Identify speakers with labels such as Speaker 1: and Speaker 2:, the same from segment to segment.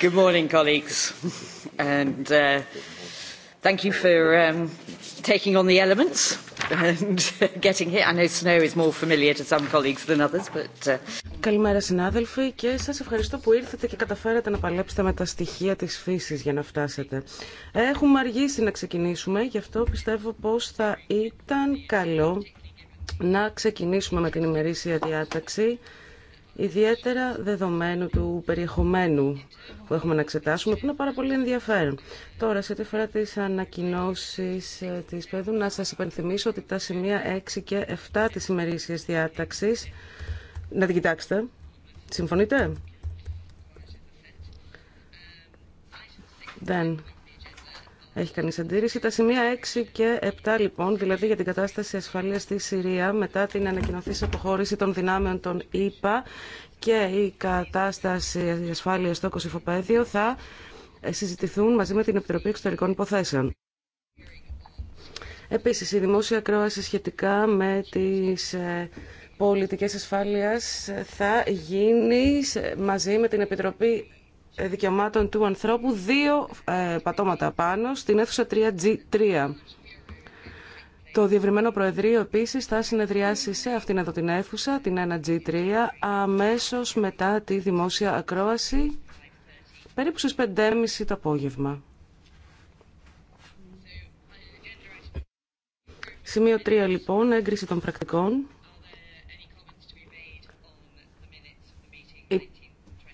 Speaker 1: Good morning, colleagues, Καλημέρα συνάδελφοι και σας ευχαριστώ που ήρθατε και καταφέρατε να παλέψετε με τα στοιχεία της φύσης για να φτάσετε. Έχουμε αργήσει να ξεκινήσουμε, γι' αυτό πιστεύω πως θα ήταν καλό να ξεκινήσουμε με την ημερήσια διάταξη ιδιαίτερα δεδομένου του περιεχομένου που έχουμε να εξετάσουμε, που είναι πάρα πολύ ενδιαφέρον. Τώρα, σε ό,τι αφορά τι ανακοινώσει ε, τη Πέδου, να σα υπενθυμίσω ότι τα σημεία 6 και 7 τη ημερήσια διάταξη. Να την κοιτάξετε. Συμφωνείτε? Δεν έχει κανεί αντίρρηση. Τα σημεία 6 και 7 λοιπόν, δηλαδή για την κατάσταση ασφαλείας στη Συρία μετά την ανακοινωθή αποχώρηση των δυνάμεων των ΙΠΑ και η κατάσταση ασφάλειας στο Κωσυφοπαίδιο θα συζητηθούν μαζί με την Επιτροπή Εξωτερικών Υποθέσεων. Επίσης, η δημόσια κρόαση σχετικά με τι ε, πολιτικέ ασφάλειας θα γίνει μαζί με την Επιτροπή δικαιωμάτων του ανθρώπου δύο ε, πατώματα πάνω στην αίθουσα 3G3. Το Διευρυμένο Προεδρείο επίσης θα συνεδριάσει σε αυτήν εδώ την αίθουσα, την 1G3, αμέσως μετά τη δημόσια ακρόαση, περίπου στις 5.30 το απόγευμα. Σημείο 3 λοιπόν, έγκριση των πρακτικών.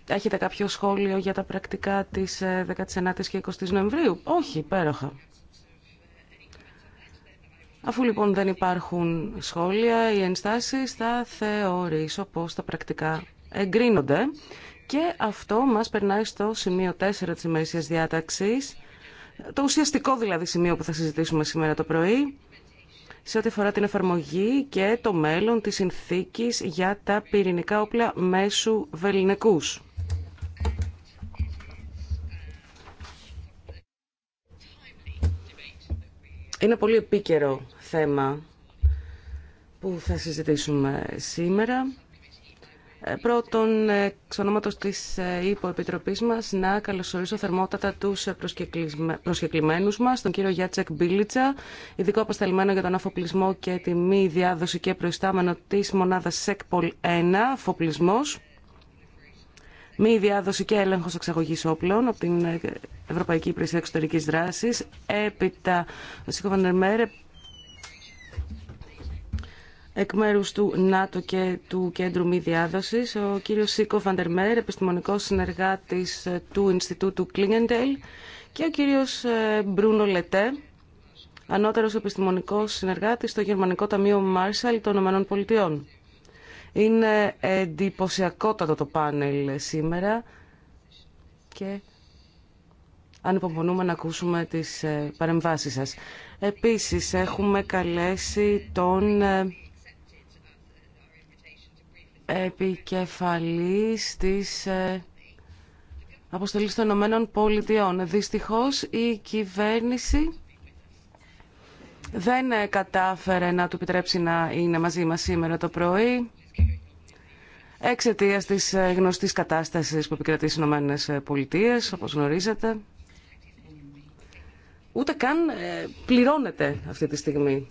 Speaker 1: Έχετε κάποιο σχόλιο για τα πρακτικά της 19ης ε, και 20ης Νοεμβρίου. Όχι, υπέροχα. Αφού λοιπόν δεν υπάρχουν σχόλια ή ενστάσεις, θα θεωρήσω πως τα πρακτικά εγκρίνονται. Και αυτό μας περνάει στο σημείο 4 της ημερησίας διάταξης, το ουσιαστικό δηλαδή σημείο που θα συζητήσουμε σήμερα το πρωί, σε ό,τι αφορά την εφαρμογή και το μέλλον της συνθήκης για τα πυρηνικά όπλα μέσου βεληνικούς. Είναι πολύ επίκαιρο θέμα που θα συζητήσουμε σήμερα. Ε, πρώτον, εξ ονόματος της ε, υποεπιτροπής μας, να καλωσορίσω θερμότατα τους ε, προσκεκλημένους μας, τον κύριο Γιάτσεκ Μπίλιτσα, ειδικό απασταλμένο για τον αφοπλισμό και τη μη διάδοση και προϊστάμενο της μονάδας ΣΕΚΠΟΛ 1, αφοπλισμός μη διάδοση και έλεγχο εξαγωγή όπλων από την Ευρωπαϊκή Υπηρεσία Εξωτερική Δράση. Έπειτα, ο Σίκο εκ μέρου του ΝΑΤΟ και του Κέντρου Μη Διάδοση, ο κύριος Σίκο Βαντερμέρ, επιστημονικό συνεργάτη του Ινστιτούτου Κλίνγκεντελ και ο κύριος ε, Μπρούνο Λετέ, ανώτερο επιστημονικό συνεργάτη στο Γερμανικό Ταμείο Μάρσαλ των ΗΠΑ. Είναι εντυπωσιακότατο το πάνελ σήμερα και ανυπομονούμε να ακούσουμε τις ε, παρεμβάσεις σας. Επίσης, έχουμε καλέσει τον ε, επικεφαλής της ε, αποστολής των Ηνωμένων Πολιτειών. Δυστυχώς, η κυβέρνηση δεν κατάφερε να του επιτρέψει να είναι μαζί μας σήμερα το πρωί εξαιτία τη ε, γνωστή κατάσταση που επικρατεί στι ΗΠΑ, όπω γνωρίζετε. Ούτε καν ε, πληρώνεται αυτή τη στιγμή.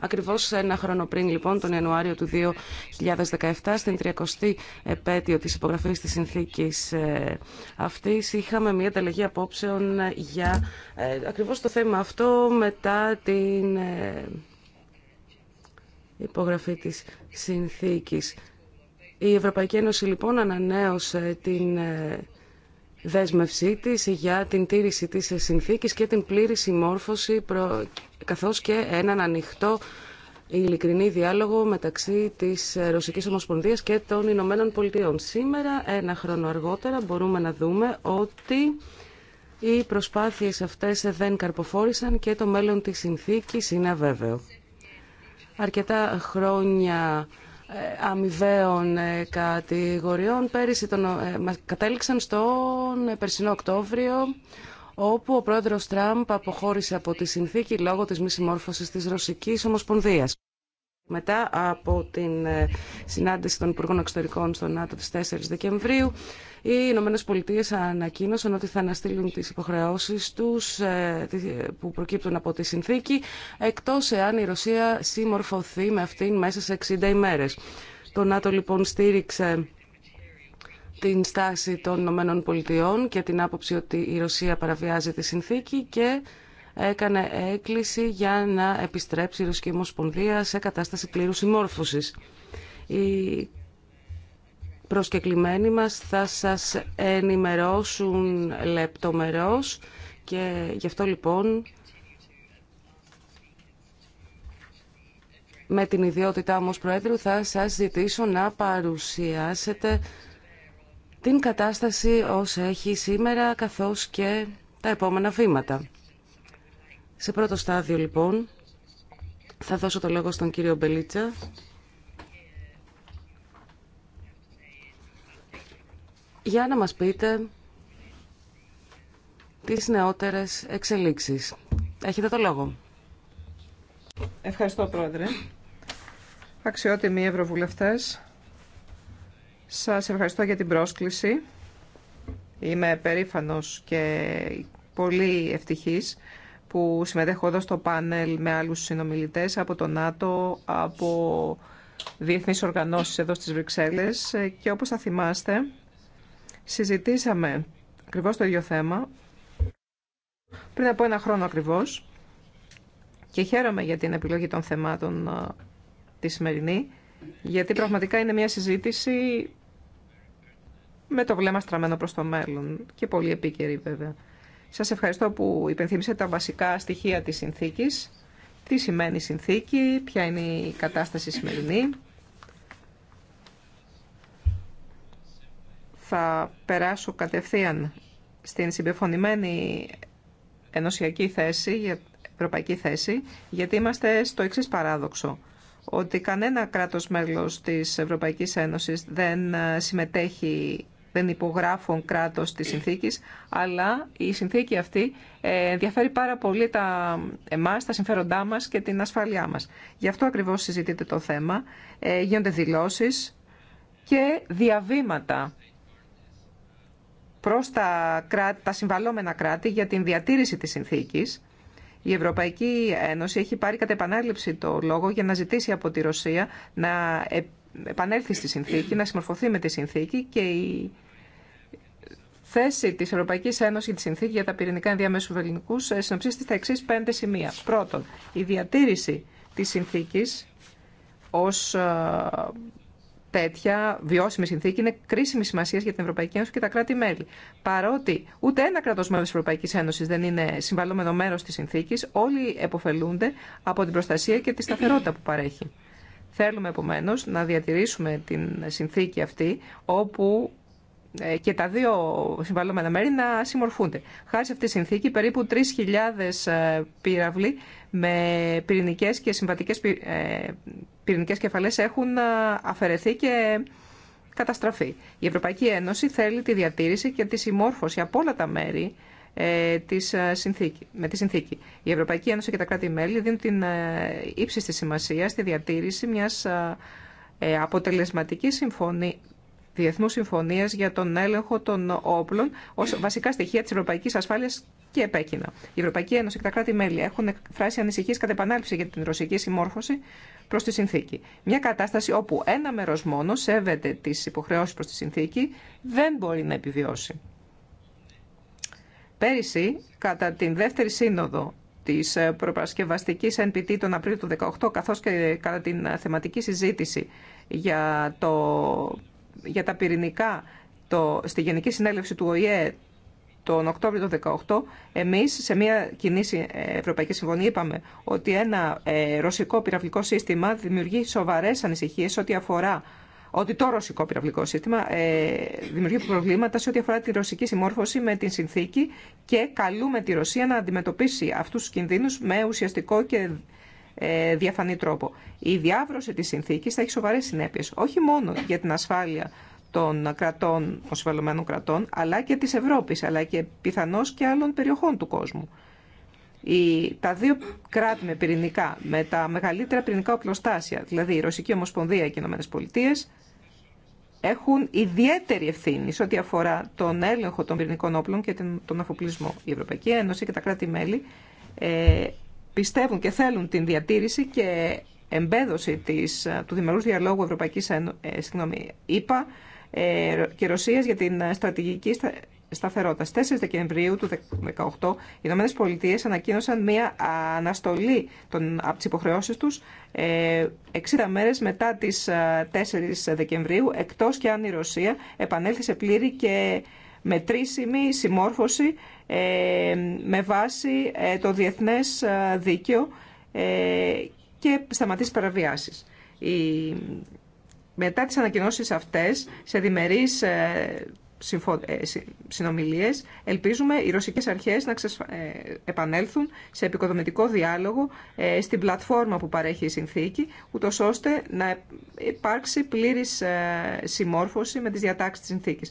Speaker 1: Ακριβώς ένα χρόνο πριν, λοιπόν, τον Ιανουάριο του 2017, στην 30η επέτειο της υπογραφής της συνθήκης ε, αυτής, είχαμε μια ανταλλαγή απόψεων για ακριβώς το θέμα αυτό μετά την υπογραφή της συνθήκης. Η Ευρωπαϊκή Ένωση λοιπόν ανανέωσε την ε, δέσμευσή της για την τήρηση της συνθήκης και την πλήρη συμμόρφωση καθώς και έναν ανοιχτό ειλικρινή διάλογο μεταξύ της ε, Ρωσικής Ομοσπονδίας και των Ηνωμένων Πολιτειών. Σήμερα, ένα χρόνο αργότερα, μπορούμε να δούμε ότι οι προσπάθειες αυτές δεν καρποφόρησαν και το μέλλον της συνθήκης είναι αβέβαιο αρκετά χρόνια ε, αμοιβαίων ε, κατηγοριών πέρυσι τον, ε, κατέληξαν στον περσινό Οκτώβριο όπου ο πρόεδρος Τραμπ αποχώρησε από τη συνθήκη λόγω της μη συμμόρφωσης της Ρωσικής Ομοσπονδίας. Μετά από την ε, συνάντηση των Υπουργών Εξωτερικών στο ΝΑΤΟ τη 4 Δεκεμβρίου, οι Ηνωμένε Πολιτείε ανακοίνωσαν ότι θα αναστείλουν τις υποχρεώσεις τους ε, που προκύπτουν από τη συνθήκη, εκτός εάν η Ρωσία συμμορφωθεί με αυτήν μέσα σε 60 ημέρες. Το ΝΑΤΟ λοιπόν στήριξε την στάση των Ηνωμένων Πολιτειών και την άποψη ότι η Ρωσία παραβιάζει τη συνθήκη και έκανε έκκληση για να επιστρέψει η Ρωσική Ομοσπονδία σε κατάσταση πλήρου συμμόρφωση. Οι προσκεκλημένοι μας θα σας ενημερώσουν λεπτομερώς και γι' αυτό λοιπόν με την ιδιότητά μου Προέδρου θα σας ζητήσω να παρουσιάσετε την κατάσταση ως έχει σήμερα καθώς και τα επόμενα βήματα. Σε πρώτο στάδιο λοιπόν θα δώσω το λόγο στον κύριο Μπελίτσα. Για να μας πείτε τις νεότερες εξελίξεις. Έχετε το λόγο. Ευχαριστώ
Speaker 2: πρόεδρε. Αξιότιμοι ευρωβουλευτές, σας ευχαριστώ για την πρόσκληση. Είμαι περήφανος και πολύ ευτυχής που συμμετέχω εδώ στο πάνελ με άλλους συνομιλητές από το ΝΑΤΟ, από διεθνείς οργανώσεις εδώ στις Βρυξέλλες και όπως θα θυμάστε συζητήσαμε ακριβώ το ίδιο θέμα πριν από ένα χρόνο ακριβώς και χαίρομαι για την επιλογή των θεμάτων τη σημερινή γιατί πραγματικά είναι μια συζήτηση με το βλέμμα στραμμένο προς το μέλλον και πολύ επίκαιρη βέβαια. Σας ευχαριστώ που υπενθύμισε τα βασικά στοιχεία της συνθήκης. Τι σημαίνει συνθήκη, ποια είναι η κατάσταση σημερινή. Θα περάσω κατευθείαν στην συμπεφωνημένη ενωσιακή θέση, ευρωπαϊκή θέση, γιατί είμαστε στο εξή παράδοξο ότι κανένα κράτος μέλος της Ευρωπαϊκής Ένωσης δεν ε, συμμετέχει δεν υπογράφουν κράτος της συνθήκης, αλλά η συνθήκη αυτή ε, ενδιαφέρει πάρα πολύ τα, εμάς, τα συμφέροντά μας και την ασφαλειά μας. Γι' αυτό ακριβώς συζητείται το θέμα. Ε, γίνονται δηλώσεις και διαβήματα προς τα, κράτη, τα συμβαλώμενα κράτη για την διατήρηση της συνθήκης. Η Ευρωπαϊκή Ένωση έχει πάρει κατά επανάληψη το λόγο για να ζητήσει από τη Ρωσία να επανέλθει στη συνθήκη, να συμμορφωθεί με τη συνθήκη και η θέση τη Ευρωπαϊκή Ένωση για τη Συνθήκη για τα πυρηνικά ενδιαμέσου ελληνικού ε, συνοψίζεται στα εξή πέντε σημεία. Πρώτον, η διατήρηση τη συνθήκη ω ε, τέτοια βιώσιμη συνθήκη είναι κρίσιμη σημασία για την Ευρωπαϊκή Ένωση και τα κράτη-μέλη. Παρότι ούτε ένα κράτο μέλο τη Ευρωπαϊκή Ένωση δεν είναι συμβαλόμενο μέρο τη συνθήκη, όλοι εποφελούνται από την προστασία και τη σταθερότητα που παρέχει. Θέλουμε επομένω να διατηρήσουμε την συνθήκη αυτή όπου ε, και τα δύο συμβαλλόμενα μέρη να συμμορφούνται. Χάρη σε αυτή τη συνθήκη, περίπου 3.000 ε, πύραυλοι με πυρηνικέ και συμβατικέ ε, πυρηνικέ κεφαλές έχουν αφαιρεθεί και καταστραφεί. Η Ευρωπαϊκή Ένωση θέλει τη διατήρηση και τη συμμόρφωση από όλα τα μέρη της συνθήκη, με τη συνθήκη. Η Ευρωπαϊκή Ένωση και τα κράτη-μέλη δίνουν την ύψιστη σημασία στη διατήρηση μιας αποτελεσματικής συμφωνίας Διεθνού Συμφωνία για τον έλεγχο των όπλων ω βασικά στοιχεία τη ευρωπαϊκή ασφάλεια και επέκεινα. Η Ευρωπαϊκή Ένωση και τα κράτη-μέλη έχουν εκφράσει ανησυχίε κατά επανάληψη για την ρωσική συμμόρφωση προ τη συνθήκη. Μια κατάσταση όπου ένα μέρο μόνο σέβεται τι υποχρεώσει προ τη συνθήκη δεν μπορεί να επιβιώσει. Πέρυσι, κατά την δεύτερη σύνοδο τη προπαρασκευαστική NPT τον Απρίλιο του 2018, καθώ και κατά την θεματική συζήτηση για το για τα πυρηνικά το, στη Γενική Συνέλευση του ΟΗΕ τον Οκτώβριο του 2018, εμείς σε μια κοινή ε, Ευρωπαϊκή Συμφωνία είπαμε ότι ένα ε, ρωσικό πυραυλικό σύστημα δημιουργεί σοβαρές ανησυχίες ό,τι αφορά ότι το ρωσικό πυραυλικό σύστημα ε, δημιουργεί προβλήματα σε ό,τι αφορά τη ρωσική συμμόρφωση με την συνθήκη και καλούμε τη Ρωσία να αντιμετωπίσει αυτούς τους κινδύνους με ουσιαστικό και ε, διαφανή τρόπο. Η διάβρωση της συνθήκης θα έχει σοβαρές συνέπειες, όχι μόνο για την ασφάλεια των κρατών, των συμβαλωμένων κρατών, αλλά και της Ευρώπης, αλλά και πιθανώς και άλλων περιοχών του κόσμου. Η, τα δύο κράτη με πυρηνικά, με τα μεγαλύτερα πυρηνικά οπλοστάσια, δηλαδή η Ρωσική Ομοσπονδία και οι Ηνωμένες Πολιτείες, έχουν ιδιαίτερη ευθύνη σε ό,τι αφορά τον έλεγχο των πυρηνικών όπλων και τον αφοπλισμό. Η Ευρωπαϊκή Ένωση και τα κράτη-μέλη ε, πιστεύουν και θέλουν την διατήρηση και εμπέδωση της, του Δημερού Διαλόγου Ευρωπαϊκής ε, συγγνώμη, ε, και Ρωσίας για την ε, στρατηγική σταθερότητα. 4 Δεκεμβρίου του 2018 οι Ηνωμένε Πολιτείε ανακοίνωσαν μια αναστολή των, από τι υποχρεώσει του 60 ε, μέρε μετά τι 4 Δεκεμβρίου, εκτό και αν η Ρωσία επανέλθει σε πλήρη και μετρήσιμη συμμόρφωση ε, με βάση ε, το διεθνές ε, δίκαιο και σταματήσει παραβιάσεις. Μετά τις ανακοινώσεις αυτές, σε διμερείς συνομιλίες, ελπίζουμε οι ρωσικές αρχές να επανέλθουν σε επικοδομητικό διάλογο στην πλατφόρμα που παρέχει η συνθήκη, ούτω ώστε να υπάρξει πλήρης συμμόρφωση με τις διατάξεις της συνθήκης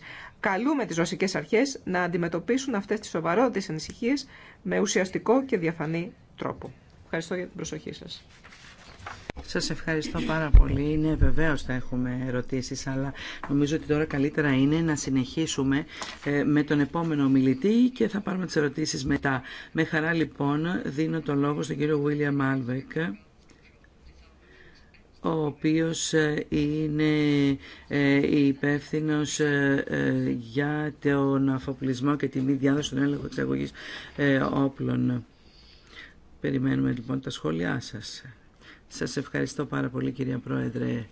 Speaker 2: καλούμε τις ρωσικές αρχές να αντιμετωπίσουν αυτές τις σοβαρότητες ανησυχίες με ουσιαστικό και διαφανή τρόπο. Ευχαριστώ για την προσοχή σας.
Speaker 3: Σας ευχαριστώ πάρα πολύ. Είναι βεβαίως θα έχουμε ερωτήσεις, αλλά νομίζω ότι τώρα καλύτερα είναι να συνεχίσουμε ε, με τον επόμενο μιλητή και θα πάρουμε τις ερωτήσεις μετά. Με χαρά λοιπόν δίνω το λόγο στον κύριο William Μάλβεκ ο οποίος ε, είναι ε, υπεύθυνο ε, για τον αφοπλισμό και τη μη διάδοση των έλεγχων εξαγωγής όπλων. Περιμένουμε λοιπόν τα σχόλιά σας. Σας ευχαριστώ πάρα πολύ κυρία Πρόεδρε.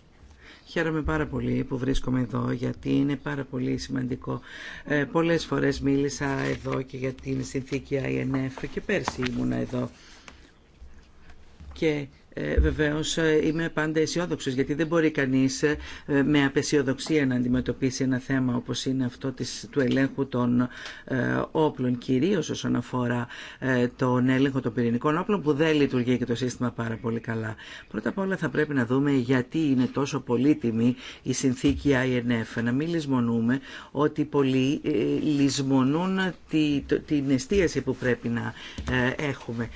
Speaker 3: Χαίρομαι πάρα πολύ που βρίσκομαι εδώ γιατί είναι πάρα πολύ σημαντικό. πολλές φορές μίλησα εδώ και για την συνθήκη INF και πέρσι ήμουνα εδώ. Ε, βεβαίως ε, είμαι πάντα αισιόδοξο γιατί δεν μπορεί κανείς ε, με απεσιοδοξία να αντιμετωπίσει ένα θέμα όπως είναι αυτό της, του ελέγχου των ε, όπλων κυρίω όσον αφορά τον έλεγχο των πυρηνικών όπλων που δεν λειτουργεί και το σύστημα πάρα πολύ καλά. Πρώτα απ' όλα θα πρέπει να δούμε γιατί είναι τόσο πολύτιμη η συνθήκη INF. Να μην λησμονούμε ότι πολλοί λησμονούν τη, την εστίαση που πρέπει να έχουμε.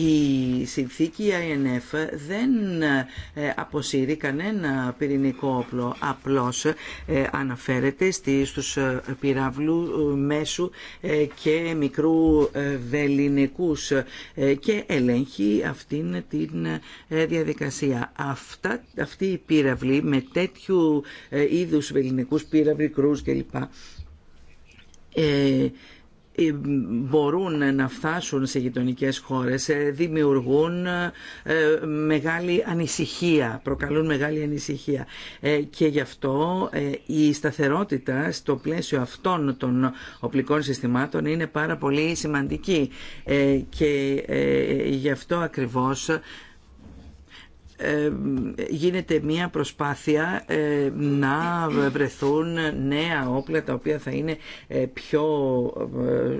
Speaker 3: Η συνθήκη INF δεν ε, αποσύρει κανένα πυρηνικό όπλο, απλώς ε, αναφέρεται στους ε, πυραυλού μέσου και μικρού βεληνικούς και ελέγχει αυτήν την διαδικασία. Αυτά, αυτή η πύραυλη με τέτοιου είδους βεληνικούς πυραυλικρούς κλπ. Ε, μπορούν να φτάσουν σε γειτονικές χώρες ε, δημιουργούν ε, μεγάλη ανησυχία, προκαλούν μεγάλη ανησυχία. Και γι' αυτό η σταθερότητα στο πλαίσιο αυτών των οπλικών συστημάτων είναι πάρα πολύ σημαντική. Και γι' αυτό ακριβώς γίνεται μία προσπάθεια ε, να βρεθούν νέα όπλα τα οποία θα είναι ε, πιο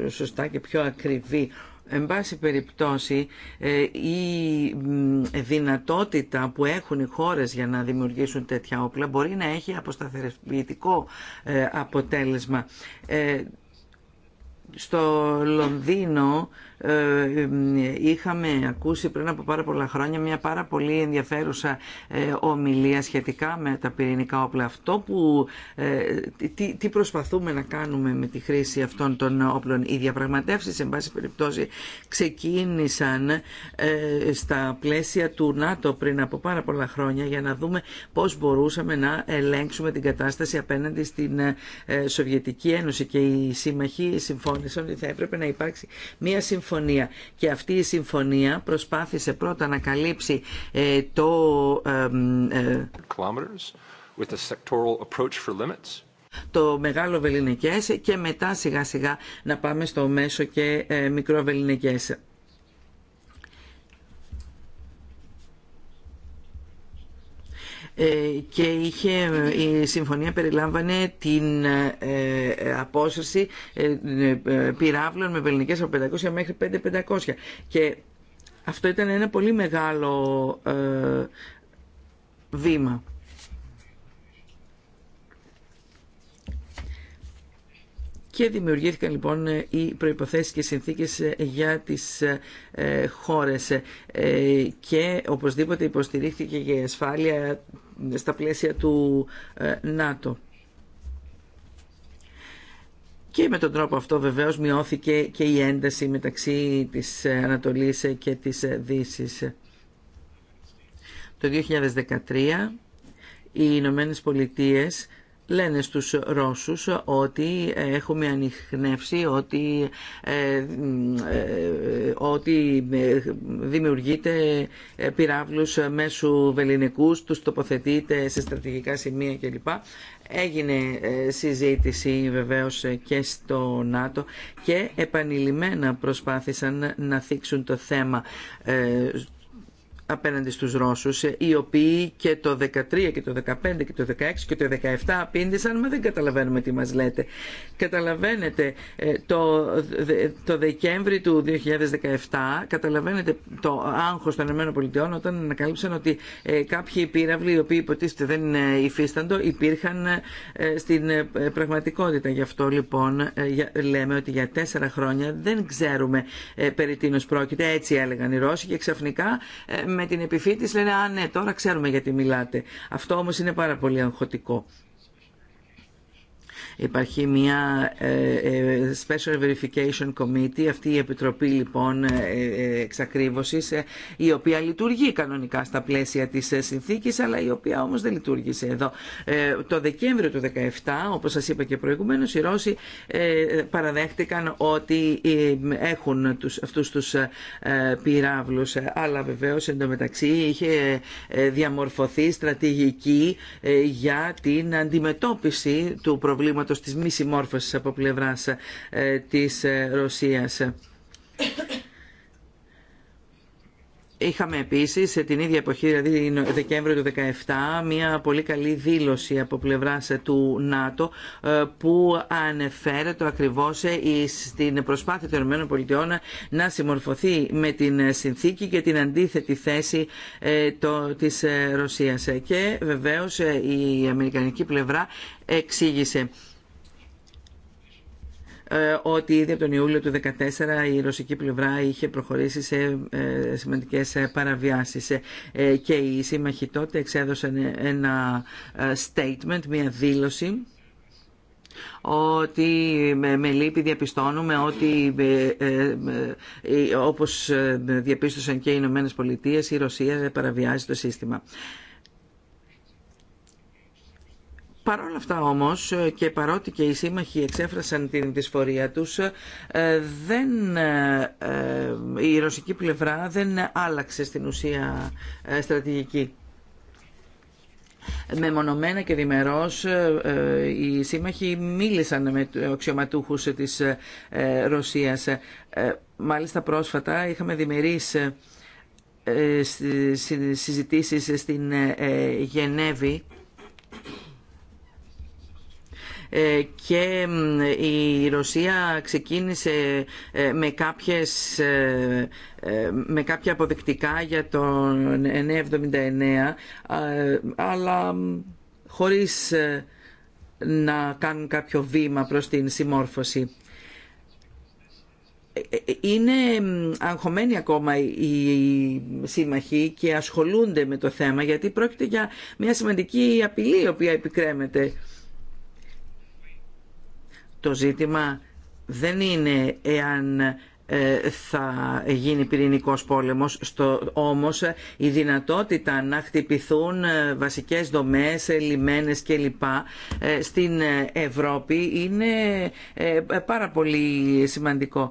Speaker 3: ε, σωστά και πιο ακριβή. Εν πάση περιπτώσει, η δυνατότητα που έχουν οι χώρες για να δημιουργήσουν τέτοια όπλα μπορεί να έχει αποσταθεροποιητικό αποτέλεσμα. Στο Λονδίνο ε, ε, είχαμε ακούσει πριν από πάρα πολλά χρόνια μια πάρα πολύ ενδιαφέρουσα ε, ομιλία σχετικά με τα πυρηνικά όπλα. Αυτό που, τι, προσπαθούμε να κάνουμε με τη χρήση αυτών των όπλων. Οι διαπραγματεύσεις, εν πάση περιπτώσει, ξεκίνησαν στα πλαίσια του ΝΑΤΟ πριν από πάρα πολλά χρόνια για να δούμε πώς μπορούσαμε να ελέγξουμε την κατάσταση απέναντι στην Σοβιετική Ένωση και οι σύμμαχοι συμφώνησαν ότι θα έπρεπε να υπάρξει μια συμφωνία και αυτή η συμφωνία προσπάθησε πρώτα να καλύψει ε, το ε, το μεγάλο βεληνικές και μετά σιγά σιγά να πάμε στο μέσο και ε, μικρό βεληνικές. Ε, και είχε, ε, η συμφωνία περιλάμβανε την ε, απόσταση πυράβλων με βελνικές από 500 μέχρι 5500 και αυτό ήταν ένα πολύ μεγάλο βήμα. Και δημιουργήθηκαν λοιπόν ε, οι προϋποθέσεις και συνθήκες ε, για τις ε, χώρες και οπωσδήποτε υποστηρίχθηκε η ασφάλεια στα πλαίσια του ΝΑΤΟ. Και με τον τρόπο αυτό βεβαίως μειώθηκε και η ένταση μεταξύ της Ανατολής και της Δύσης. Το 2013 οι Ηνωμένε Πολιτείες λένε στους Ρώσους ότι έχουμε ανοιχνεύσει ότι, ε, ε ότι ε, δημιουργείται ε, πυράβλους μέσω βεληνικούς, τους τοποθετείτε σε στρατηγικά σημεία κλπ. Έγινε συζήτηση βεβαίως και στο ΝΑΤΟ και επανειλημμένα προσπάθησαν να θίξουν το θέμα απέναντι στους Ρώσους, ε, οι οποίοι και το 13 και το 15 και το 16 και το 17 απήντησαν, μα δεν καταλαβαίνουμε τι μας λέτε. Καταλαβαίνετε ε, το, το Δεκέμβρη του 2017, καταλαβαίνετε το άγχος των ΗΠΑ όταν ανακαλύψαν ότι ε, κάποιοι πύραυλοι οι οποίοι υποτίθεται δεν υφίσταντο υπήρχαν στην πραγματικότητα. Γι' αυτό λοιπόν λέμε ότι για τέσσερα χρόνια δεν ξέρουμε περί τίνος πρόκειται, έτσι έλεγαν οι Ρώσοι και ξαφνικά με την επιφύτηση λένε «Α, ναι, τώρα ξέρουμε γιατί μιλάτε». Αυτό όμως είναι πάρα πολύ αγχωτικό. Υπάρχει μια ε, ε, Special Verification Committee, αυτή η Επιτροπή λοιπόν ε, εξακρίβωσης, η οποία λειτουργεί κανονικά στα πλαίσια της συνθήκης, αλλά η οποία όμως δεν λειτουργήσε εδώ. Το Δεκέμβριο του 2017, όπως σας είπα και προηγουμένως, οι Ρώσοι παραδέχτηκαν ότι έχουν τους, αυτούς τους πυράβλους, αλλά βεβαίως εντωμεταξύ είχε διαμορφωθεί στρατηγική για την αντιμετώπιση του προβλήματος προβλήματος της μη συμμόρφωσης από πλευράς ε, της ε, Ρωσίας. Είχαμε επίσης την ίδια εποχή, δηλαδή Δεκέμβριο του 2017, μια πολύ καλή δήλωση από πλευρά ε, του ΝΑΤΟ ε, που ανεφέρεται ακριβώς ε, στην προσπάθεια των ΗΠΑ να συμμορφωθεί με την συνθήκη και την αντίθετη θέση της Ρωσίας. Και βεβαίω η Αμερικανική πλευρά εξήγησε ε, ότι ήδη από τον Ιούλιο του 2014 η ρωσική πλευρά είχε προχωρήσει σε ε, σημαντικές ε, παραβιάσεις και οι σύμμαχοι τότε εξέδωσαν ένα statement, μια δήλωση ότι με λύπη διαπιστώνουμε ότι όπως διαπίστωσαν και οι Ηνωμένε Πολιτείες η Ρωσία παραβιάζει το σύστημα. Παρ' όλα αυτά όμως ε, και παρότι και οι σύμμαχοι εξέφρασαν την δυσφορία τους, ε, δεν, ε, η ρωσική πλευρά δεν άλλαξε στην ουσία στρατηγική. Μεμονωμένα και διμερώς οι σύμμαχοι μίλησαν με αξιωματούχους της Ρωσίας. Μάλιστα πρόσφατα είχαμε διμερείς συζητήσεις στην Γενέβη ε, και η Ρωσία ξεκίνησε ε, με, κάποιες, ε, με κάποια αποδεκτικά για το 979 αλλά χωρίς να κάνουν κάποιο βήμα προς την συμμόρφωση είναι αγχωμένοι ακόμα οι σύμμαχοι και ασχολούνται με το θέμα γιατί πρόκειται για μια σημαντική απειλή η οποία επικρέμεται. Το ζήτημα δεν είναι εάν ε, θα γίνει πυρηνικός πόλεμος στο, όμως η δυνατότητα να χτυπηθούν ε, βασικές δομές, ε, λιμένες κλπ στην Ευρώπη είναι πάρα πολύ σημαντικό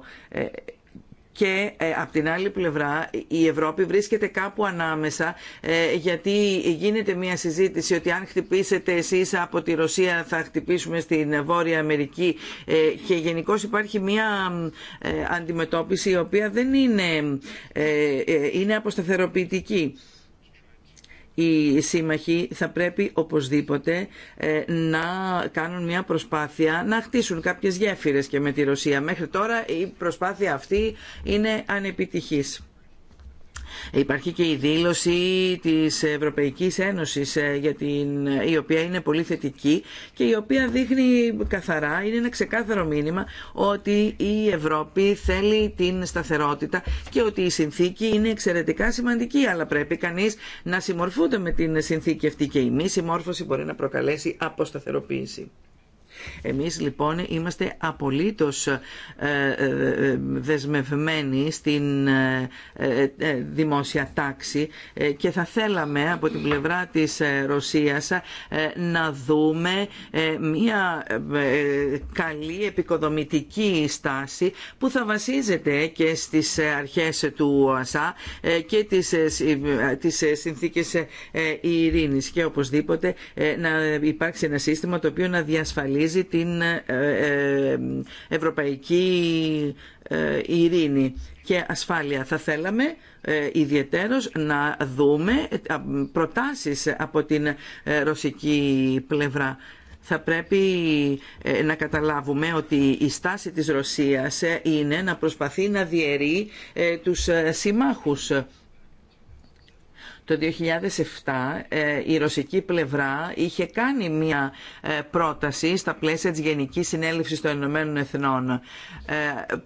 Speaker 3: και ε, από την άλλη πλευρά η Ευρώπη βρίσκεται κάπου ανάμεσα ε, γιατί γίνεται μια συζήτηση ότι αν χτυπήσετε εσείς από τη Ρωσία θα χτυπήσουμε στην Βόρεια Αμερική ε, και γενικώ υπάρχει μια αντιμετώπιση η οποία δεν είναι, είναι αποσταθεροποιητική οι σύμμαχοι θα πρέπει οπωσδήποτε ε, να κάνουν μια προσπάθεια να χτίσουν κάποιες γέφυρες και με τη Ρωσία. Μέχρι τώρα η προσπάθεια αυτή είναι ανεπιτυχής. Υπάρχει και η δήλωση της Ευρωπαϊκής Ένωσης ε, για την... η οποία είναι πολύ θετική και η οποία δείχνει καθαρά, είναι ένα ξεκάθαρο μήνυμα ότι η Ευρώπη θέλει την σταθερότητα και ότι η συνθήκη είναι εξαιρετικά σημαντική αλλά πρέπει κανείς να συμμορφούνται με την συνθήκη αυτή και η μη συμμόρφωση μπορεί να προκαλέσει αποσταθεροποίηση. Εμείς λοιπόν είμαστε απολύτως ε, ε, δεσμευμένοι στην ε, δημόσια τάξη και θα θέλαμε από την πλευρά της Ρωσίας να δούμε μια καλή επικοδομητική στάση που θα βασίζεται και στις αρχές του ΑΣΑ και τις συνθήκες ειρήνης και οπωσδήποτε να υπάρξει ένα σύστημα το οποίο να διασφαλίζει την ε, ε, ευρωπαϊκή ε, ειρήνη και ασφάλεια. Θα θέλαμε ε, να δούμε προτάσεις από την ρωσική πλευρά. Θα πρέπει να καταλάβουμε ότι η στάση της Ρωσίας είναι να προσπαθεί να διαιρεί τους συμμάχους το 2007 ε, η ρωσική πλευρά είχε κάνει μια ε, πρόταση στα πλαίσια της Γενικής Συνέλευσης των Ηνωμένων Εθνών. Ε,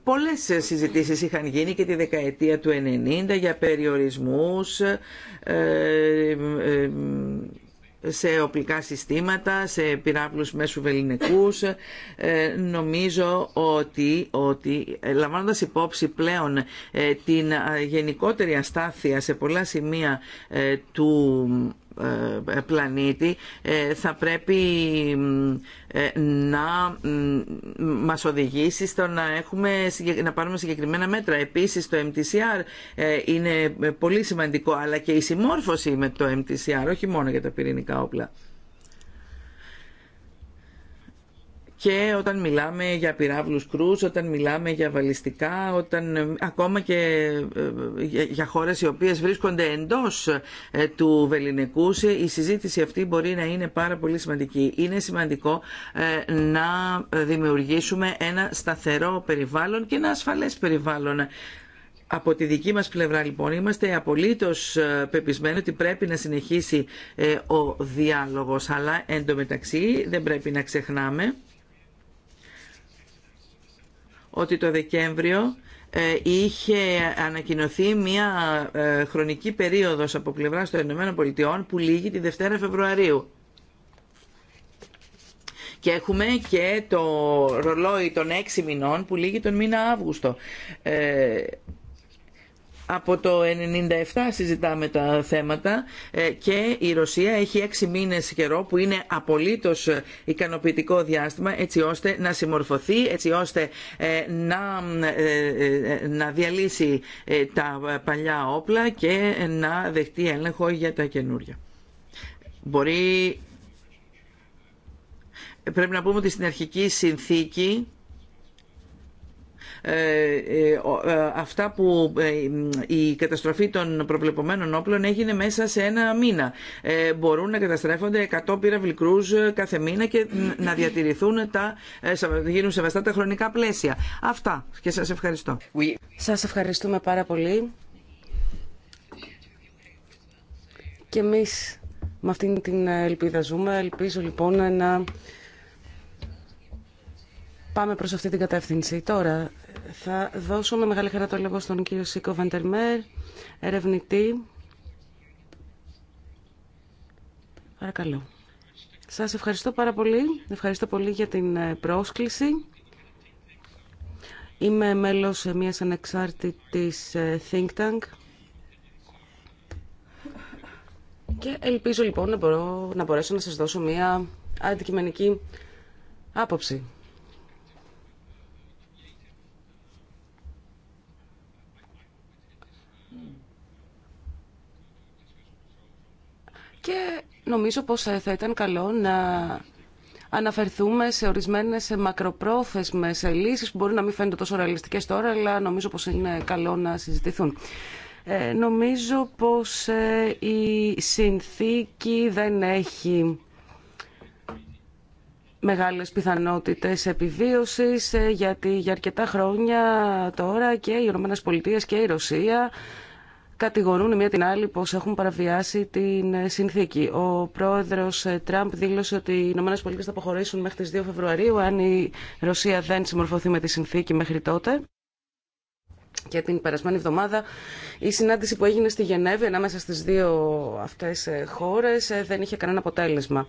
Speaker 3: πολλές συζητήσεις είχαν γίνει και τη δεκαετία του 90 για περιορισμούς σε οπλικά συστήματα, σε πυράβλους μέσου βεληνικούς. Ε, νομίζω ότι, ότι ε, λαμβάνοντας υπόψη πλέον ε, την γενικότερη αστάθεια σε πολλά σημεία του ε, πλανήτη ε, θα πρέπει ε, να μας οδηγήσει στο να, έχουμε, να πάρουμε συγκεκριμένα μέτρα. Επίσης το MTCR είναι πολύ σημαντικό αλλά και η συμμόρφωση με το MTCR όχι μόνο για τα πυρηνικά όπλα. και όταν μιλάμε για πυράβλους κρούς, όταν μιλάμε για βαλιστικά, όταν ε, ακόμα και ε, για χώρες οι οποίες βρίσκονται εντός ε, του βεληνικού, η συζήτηση αυτή μπορεί να είναι πάρα πολύ σημαντική. Είναι σημαντικό να δημιουργήσουμε ένα σταθερό περιβάλλον και ένα ασφαλές περιβάλλον. Από τη δική μας πλευρά λοιπόν είμαστε απολύτως πεπισμένοι ότι πρέπει να συνεχίσει ο διάλογος, αλλά εντωμεταξύ δεν πρέπει να ξεχνάμε ότι το Δεκέμβριο ε, είχε ανακοινωθεί μια ε, χρονική περίοδος από πλευράς των ΗΠΑ που λύγει τη Δευτέρα Φεβρουαρίου. Και έχουμε και το ρολόι των έξι μηνών που λύγει τον μήνα Αύγουστο. Ε, από το 1997 συζητάμε τα θέματα ε, και η Ρωσία έχει έξι μήνες καιρό που είναι απολύτως ικανοποιητικό διάστημα έτσι ώστε να συμμορφωθεί, έτσι ώστε ε, να, ε, να διαλύσει τα παλιά όπλα και να δεχτεί έλεγχο για τα καινούρια. Μπορεί... Πρέπει να πούμε ότι στην αρχική συνθήκη ε, ε, ε, αυτά που η καταστροφή των προβλεπωμένων όπλων έγινε μέσα σε ένα μήνα. Μπορούν να καταστρέφονται 100 πύραυλοι κρούζ κάθε μήνα και να διατηρηθούν τα, γίνουν σεβαστά τα χρονικά πλαίσια. Αυτά και σας ευχαριστώ.
Speaker 1: Σας ευχαριστούμε πάρα πολύ. Και εμείς με αυτήν την ελπίδα ζούμε. Ελπίζω λοιπόν να πάμε προς αυτή την κατεύθυνση. Τώρα θα δώσω με μεγάλη χαρά το λόγο στον κύριο Σίκο Βαντερμέρ, ερευνητή. Παρακαλώ. Σας ευχαριστώ πάρα πολύ. Ευχαριστώ πολύ για την ε, πρόσκληση. Είμαι μέλος μιας ανεξάρτητης ε, Think Tank και ελπίζω λοιπόν να, μπορώ, να μπορέσω να σας δώσω μια αντικειμενική άποψη. Και νομίζω πως θα ήταν καλό να αναφερθούμε σε ορισμένες μακροπρόθεσμες λύσεις που μπορεί να μην φαίνονται τόσο ρεαλιστικές τώρα, αλλά νομίζω πως είναι καλό να συζητηθούν. Ε, νομίζω πως ε, η συνθήκη δεν έχει μεγάλες πιθανότητες επιβίωσης, ε, γιατί για αρκετά χρόνια τώρα και οι ΗΠΑ και η Ρωσία κατηγορούν μία την άλλη πως έχουν παραβιάσει την ε, συνθήκη. Ο πρόεδρος ε, Τραμπ δήλωσε ότι οι ΗΠΑ θα αποχωρήσουν μέχρι τις 2 Φεβρουαρίου αν η Ρωσία δεν συμμορφωθεί με τη συνθήκη μέχρι τότε και την περασμένη εβδομάδα η συνάντηση που έγινε στη Γενέβη ανάμεσα στις δύο αυτές ε, χώρες ε, δεν είχε κανένα αποτέλεσμα.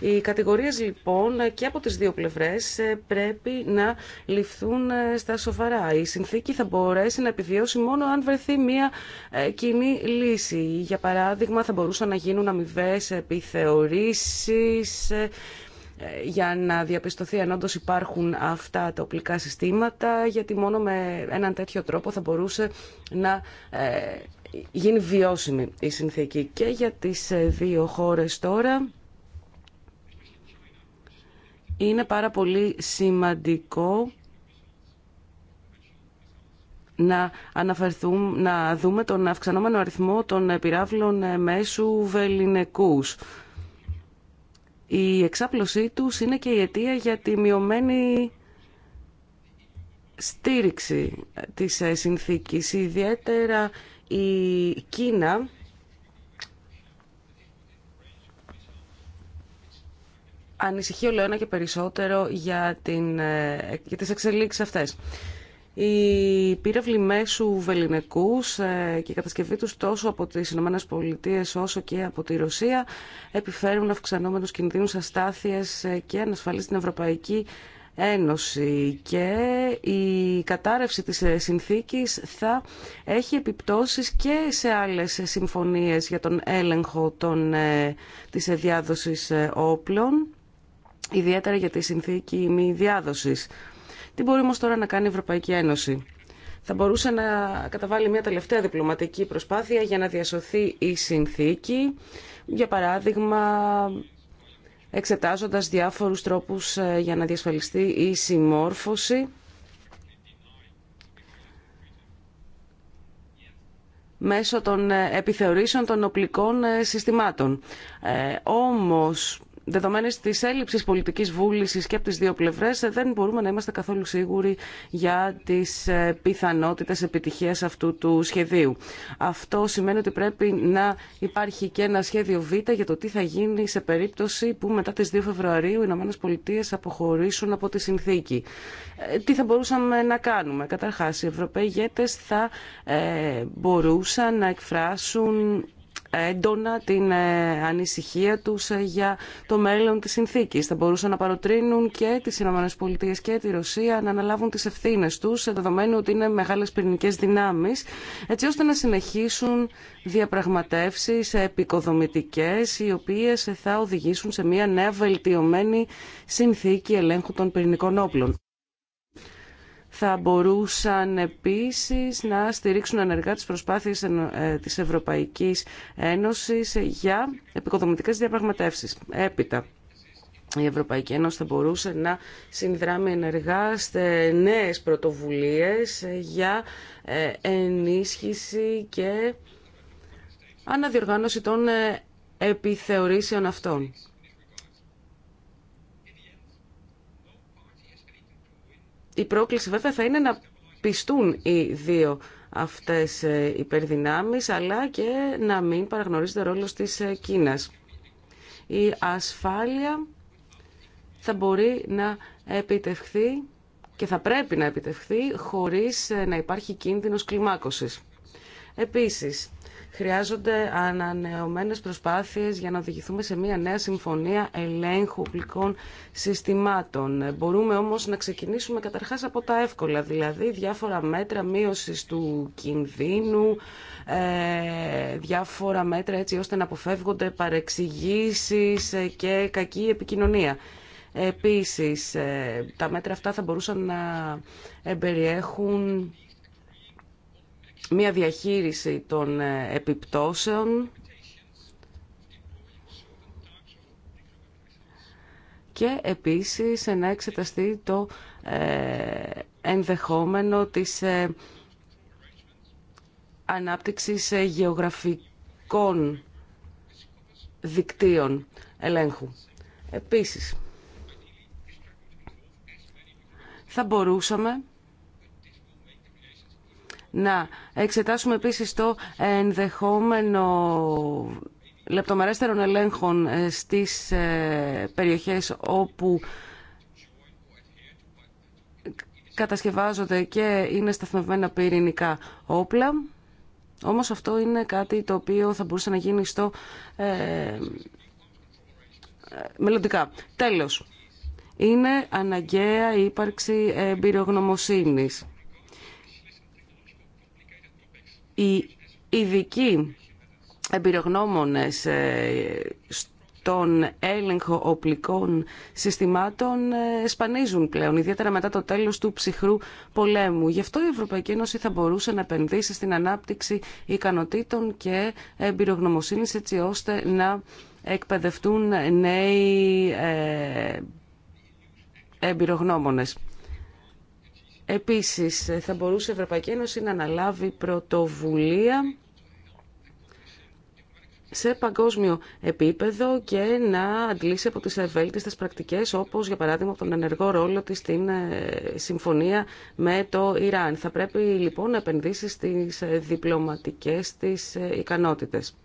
Speaker 1: Οι κατηγορίες λοιπόν και από τις δύο πλευρές ε, πρέπει να ληφθούν στα σοβαρά. Η συνθήκη θα μπορέσει να επιβιώσει μόνο αν βρεθεί μια κοινή λύση. Για παράδειγμα θα μπορούσαν να γίνουν αμοιβέ επιθεωρήσεις ε, για να διαπιστωθεί αν όντω υπάρχουν αυτά τα οπλικά συστήματα, γιατί μόνο με έναν τέτοιο τρόπο θα μπορούσε να ε, γίνει βιώσιμη η συνθήκη. Και για τις ε, δύο χώρες τώρα είναι πάρα πολύ σημαντικό να αναφερθούμε, να δούμε τον αυξανόμενο αριθμό των πυράβλων μέσου βελινεκούς. Η εξάπλωσή τους είναι και η αιτία για τη μειωμένη στήριξη της ε, συνθήκης. Ιδιαίτερα η Κίνα ανησυχεί όλο ένα και περισσότερο για, την, ε, για τις εξελίξεις αυτές. Η πύραυλοι μέσου ε, και η κατασκευή του τόσο από τι ΗΠΑ όσο και από τη Ρωσία επιφέρουν αυξανόμενου κινδύνου αστάθειες ε, και ανασφαλή στην Ευρωπαϊκή Ένωση και η κατάρρευση της ε, συνθήκης θα έχει επιπτώσεις και σε άλλες συμφωνίες για τον έλεγχο των, ε, της διάδοσης όπλων ιδιαίτερα για τη συνθήκη μη διάδοσης τι μπορεί όμω τώρα να κάνει η Ευρωπαϊκή Ένωση. Θα μπορούσε να καταβάλει μια τελευταία διπλωματική προσπάθεια για να διασωθεί η συνθήκη, για παράδειγμα εξετάζοντας διάφορους τρόπους ε, για να διασφαλιστεί η συμμόρφωση μέσω των ε, επιθεωρήσεων των οπλικών ε, συστημάτων. Ε, όμως δεδομένης τη έλλειψη πολιτική βούληση και από τι δύο πλευρέ δεν μπορούμε να είμαστε καθόλου σίγουροι για τι ε, πιθανότητε επιτυχίας αυτού του σχεδίου. Αυτό σημαίνει ότι πρέπει να υπάρχει και ένα σχέδιο Β για το τι θα γίνει σε περίπτωση που μετά τι 2 Φεβρουαρίου οι ΗΠΑ αποχωρήσουν από τη συνθήκη. Ε, τι θα μπορούσαμε να κάνουμε. Καταρχά, οι Ευρωπαίοι ηγέτε θα ε, μπορούσαν να εκφράσουν έντονα την ε, ανησυχία τους ε, για το μέλλον της συνθήκης. Θα μπορούσαν να παροτρύνουν και τις ΗΠΑ και τη Ρωσία να αναλάβουν τις ευθύνες τους, ε, δεδομένου ότι είναι μεγάλες πυρηνικές δυνάμεις, έτσι ώστε να συνεχίσουν διαπραγματεύσεις επικοδομητικές, οι οποίες θα οδηγήσουν σε μια νέα βελτιωμένη συνθήκη ελέγχου των πυρηνικών όπλων θα μπορούσαν επίσης να στηρίξουν ενεργά τις προσπάθειες ε, της Ευρωπαϊκής Ένωσης για επικοδομητικές διαπραγματεύσεις. Έπειτα, η Ευρωπαϊκή Ένωση θα μπορούσε να συνδράμει ενεργά σε νέες πρωτοβουλίες για ε, ενίσχυση και αναδιοργάνωση των ε, επιθεωρήσεων αυτών. Η πρόκληση βέβαια θα είναι να πιστούν οι δύο αυτές οι ε, υπερδυνάμεις, αλλά και να μην παραγνωρίζεται ο ρόλος της ε, Κίνας. Η ασφάλεια θα μπορεί να επιτευχθεί και θα πρέπει να επιτευχθεί χωρίς ε, να υπάρχει κίνδυνος κλιμάκωσης. Επίσης, Χρειάζονται ανανεωμένες προσπάθειες για να οδηγηθούμε σε μια νέα συμφωνία ελέγχου γλυκών συστημάτων. Μπορούμε όμως να ξεκινήσουμε καταρχάς από τα εύκολα, δηλαδή διάφορα μέτρα μείωσης του κινδύνου, ε, διάφορα μέτρα έτσι ώστε να αποφεύγονται παρεξηγήσεις ε, και κακή επικοινωνία. Επίσης, ε, τα μέτρα αυτά θα μπορούσαν να εμπεριέχουν μια διαχείριση των ε, επιπτώσεων και επίσης ε, να εξεταστεί το ε, ενδεχόμενο της ανάπτυξης γεωγραφικών δικτύων ελέγχου. Επίσης, θα μπορούσαμε να εξετάσουμε επίσης το ενδεχόμενο λεπτομερέστερων ελέγχων ε, στις ε, περιοχές όπου κατασκευάζονται και είναι σταθμευμένα πυρηνικά όπλα. Όμως αυτό είναι κάτι το οποίο θα μπορούσε να γίνει στο ε, μελλοντικά. Τέλος, είναι αναγκαία η ύπαρξη εμπειρογνωμοσύνης οι ειδικοί εμπειρογνώμονες ε, των έλεγχο οπλικών συστημάτων ε, σπανίζουν πλέον, ιδιαίτερα μετά το τέλος του ψυχρού πολέμου. Γι' αυτό η Ευρωπαϊκή Ένωση θα μπορούσε να επενδύσει στην ανάπτυξη ικανοτήτων και εμπειρογνωμοσύνης έτσι ώστε να εκπαιδευτούν νέοι ε, εμπειρογνώμονες. Επίσης, θα μπορούσε η Ευρωπαϊκή Ένωση να αναλάβει πρωτοβουλία σε παγκόσμιο επίπεδο και να αντλήσει από τις ευέλτιστες πρακτικές όπως για παράδειγμα τον ενεργό ρόλο της στην ε, συμφωνία με το Ιράν. Θα πρέπει λοιπόν να επενδύσει στις ε, διπλωματικές της ε, ικανότητες.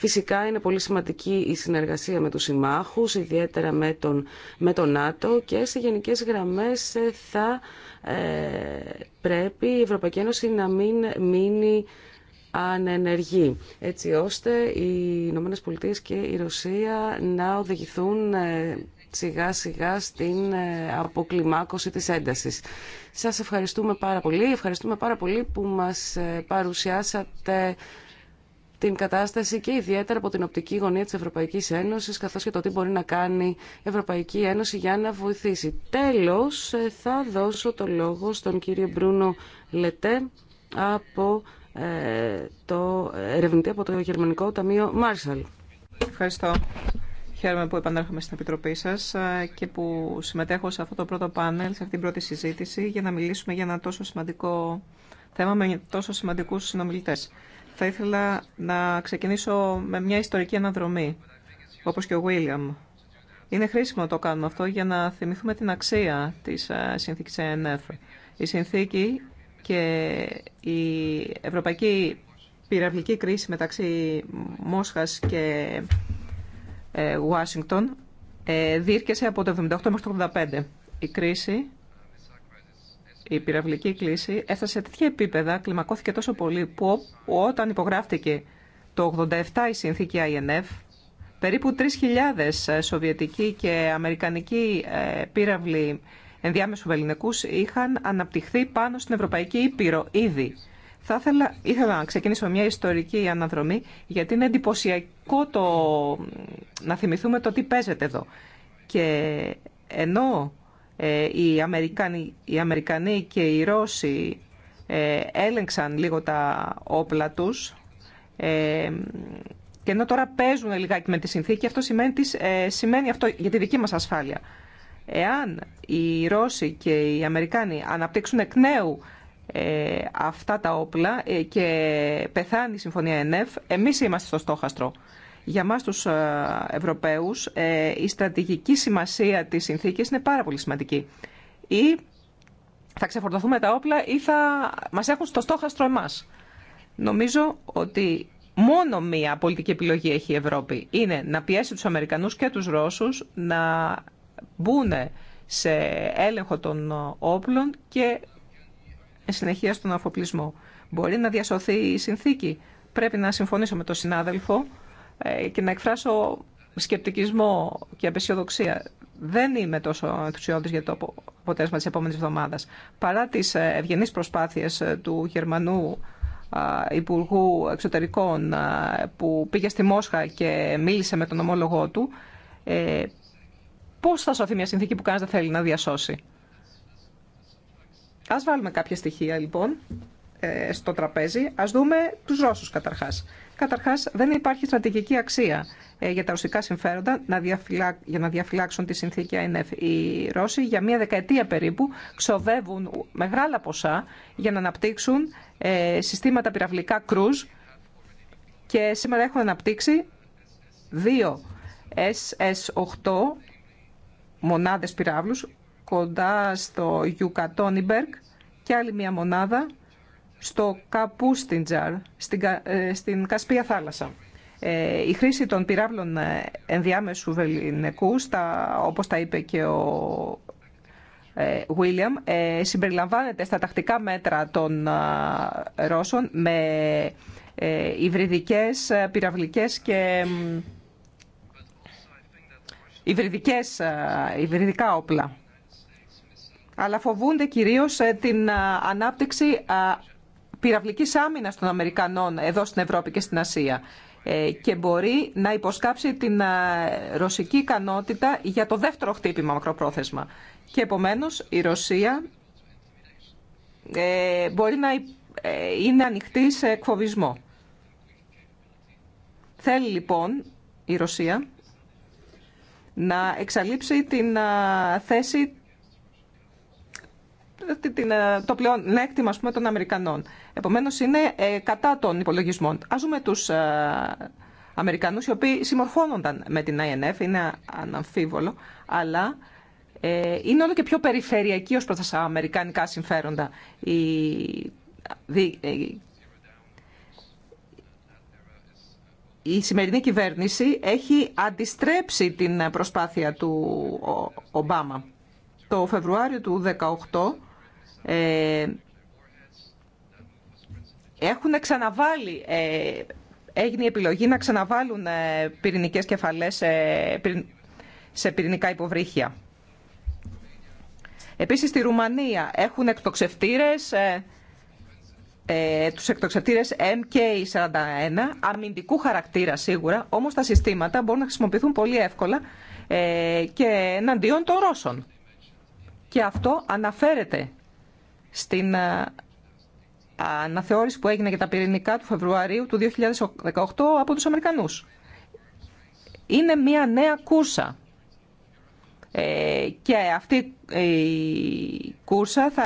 Speaker 1: Φυσικά είναι πολύ σημαντική η συνεργασία με τους συμμάχους, ιδιαίτερα με τον, με τον ΝΑΤΟ και σε γενικές γραμμές ε, θα ε, πρέπει η Ευρωπαϊκή Ένωση να μην μείνει ανενεργή, έτσι ώστε οι Ηνωμένε Πολιτείε και η Ρωσία να οδηγηθούν ε, σιγά σιγά στην αποκλιμάκωση της έντασης. Σας ευχαριστούμε πάρα πολύ. Ευχαριστούμε πάρα πολύ που μας παρουσιάσατε την κατάσταση και ιδιαίτερα από την οπτική γωνία της Ευρωπαϊκής Ένωσης, καθώς και το τι μπορεί να κάνει η Ευρωπαϊκή Ένωση για να βοηθήσει. Τέλος, ε, θα δώσω το λόγο στον κύριο Μπρούνο Λετέ από ε, το ερευνητή από το
Speaker 2: Γερμανικό Ταμείο Μάρσαλ. Ευχαριστώ. Χαίρομαι που επανέρχομαι στην Επιτροπή σα ε, και που συμμετέχω σε αυτό το πρώτο πάνελ, σε αυτήν την πρώτη συζήτηση, για να μιλήσουμε για ένα τόσο σημαντικό θέμα με τόσο σημαντικού συνομιλητέ θα ήθελα να ξεκινήσω με μια ιστορική αναδρομή, όπως και ο Βίλιαμ. Είναι χρήσιμο να το κάνουμε αυτό για να θυμηθούμε την αξία της ε, συνθήκης ΕΝΕΦ. Η συνθήκη και η ευρωπαϊκή πυραυλική κρίση μεταξύ Μόσχας και ε, Ουάσιγκτον ε, διήρκεσε από το 1978 μέχρι το 1985. Η κρίση η πυραυλική κλίση έφτασε σε τέτοια επίπεδα, κλιμακώθηκε τόσο πολύ, που όταν υπογράφτηκε το 87 η συνθήκη INF, περίπου 3.000 ε, σοβιετικοί και αμερικανικοί ε, πύραυλοι ενδιάμεσου βελληνικούς είχαν αναπτυχθεί πάνω στην Ευρωπαϊκή Ήπειρο ήδη. Θα ήθελα, ήθελα να ξεκινήσω μια ιστορική αναδρομή, γιατί είναι εντυπωσιακό το, να θυμηθούμε το τι παίζεται εδώ. Και ενώ ε, οι, Αμερικανοί, οι και οι Ρώσοι ε, έλεγξαν λίγο τα όπλα τους ε, και ενώ τώρα παίζουν λιγάκι με τη συνθήκη, αυτό σημαίνει, σημαίνει αυτό για τη δική μας ασφάλεια. Εάν οι Ρώσοι και οι Αμερικάνοι αναπτύξουν εκ νέου αυτά τα όπλα και πεθάνει η Συμφωνία ΕΝΕΦ, εμείς είμαστε στο στόχαστρο. Για μας τους ε, Ευρωπαίους ε, η στρατηγική σημασία της συνθήκης είναι πάρα πολύ σημαντική. Ή θα ξεφορτωθούμε τα όπλα ή θα μας έχουν στο στόχαστρο εμάς. Νομίζω ότι μόνο μία πολιτική επιλογή έχει η Ευρώπη. Είναι να πιέσει τους Αμερικανούς και τους Ρώσους να μπουν σε έλεγχο των όπλων και συνεχεία στον αφοπλισμό. Μπορεί να διασωθεί η συνθήκη. Πρέπει να συμφωνήσω με τον συνάδελφο ε, και να εκφράσω σκεπτικισμό και απεσιοδοξία. Δεν είμαι τόσο ενθουσιώδη για το αποτέλεσμα της επόμενη εβδομάδας. Παρά τις ε, ευγενεί προσπάθειες ε, του Γερμανού Υπουργού Εξωτερικών που πήγε στη Μόσχα και μίλησε με τον ομόλογό του, πώς θα σωθεί μια συνθήκη που κανείς δεν θέλει να διασώσει. Ας βάλουμε κάποια στοιχεία λοιπόν στο τραπέζι. α δούμε τους ρώσου καταρχάς. Καταρχά δεν υπάρχει στρατηγική αξία ε, για τα ρωσικά συμφέροντα να για να διαφυλάξουν τη συνθήκη ΑΕΝΕΦ. Οι Ρώσοι για μία δεκαετία περίπου ξοδεύουν μεγάλα ποσά για να αναπτύξουν ε, συστήματα πυραυλικά cruise και σήμερα έχουν αναπτύξει δύο SS8 μονάδες πυράβλους κοντά στο Ιουκατόνιμπεργκ και άλλη μία μονάδα στο Καπούστιντζαρ, στην, ε, στην Κασπία θάλασσα. Ε, η χρήση των πυράβλων ε, ενδιάμεσου βεληνικού τα, όπως τα είπε και ο Βίλιαμ, συμπεριλαμβάνεται στα τακτικά μέτρα των Ρώσων με ε, υβριδικές, πυραυλικές και υβριδικές, υβριδικά όπλα. Αλλά φοβούνται κυρίως την ανάπτυξη πυραυλική άμυνας των Αμερικανών εδώ στην Ευρώπη και στην Ασία ε, και μπορεί να υποσκάψει την ε, ρωσική ικανότητα για το δεύτερο χτύπημα μακροπρόθεσμα. Και επομένως η Ρωσία ε, μπορεί να είναι ανοιχτή σε εκφοβισμό. Θέλει λοιπόν η Ρωσία να εξαλείψει την θέση ε, το πλεονέκτημα πούμε, των Αμερικανών. Επομένως είναι ε, κατά των υπολογισμών. Ας δούμε τους ε, Αμερικανούς οι οποίοι συμμορφώνονταν με την INF, είναι αναμφίβολο, αλλά είναι όλο και πιο περιφερειακή ως προς τα αμερικανικά συμφέροντα. Η, η σημερινή κυβέρνηση έχει αντιστρέψει την προσπάθεια του Ομπάμα. Το Φεβρουάριο του 2018 ε, έχουν ξαναβάλει, ε, έγινε η επιλογή να ξαναβάλουν ε, πυρηνικές κεφαλές σε πυρηνικά υποβρύχια. Επίσης στη Ρουμανία έχουν εκτοξευτήρες, ε, τους εκτοξευτήρες MK41, αμυντικού χαρακτήρα σίγουρα, όμως τα συστήματα μπορούν να χρησιμοποιηθούν πολύ εύκολα ε, και εναντίον των Ρώσων. Και αυτό αναφέρεται στην ε, αναθεώρηση που έγινε για τα πυρηνικά του Φεβρουαρίου του 2018 από τους Αμερικανούς. Είναι μια νέα κούρσα ε, και αυτή ε, η κούρσα θα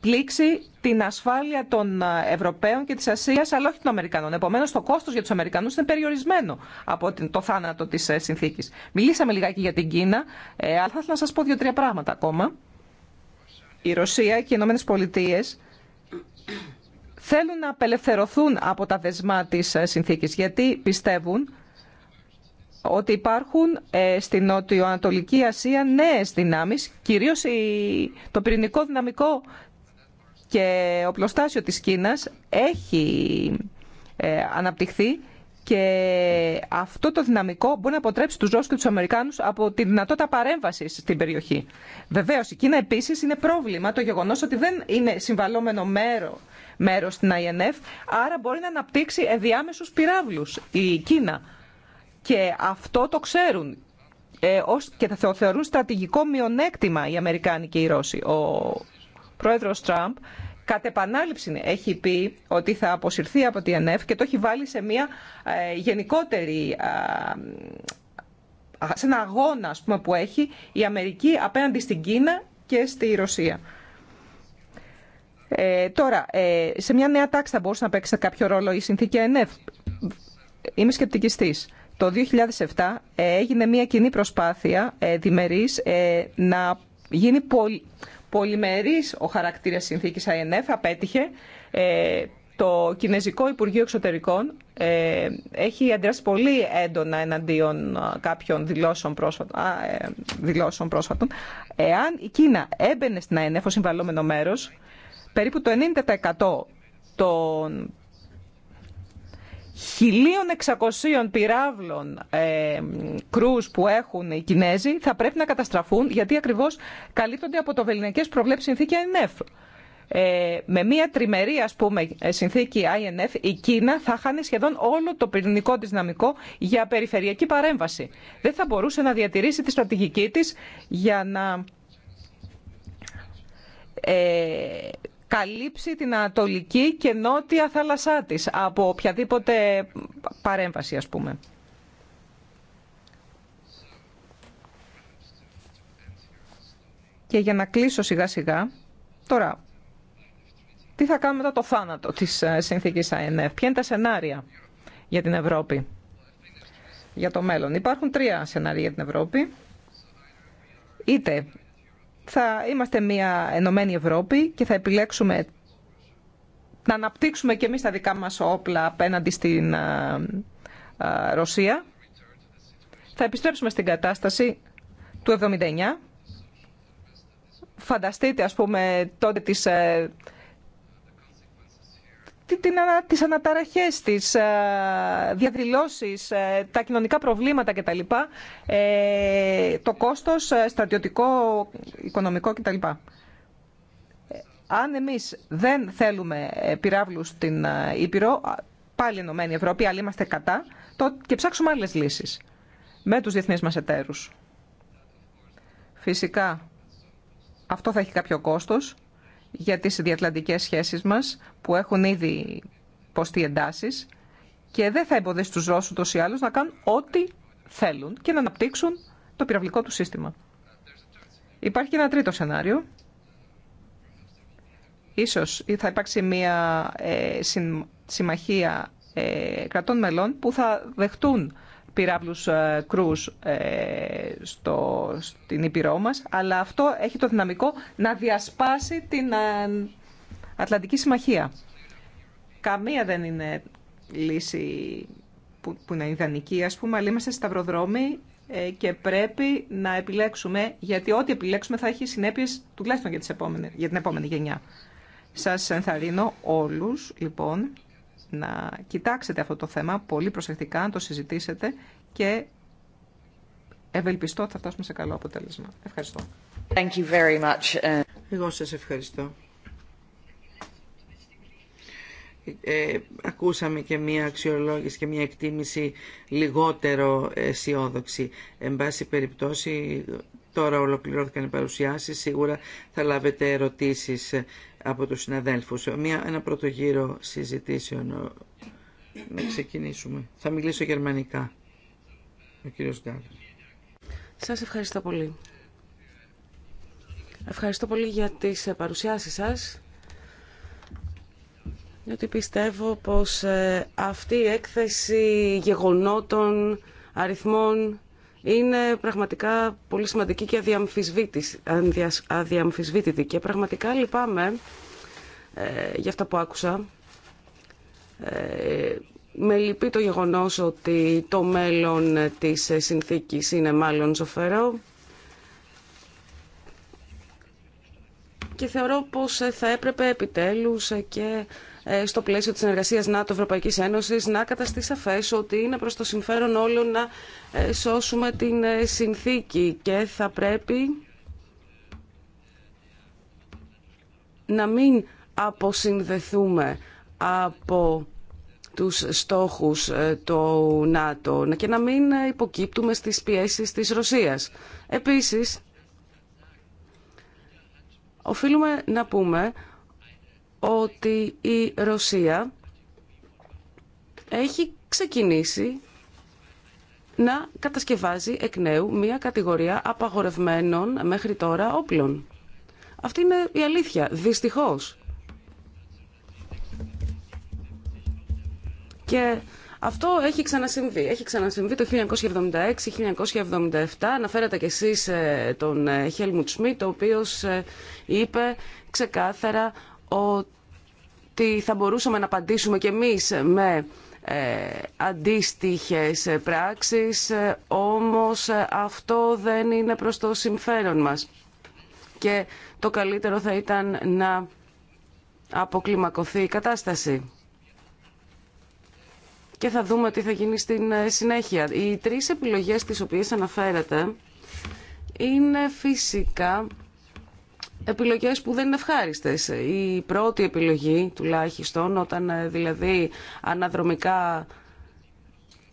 Speaker 2: πλήξει την ασφάλεια των Ευρωπαίων και της Ασίας, αλλά όχι των Αμερικανών. Επομένως, το κόστος για τους Αμερικανούς είναι περιορισμένο από το θάνατο της συνθήκης. Μιλήσαμε λιγάκι για την Κίνα, αλλά θα ήθελα να σας πω δύο-τρία πράγματα ακόμα η Ρωσία και οι Ηνωμένε Πολιτείε θέλουν να απελευθερωθούν από τα δεσμά της ε, συνθήκης γιατί πιστεύουν ότι υπάρχουν ε, στην Νότιο-Ανατολική Ασία νέες δυνάμεις, κυρίως το πυρηνικό δυναμικό και οπλοστάσιο της Κίνας έχει ε, αναπτυχθεί και αυτό το δυναμικό μπορεί να αποτρέψει του Ρώσου και του Αμερικάνου από τη δυνατότητα παρέμβαση στην περιοχή. Βεβαίω, η Κίνα επίση είναι πρόβλημα το γεγονό ότι δεν είναι συμβαλόμενο μέρο μέρος στην INF, άρα μπορεί να αναπτύξει ενδιάμεσου πυράβλου η Κίνα. Και αυτό το ξέρουν ε, και θα θεωρούν στρατηγικό μειονέκτημα οι Αμερικάνοι και οι Ρώσοι. Ο πρόεδρος Τραμπ κατ' επανάληψη έχει πει ότι θα αποσυρθεί από την ΕΝΕΦ και το έχει βάλει σε μια ε, γενικότερη ε, σε ένα αγώνα ας πούμε, που έχει η Αμερική απέναντι στην Κίνα και στη Ρωσία. Ε, τώρα, ε, σε μια νέα τάξη θα μπορούσε να παίξει κάποιο ρόλο η συνθήκη ΕΝΕΦ. Είμαι σκεπτικιστής. Το 2007 ε, έγινε μια κοινή προσπάθεια ε, διμερής ε, να γίνει πολυ, πολυμερής ο χαρακτήρας συνθήκης INF απέτυχε. Ε, το Κινέζικο Υπουργείο Εξωτερικών ε, έχει αντιδράσει πολύ έντονα εναντίον ε, κάποιων δηλώσεων πρόσφατων. Α, ε, δηλώσεων πρόσφατων. Εάν η Κίνα έμπαινε στην ΑΕΝΕΦ ως συμβαλόμενο μέρος, περίπου το 90% των 1.600 πυράβλων ε, κρούς που έχουν οι Κινέζοι θα πρέπει να καταστραφούν γιατί ακριβώς καλύπτονται από το βεληνικές προβλέψεις συνθήκη INF. Ε, με μια τριμερή ας πούμε, ε, συνθήκη INF η Κίνα θα χάνει σχεδόν όλο το πυρηνικό της δυναμικό για περιφερειακή παρέμβαση. Δεν θα μπορούσε να διατηρήσει τη στρατηγική της για να ε, καλύψει την Ανατολική και Νότια θάλασσά της από οποιαδήποτε παρέμβαση ας πούμε. Και για να κλείσω σιγά σιγά, τώρα, τι θα κάνουμε μετά το θάνατο της ε, συνθήκης ΑΕΝΕΦ, ποια είναι τα σενάρια για την Ευρώπη, για το μέλλον. Υπάρχουν τρία σενάρια για την Ευρώπη. Είτε θα είμαστε μια ενωμένη Ευρώπη και θα επιλέξουμε να αναπτύξουμε και εμείς τα δικά μας όπλα απέναντι στην Ρωσία. Θα επιστρέψουμε στην κατάσταση του 79. Φανταστείτε, ας πούμε, τότε τις ε, την, τις αναταραχές της, ε, διαδηλώσεις, ε, τα κοινωνικά προβλήματα κτλ. Ε, το κόστος στρατιωτικό, οικονομικό κτλ. Αν εμείς δεν θέλουμε πυράβλους στην Ήπειρο, πάλι Ενωμένη Ευρώπη, αλλά είμαστε κατά, το, και ψάξουμε άλλες λύσεις με τους διεθνείς μας εταίρους. Φυσικά, αυτό θα έχει κάποιο κόστος για τις διατλαντικές σχέσεις μας που έχουν ήδη ποστεί εντάσεις και δεν θα εμποδίσει τους Ρώσους τους ή άλλους να κάνουν ό,τι θέλουν και να αναπτύξουν το πυραυλικό του σύστημα. Υπάρχει και ένα τρίτο σενάριο. Ίσως θα υπάρξει μια ε, συμμαχία ε, κρατών μελών που θα δεχτούν πυράβλους ε, κρούς ε, στο, στην Ήπειρό μα, αλλά αυτό έχει το δυναμικό να διασπάσει την ε, Ατλαντική Συμμαχία. Καμία δεν είναι λύση που, που είναι ιδανική, α πούμε, αλλά είμαστε σταυροδρόμοι και πρέπει να επιλέξουμε, γιατί ό,τι επιλέξουμε θα έχει συνέπειε τουλάχιστον για, τις επόμενες, την επόμενη γενιά. Σας ενθαρρύνω όλους, λοιπόν, να κοιτάξετε αυτό το θέμα πολύ προσεκτικά, να το συζητήσετε και ευελπιστώ ότι θα φτάσουμε σε καλό αποτέλεσμα. Ευχαριστώ. Thank you very much. Ε. Εγώ σας ευχαριστώ.
Speaker 3: Ε, ακούσαμε και μία αξιολόγηση και μία εκτίμηση λιγότερο αισιόδοξη. Εν πάση περιπτώσει Τώρα ολοκληρώθηκαν οι παρουσιάσεις, σίγουρα θα λάβετε ερωτήσεις από τους συναδέλφους. Μια, ένα πρώτο γύρο συζητήσεων. Να ξεκινήσουμε. Θα μιλήσω γερμανικά. Ο κύριος
Speaker 1: Σας ευχαριστώ πολύ. Ευχαριστώ πολύ για τις παρουσιάσεις σας. Διότι πιστεύω πως ε, αυτή η έκθεση γεγονότων, αριθμών, είναι πραγματικά πολύ σημαντική και αδιαμφισβήτητη και πραγματικά λυπάμαι ε, για αυτά που άκουσα. Ε, με λυπεί το γεγονός ότι το μέλλον της συνθήκης είναι μάλλον ζωφερό και θεωρώ πως θα έπρεπε επιτέλους και ε, στο πλαίσιο της συνεργασίας ΝΑΤΟ-Ευρωπαϊκής Ένωσης να καταστεί σαφές ότι είναι προς το συμφέρον όλων να ε, σώσουμε την ε, συνθήκη και θα πρέπει να μην αποσυνδεθούμε από τους στόχους του ΝΑΤΟ και να μην υποκύπτουμε στις πιέσεις της Ρωσίας. Επίσης, οφείλουμε να πούμε ότι η Ρωσία έχει ξεκινήσει να κατασκευάζει εκ νέου μια κατηγορία απαγορευμένων μέχρι τώρα όπλων. Αυτή είναι η αλήθεια, δυστυχώς. Και αυτό έχει ξανασυμβεί. Έχει ξανασυμβεί το 1976-1977. Αναφέρατε κι εσείς ε, τον ε, Χέλμουτ Σμιτ, ο οποίος ε, είπε ξεκάθαρα ότι θα μπορούσαμε να απαντήσουμε κι εμείς με αντίστοιχες πράξεις, όμως αυτό δεν είναι προς το συμφέρον μας. Και το καλύτερο θα ήταν να αποκλιμακωθεί η κατάσταση και θα δούμε τι θα γίνει στην ε, συνέχεια. Οι τρεις επιλογές τις οποίες αναφέρατε είναι φυσικά επιλογές που δεν είναι ευχάριστες. Η πρώτη επιλογή τουλάχιστον όταν ε, δηλαδή αναδρομικά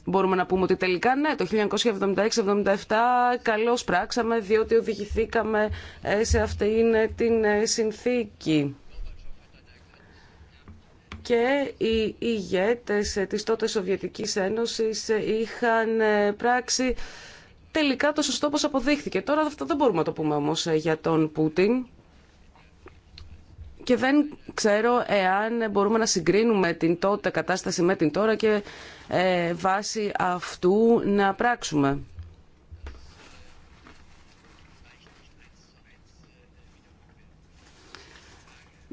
Speaker 1: μπορούμε να πούμε ότι τελικά ναι, το 1976-77 καλώς πράξαμε διότι οδηγηθήκαμε ε, σε αυτήν την συνθήκη και οι ηγέτες της τότε Σοβιετικής Ένωσης είχαν ε, πράξει τελικά το σωστό όπως αποδείχθηκε. Τώρα αυτό δεν μπορούμε να το πούμε όμως ε, για τον Πούτιν και δεν ξέρω εάν μπορούμε να συγκρίνουμε την τότε κατάσταση με την τώρα και ε, βάσει αυτού να πράξουμε.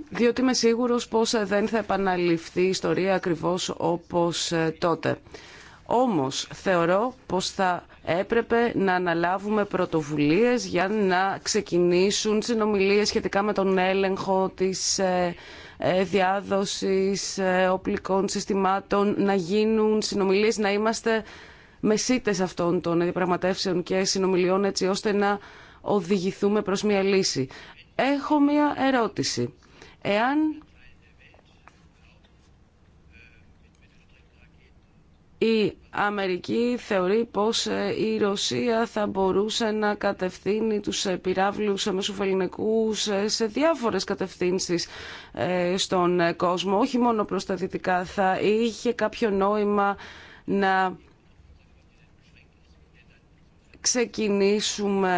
Speaker 1: διότι είμαι σίγουρος πως δεν θα επαναληφθεί η ιστορία ακριβώς όπως ε, τότε. Όμως θεωρώ πως θα έπρεπε να αναλάβουμε πρωτοβουλίες για να ξεκινήσουν συνομιλίες σχετικά με τον έλεγχο της ε, ε, διάδοσης οπλικών συστημάτων, να γίνουν συνομιλίες, να είμαστε μεσίτες αυτών των διαπραγματεύσεων και συνομιλιών έτσι ώστε να οδηγηθούμε προς μια λύση. Έχω μια ερώτηση. Εάν η Αμερική θεωρεί πως ε, η Ρωσία θα μπορούσε να κατευθύνει τους ε, πυράβλους μεσοφελληνικούς ε, σε διάφορες κατευθύνσεις στον κόσμο, όχι μόνο προς τα δυτικά. Θα είχε κάποιο νόημα να ξεκινήσουμε,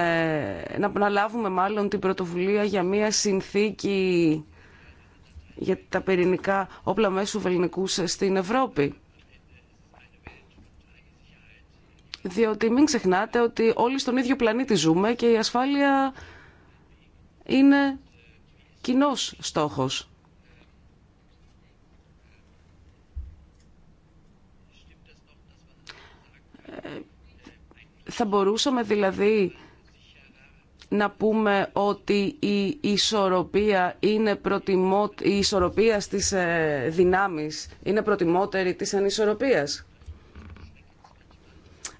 Speaker 1: να, να λάβουμε μάλλον την πρωτοβουλία για μια συνθήκη για τα πυρηνικά όπλα μέσου βελνικούς στην Ευρώπη. Διότι μην ξεχνάτε ότι όλοι στον ίδιο πλανήτη ζούμε και η ασφάλεια είναι κοινό στόχος. Ε, θα μπορούσαμε δηλαδή να πούμε ότι η ισορροπία, είναι προτιμό... η στις ε, δυνάμεις είναι προτιμότερη της ανισορροπίας.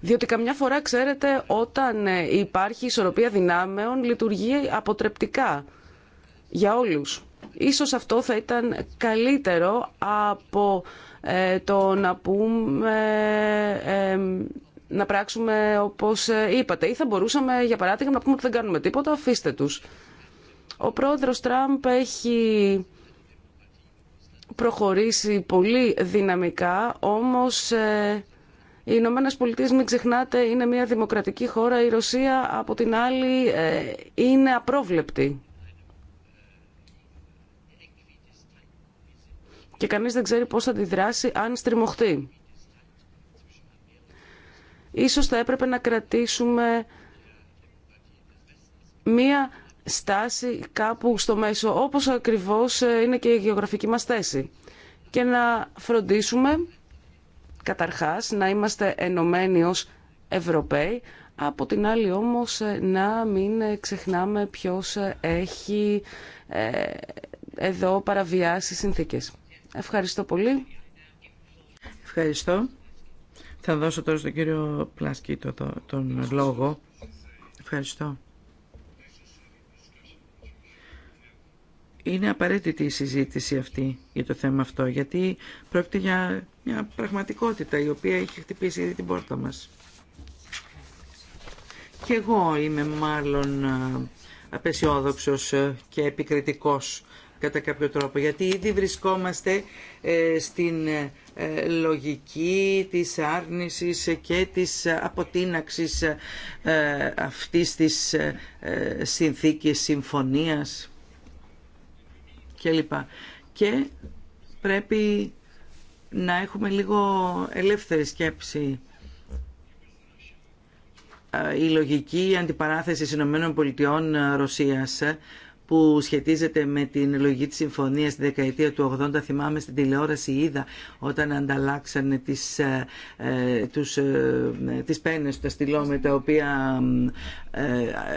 Speaker 1: Διότι καμιά φορά, ξέρετε, όταν ε, υπάρχει ισορροπία δυνάμεων, λειτουργεί αποτρεπτικά για όλους. Ίσως αυτό θα ήταν καλύτερο από ε, το να πούμε να πράξουμε όπως ε, είπατε. Ή θα μπορούσαμε, για παράδειγμα, να πούμε ότι δεν κάνουμε τίποτα, αφήστε τους. Ο πρόεδρος Τραμπ έχει προχωρήσει πολύ δυναμικά, όμως ε, οι Ηνωμένε Πολιτείε, μην ξεχνάτε, είναι μια δημοκρατική χώρα. Η Ρωσία, από την άλλη, ε, είναι απρόβλεπτη. Και κανείς δεν ξέρει πώς θα αντιδράσει αν στριμωχτεί ίσως θα έπρεπε να κρατήσουμε μία στάση κάπου στο μέσο, όπως ακριβώς ε, είναι και η γεωγραφική μας θέση. Και να φροντίσουμε, καταρχάς, να είμαστε ενωμένοι ως Ευρωπαίοι, από την άλλη όμως ε, να μην ε, ξεχνάμε ποιος έχει εδώ παραβιάσει συνθήκες. Ευχαριστώ πολύ. Ευχαριστώ.
Speaker 3: Θα δώσω τώρα στον κύριο Πλάσκη το, τον λόγο. Ευχαριστώ. Είναι απαραίτητη η συζήτηση αυτή για το θέμα αυτό, γιατί πρόκειται για μια πραγματικότητα η οποία έχει χτυπήσει ήδη την πόρτα μας. Και εγώ είμαι μάλλον απεσιόδοξος και επικριτικός κατά κάποιο τρόπο, γιατί ήδη βρισκόμαστε ε, στην ε, λογική της άρνησης και της αποτίναξης ε, αυτής της ε, συνθήκης συμφωνίας κλπ. Και πρέπει να έχουμε λίγο ελεύθερη σκέψη. Η λογική αντιπαράθεση Ηνωμένων Πολιτειών Ρωσίας που σχετίζεται με την λογική της συμφωνίας στη δεκαετία του 80. Θυμάμαι στην τηλεόραση είδα όταν ανταλλάξανε τις, ε, ε τους, ε, ε, τις πένες, τα στυλό τα οποία ε,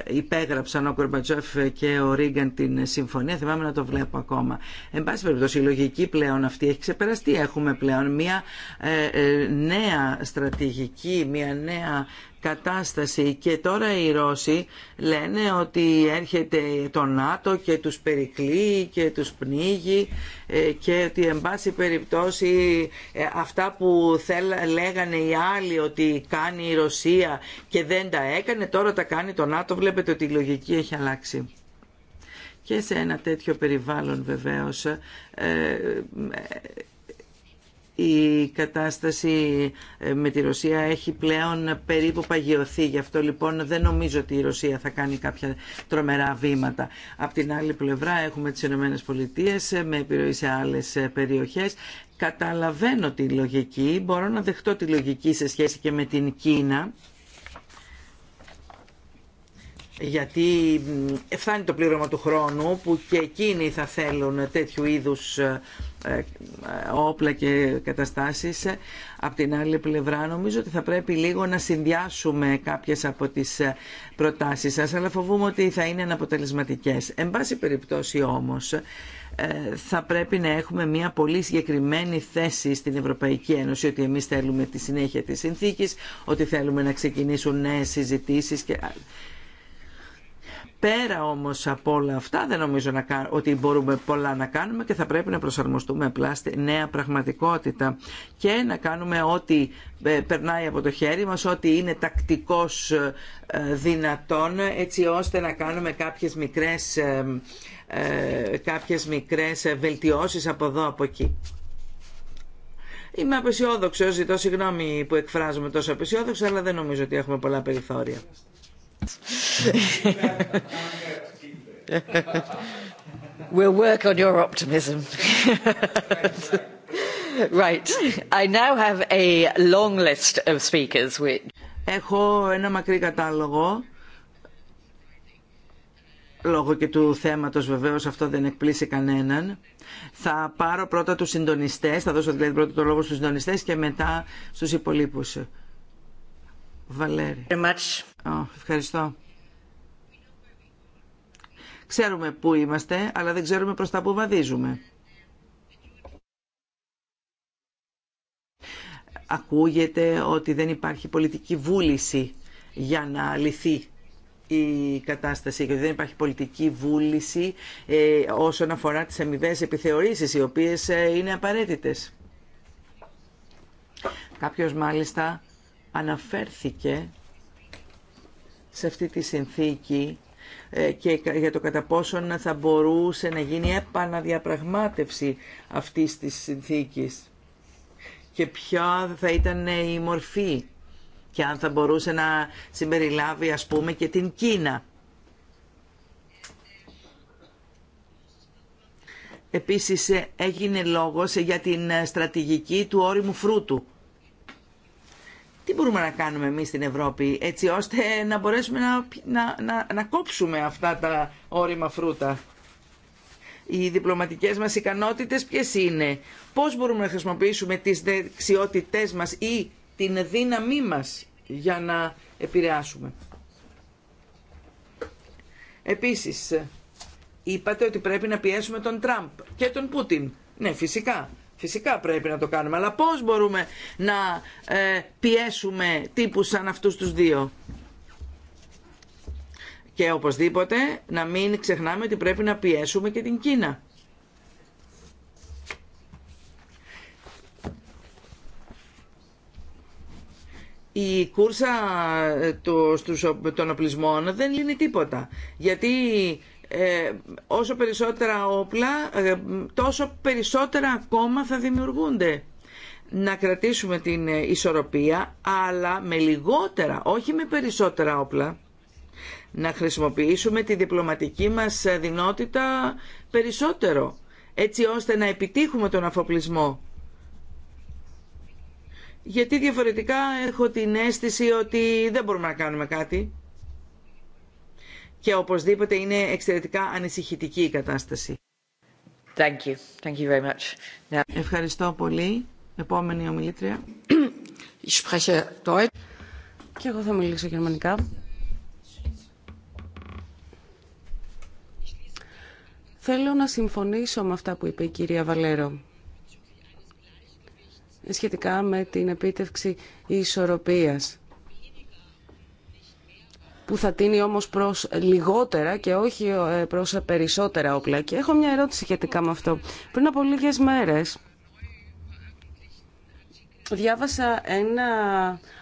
Speaker 3: υπέγραψαν ο Κορμπατζόφ και ο Ρίγκαν την συμφωνία. Θυμάμαι να το βλέπω ακόμα. Εν πάση περιπτώσει η λογική πλέον αυτή έχει ξεπεραστεί. Έχουμε πλέον μια νέα στρατηγική, μια νέα κατάσταση και τώρα οι Ρώσοι λένε ότι έρχεται το ΝΑΤΟ και τους περικλεί και τους πνίγει ε, και ότι εν πάση περιπτώσει ε, αυτά που θέλα, λέγανε οι άλλοι ότι κάνει η Ρωσία και δεν τα έκανε τώρα τα κάνει το ΝΑΤΟ βλέπετε ότι η λογική έχει αλλάξει και σε ένα τέτοιο περιβάλλον βεβαίως ε, η κατάσταση ε, με τη Ρωσία έχει πλέον περίπου παγιωθεί. Γι' αυτό λοιπόν δεν νομίζω ότι η Ρωσία θα κάνει κάποια τρομερά βήματα. Απ' την άλλη πλευρά έχουμε τις Ηνωμένε Πολιτείε ε, με επιρροή σε άλλες ε, περιοχές. Καταλαβαίνω τη λογική, μπορώ να δεχτώ τη λογική σε σχέση και με την Κίνα γιατί φτάνει το πλήρωμα του χρόνου που και εκείνοι θα θέλουν τέτοιου είδους ε, ε, όπλα και καταστάσεις. Ε, απ' την άλλη πλευρά νομίζω ότι θα πρέπει λίγο να συνδυάσουμε κάποιες από τις προτάσεις σας, αλλά φοβούμαι ότι θα είναι αναποτελεσματικές. Εν πάση περιπτώσει όμως, θα πρέπει να έχουμε μια πολύ συγκεκριμένη θέση στην Ευρωπαϊκή Ένωση ότι εμείς θέλουμε τη συνέχεια της συνθήκης, ότι θέλουμε να ξεκινήσουν νέες συζητήσεις και Πέρα όμως από όλα αυτά δεν νομίζω να, ότι μπορούμε πολλά να κάνουμε και θα πρέπει να προσαρμοστούμε απλά στη νέα πραγματικότητα και να κάνουμε ό,τι ε, περνάει από το χέρι μας, ό,τι είναι τακτικός ε, δυνατόν έτσι ώστε να κάνουμε κάποιες μικρές, ε, κάποιες μικρές βελτιώσεις από εδώ από εκεί. Είμαι απεσιόδοξο, ζητώ συγγνώμη που εκφράζομαι τόσο απεσιόδοξο, αλλά δεν νομίζω ότι έχουμε πολλά περιθώρια. We'll work on your optimism. Right. I now have a long list of speakers which... Έχω ένα μακρύ κατάλογο. Λόγω και του θέματος βεβαίως αυτό δεν εκπλήσει κανέναν. Θα πάρω πρώτα τους συντονιστές, θα δώσω δηλαδή πρώτα το λόγο στους συντονιστές και μετά στους υπολείπους ευχαριστώ. Ξέρουμε πού είμαστε, αλλά δεν ξέρουμε προς τα που βαδίζουμε. Ακούγεται ότι δεν υπάρχει πολιτική βούληση για να λυθεί η κατάσταση και ότι δεν υπάρχει πολιτική βούληση ε, όσον αφορά τις αμοιβέ επιθεωρήσεις, οι οποίες ε, είναι απαραίτητες. Κάποιος μάλιστα αναφέρθηκε σε αυτή τη συνθήκη ε, και για το κατά πόσον θα μπορούσε να γίνει επαναδιαπραγμάτευση αυτής της συνθήκης και ποια θα ήταν ε, η μορφή και αν θα μπορούσε να συμπεριλάβει ας πούμε και την Κίνα. Επίσης ε, έγινε λόγος για την στρατηγική του όριμου φρούτου τι μπορούμε να κάνουμε εμείς στην Ευρώπη έτσι ώστε να μπορέσουμε να, να, να, κόψουμε αυτά τα όρημα φρούτα. Οι διπλωματικές μας ικανότητες ποιες είναι. Πώς μπορούμε να χρησιμοποιήσουμε τις δεξιότητές μας ή την δύναμή μας για να επηρεάσουμε. Επίσης, είπατε ότι πρέπει να πιέσουμε τον Τραμπ και τον Πούτιν. Ναι, φυσικά. Φυσικά πρέπει να το κάνουμε, αλλά πώς μπορούμε να ε, πιέσουμε τύπους σαν αυτούς τους δύο. Και οπωσδήποτε να μην ξεχνάμε ότι πρέπει να πιέσουμε και την Κίνα. Η κούρσα ε, των οπλισμών δεν λύνει τίποτα. Γιατί ε, όσο περισσότερα όπλα, ε, τόσο περισσότερα ακόμα θα δημιουργούνται. Να κρατήσουμε την ε, ισορροπία, αλλά με λιγότερα, όχι με περισσότερα όπλα. Να χρησιμοποιήσουμε τη διπλωματική μας δυνότητα περισσότερο, έτσι ώστε να επιτύχουμε τον αφοπλισμό. Γιατί διαφορετικά έχω την αίσθηση ότι δεν μπορούμε να κάνουμε κάτι και οπωσδήποτε είναι εξαιρετικά ανησυχητική η κατάσταση. Thank you. Thank you very much. Now... Ευχαριστώ πολύ. Επόμενη ομιλήτρια. Και εγώ θα μιλήσω γερμανικά.
Speaker 1: Θέλω να συμφωνήσω με αυτά που είπε η κυρία Βαλέρο σχετικά με την επίτευξη ισορροπίας που θα τίνει όμως προς λιγότερα και όχι ε, προς περισσότερα όπλα. Και έχω μια ερώτηση σχετικά με αυτό. Πριν από λίγες μέρες διάβασα ένα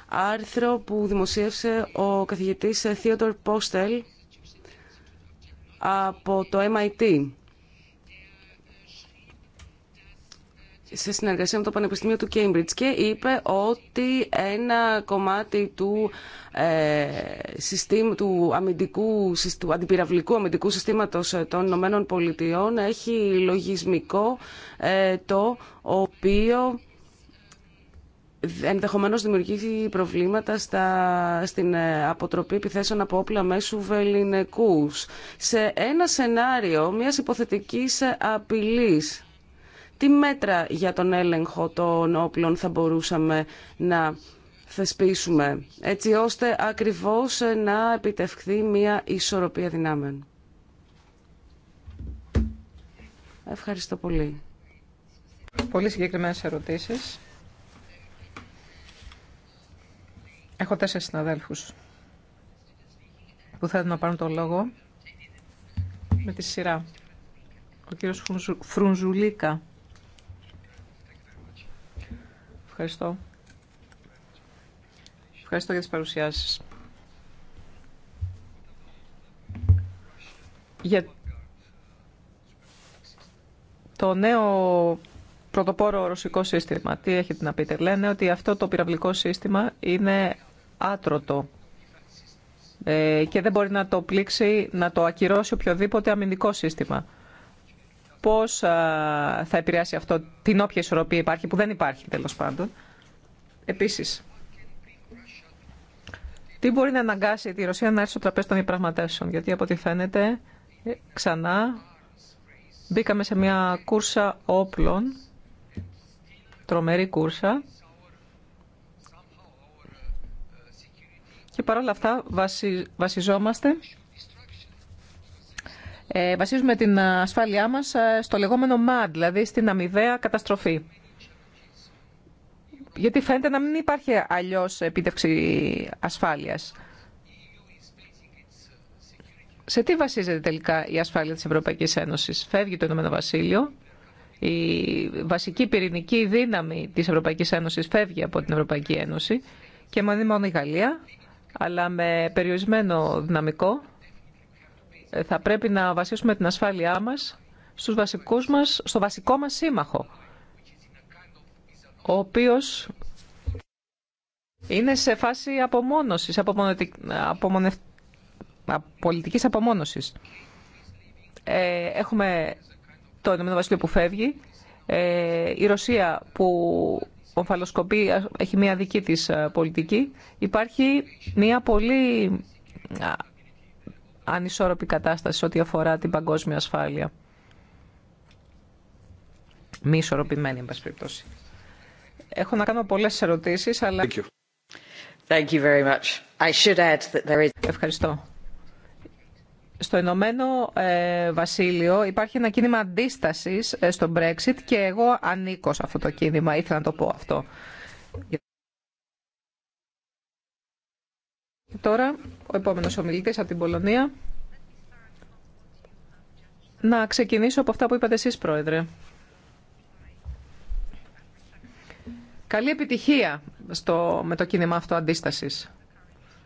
Speaker 1: άρθρο που δημοσίευσε ο καθηγητής Θεότορ Πόστελ από το MIT σε συνεργασία με το Πανεπιστήμιο του Cambridge και είπε ότι ένα κομμάτι του, ε, συστήμ, του, αμυντικού, του αντιπυραυλικού αμυντικού συστήματος των Ηνωμένων Πολιτειών έχει λογισμικό ε, το οποίο ενδεχομένως δημιουργεί προβλήματα στα, στην ε, αποτροπή επιθέσεων από όπλα μέσου βεληνικούς. Σε ένα σενάριο μιας υποθετικής απειλής τι μέτρα για τον έλεγχο των όπλων θα μπορούσαμε να θεσπίσουμε, έτσι ώστε ακριβώς να επιτευχθεί μια ισορροπία δυνάμεων. Ευχαριστώ
Speaker 2: πολύ. Πολύ συγκεκριμένες ερωτήσεις. Έχω τέσσερις συναδέλφους που θέλουν να πάρουν το λόγο με τη σειρά. Ο κύριος Φρουνζουλίκα Ευχαριστώ. Ευχαριστώ για τις παρουσιάσεις. Για το νέο πρωτοπόρο ρωσικό σύστημα, τι έχετε να πείτε. Λένε ότι αυτό το πυραυλικό σύστημα είναι άτρωτο ε, και δεν μπορεί να το πλήξει, να το ακυρώσει οποιοδήποτε αμυντικό σύστημα. Πώ θα επηρεάσει αυτό την όποια ισορροπία υπάρχει, που δεν υπάρχει τέλος πάντων. Επίσης, τι μπορεί να αναγκάσει τη Ρωσία να έρθει στο τραπέζι των διαπραγματεύσεων, γιατί από ό,τι φαίνεται ε, ξανά μπήκαμε σε μια κούρσα όπλων, τρομερή κούρσα, και παρόλα αυτά βασιζόμαστε ε, βασίζουμε την ασφάλειά μας ε, στο λεγόμενο MAD, δηλαδή στην αμοιβαία καταστροφή. Γιατί φαίνεται να μην υπάρχει αλλιώς επίτευξη ασφάλειας. Σε τι βασίζεται τελικά η ασφάλεια της Ευρωπαϊκής Ένωσης. Φεύγει το Ηνωμένο Βασίλειο, η βασική πυρηνική δύναμη της Ευρωπαϊκής Ένωσης φεύγει από την Ευρωπαϊκή Ένωση και μόνο η Γαλλία, αλλά με περιορισμένο δυναμικό θα πρέπει να βασίσουμε την ασφάλειά μας στους βασικούς μας, στο βασικό μας σύμμαχο, ο οποίος είναι σε φάση απομόνωσης, απομονωτική πολιτικής απομόνωσης. Ε, έχουμε το Ηνωμένο Βασίλειο που φεύγει, ε, η Ρωσία που ομφαλοσκοπεί, έχει μια δική της ε, πολιτική. Υπάρχει μια πολύ ανισόρροπη κατάσταση ό,τι αφορά την παγκόσμια ασφάλεια. Μη ισορροπημένη, εν πάση περιπτώσει. Έχω να κάνω πολλές ερωτήσεις, αλλά... Thank you. very much. I should add that there is... Ευχαριστώ. Στο Ηνωμένο ε, Βασίλειο υπάρχει ένα κίνημα αντίστασης ε, στο Brexit και εγώ ανήκω σε αυτό το κίνημα, ήθελα να το πω αυτό. Τώρα, ο επόμενος ομιλητής από την Πολωνία. Να ξεκινήσω από αυτά που είπατε εσείς, Πρόεδρε. Καλή επιτυχία στο, με το κίνημα αυτό αντίστασης,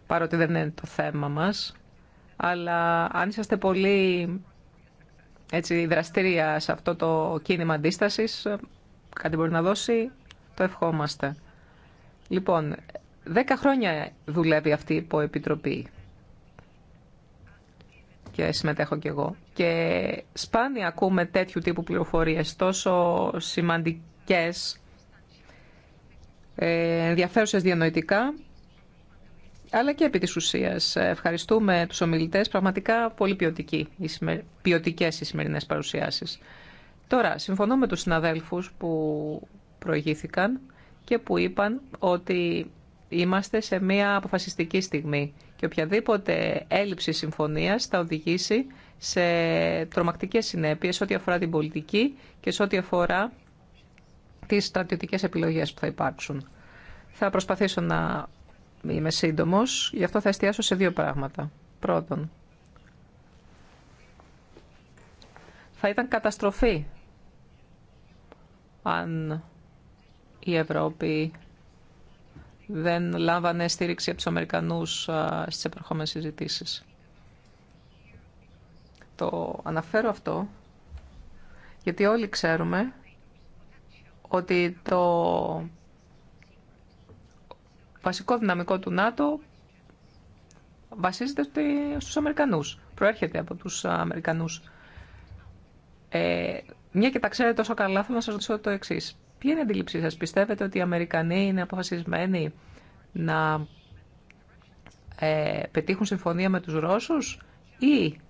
Speaker 2: παρότι δεν είναι το θέμα μας. Αλλά αν είσαστε πολύ έτσι, δραστήρια σε αυτό το κίνημα αντίστασης, κάτι μπορεί να δώσει, το ευχόμαστε. Λοιπόν, Δέκα χρόνια δουλεύει αυτή η υποεπιτροπή και συμμετέχω κι εγώ. Και σπάνια ακούμε τέτοιου τύπου πληροφορίες τόσο σημαντικές, ε, ενδιαφέρουσες διανοητικά, αλλά και επί της ουσίας. Ευχαριστούμε τους ομιλητές, πραγματικά πολύ ποιοτικοί, ποιοτικές οι σημερινές παρουσιάσεις. Τώρα, συμφωνώ με τους συναδέλφους που προηγήθηκαν και που είπαν ότι Είμαστε σε μια αποφασιστική στιγμή και οποιαδήποτε έλλειψη συμφωνίας θα οδηγήσει σε τρομακτικές συνέπειες ό,τι αφορά την πολιτική και σε ό,τι αφορά τις στρατιωτικές επιλογές που θα υπάρξουν. Θα προσπαθήσω να είμαι σύντομο, γι' αυτό θα εστιάσω σε δύο πράγματα. Πρώτον, θα ήταν καταστροφή αν η Ευρώπη δεν λάμβανε στήριξη από τους Αμερικανούς στις επερχόμενες συζητήσει. Το αναφέρω αυτό γιατί όλοι ξέρουμε ότι το βασικό δυναμικό του ΝΑΤΟ βασίζεται στους Αμερικανούς. Προέρχεται από τους Αμερικανούς. Ε, μια και τα ξέρετε τόσο καλά, θέλω να σας ρωτήσω το εξής. Ποια είναι η αντίληψή σας, πιστεύετε ότι οι Αμερικανοί είναι αποφασισμένοι να ε, πετύχουν συμφωνία με τους Ρώσους ή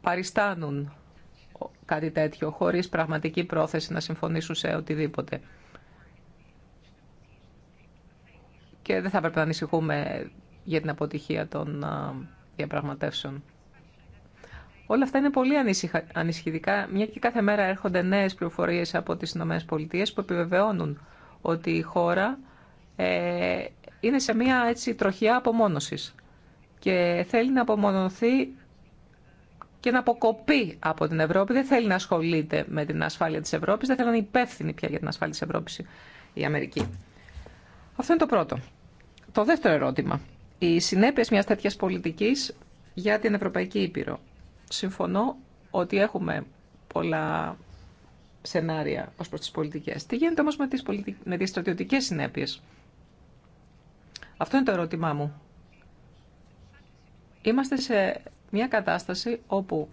Speaker 2: παριστάνουν κάτι τέτοιο χωρίς πραγματική πρόθεση να συμφωνήσουν σε οτιδήποτε. Και δεν θα έπρεπε να ανησυχούμε για την αποτυχία των ε, διαπραγματεύσεων. Όλα αυτά είναι πολύ ανησυχητικά, μια και κάθε μέρα έρχονται νέε πληροφορίε από τις ΗΠΑ που επιβεβαιώνουν ότι η χώρα ε, είναι σε μια έτσι τροχιά απομόνωση και θέλει να απομονωθεί και να αποκοπεί από την Ευρώπη. Δεν θέλει να ασχολείται με την ασφάλεια τη Ευρώπη, δεν θέλει να είναι υπεύθυνη πια για την ασφάλεια της Ευρώπης η Αμερική. Αυτό είναι το πρώτο. Το δεύτερο ερώτημα. Οι συνέπειε μια τέτοια πολιτική για την Ευρωπαϊκή Ήπειρο συμφωνώ ότι έχουμε πολλά σενάρια ως προς τις πολιτικές. Τι γίνεται όμως με τις, πολιτι... με τις στρατιωτικές συνέπειες. Αυτό είναι το ερώτημά μου. Είμαστε σε μια κατάσταση όπου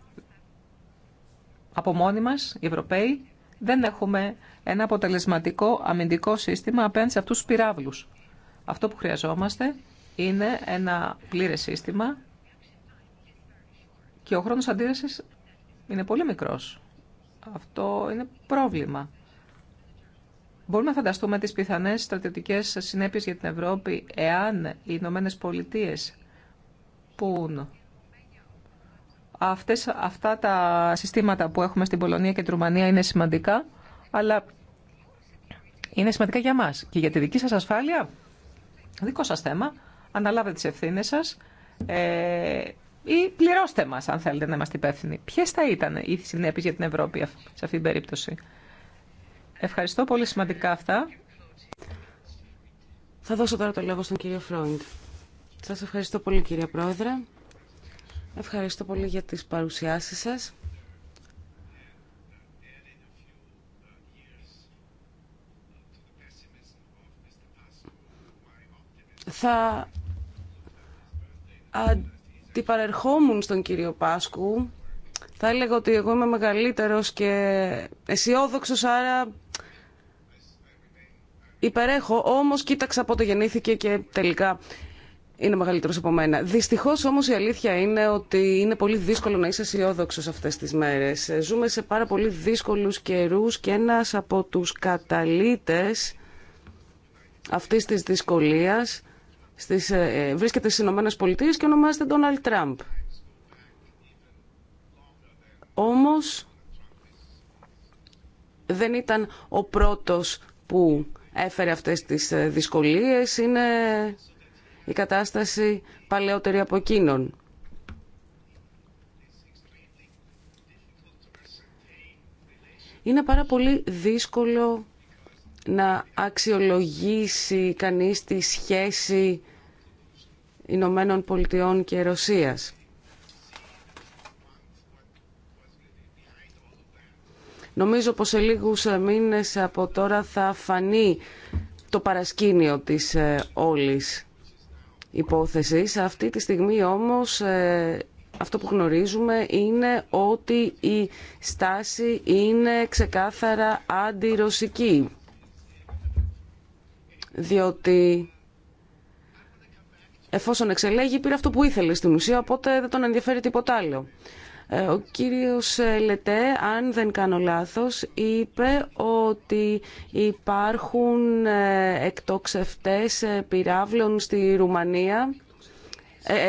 Speaker 2: από μόνοι μας, οι Ευρωπαίοι, δεν έχουμε ένα αποτελεσματικό αμυντικό σύστημα απέναντι σε αυτούς τους πυράβλους. Αυτό που χρειαζόμαστε είναι ένα πλήρες σύστημα και ο χρόνος αντίδρασης είναι πολύ μικρός. Αυτό είναι πρόβλημα. Μπορούμε να φανταστούμε τις πιθανές στρατιωτικές συνέπειες για την Ευρώπη εάν οι Ηνωμένε Πολιτείε πούν αυτές, αυτά τα συστήματα που έχουμε στην Πολωνία και την Ρουμανία είναι σημαντικά, αλλά είναι σημαντικά για μας και για τη δική σας ασφάλεια, δικό σας θέμα, αναλάβετε τις ευθύνες σας, ε, ή πληρώστε μας αν θέλετε να είμαστε υπεύθυνοι. ποιε θα ήταν οι συνέπειε για την Ευρώπη σε αυτήν την περίπτωση. Ευχαριστώ πολύ σημαντικά αυτά. Θα δώσω τώρα το λόγο στον κύριο Φρόιντ.
Speaker 1: Σας ευχαριστώ πολύ κύριε Πρόεδρε. Ευχαριστώ πολύ για τις παρουσιάσεις σας. Θα ότι παρερχόμουν στον κύριο Πάσκου. Θα έλεγα ότι εγώ είμαι μεγαλύτερος και αισιόδοξο, άρα υπερέχω, όμως κοίταξα πότε γεννήθηκε και τελικά είναι μεγαλύτερος από μένα. Δυστυχώς όμως η αλήθεια είναι ότι είναι πολύ δύσκολο να είσαι αισιόδοξο αυτές τις μέρες. Ζούμε σε πάρα πολύ δύσκολους καιρούς και ένας από τους καταλήτες αυτής της δυσκολίας στις, ε, βρίσκεται στις Ηνωμένες Πολιτείες και ονομάζεται Donald Trump. Όμως δεν ήταν ο πρώτος που έφερε αυτές τις ε, δυσκολίες, είναι η κατάσταση παλαιότερη από εκείνον. Είναι πάρα πολύ δύσκολο να αξιολογήσει κανείς τη σχέση Ηνωμένων Πολιτειών και Ρωσίας. Νομίζω πως σε λίγους ε, μήνες από τώρα θα φανεί το παρασκήνιο της ε, όλης υπόθεσης. Αυτή τη στιγμή όμως ε, αυτό που γνωρίζουμε είναι ότι η στάση είναι ξεκάθαρα αντιρωσική. Διότι εφόσον εξελέγει, πήρε αυτό που ήθελε στην ουσία, οπότε δεν τον ενδιαφέρει τίποτα άλλο. Ε, ο κύριος ε, Λετέ, αν δεν κάνω λάθος, είπε ότι υπάρχουν ε, εκτοξευτές πυράβλων στη Ρουμανία,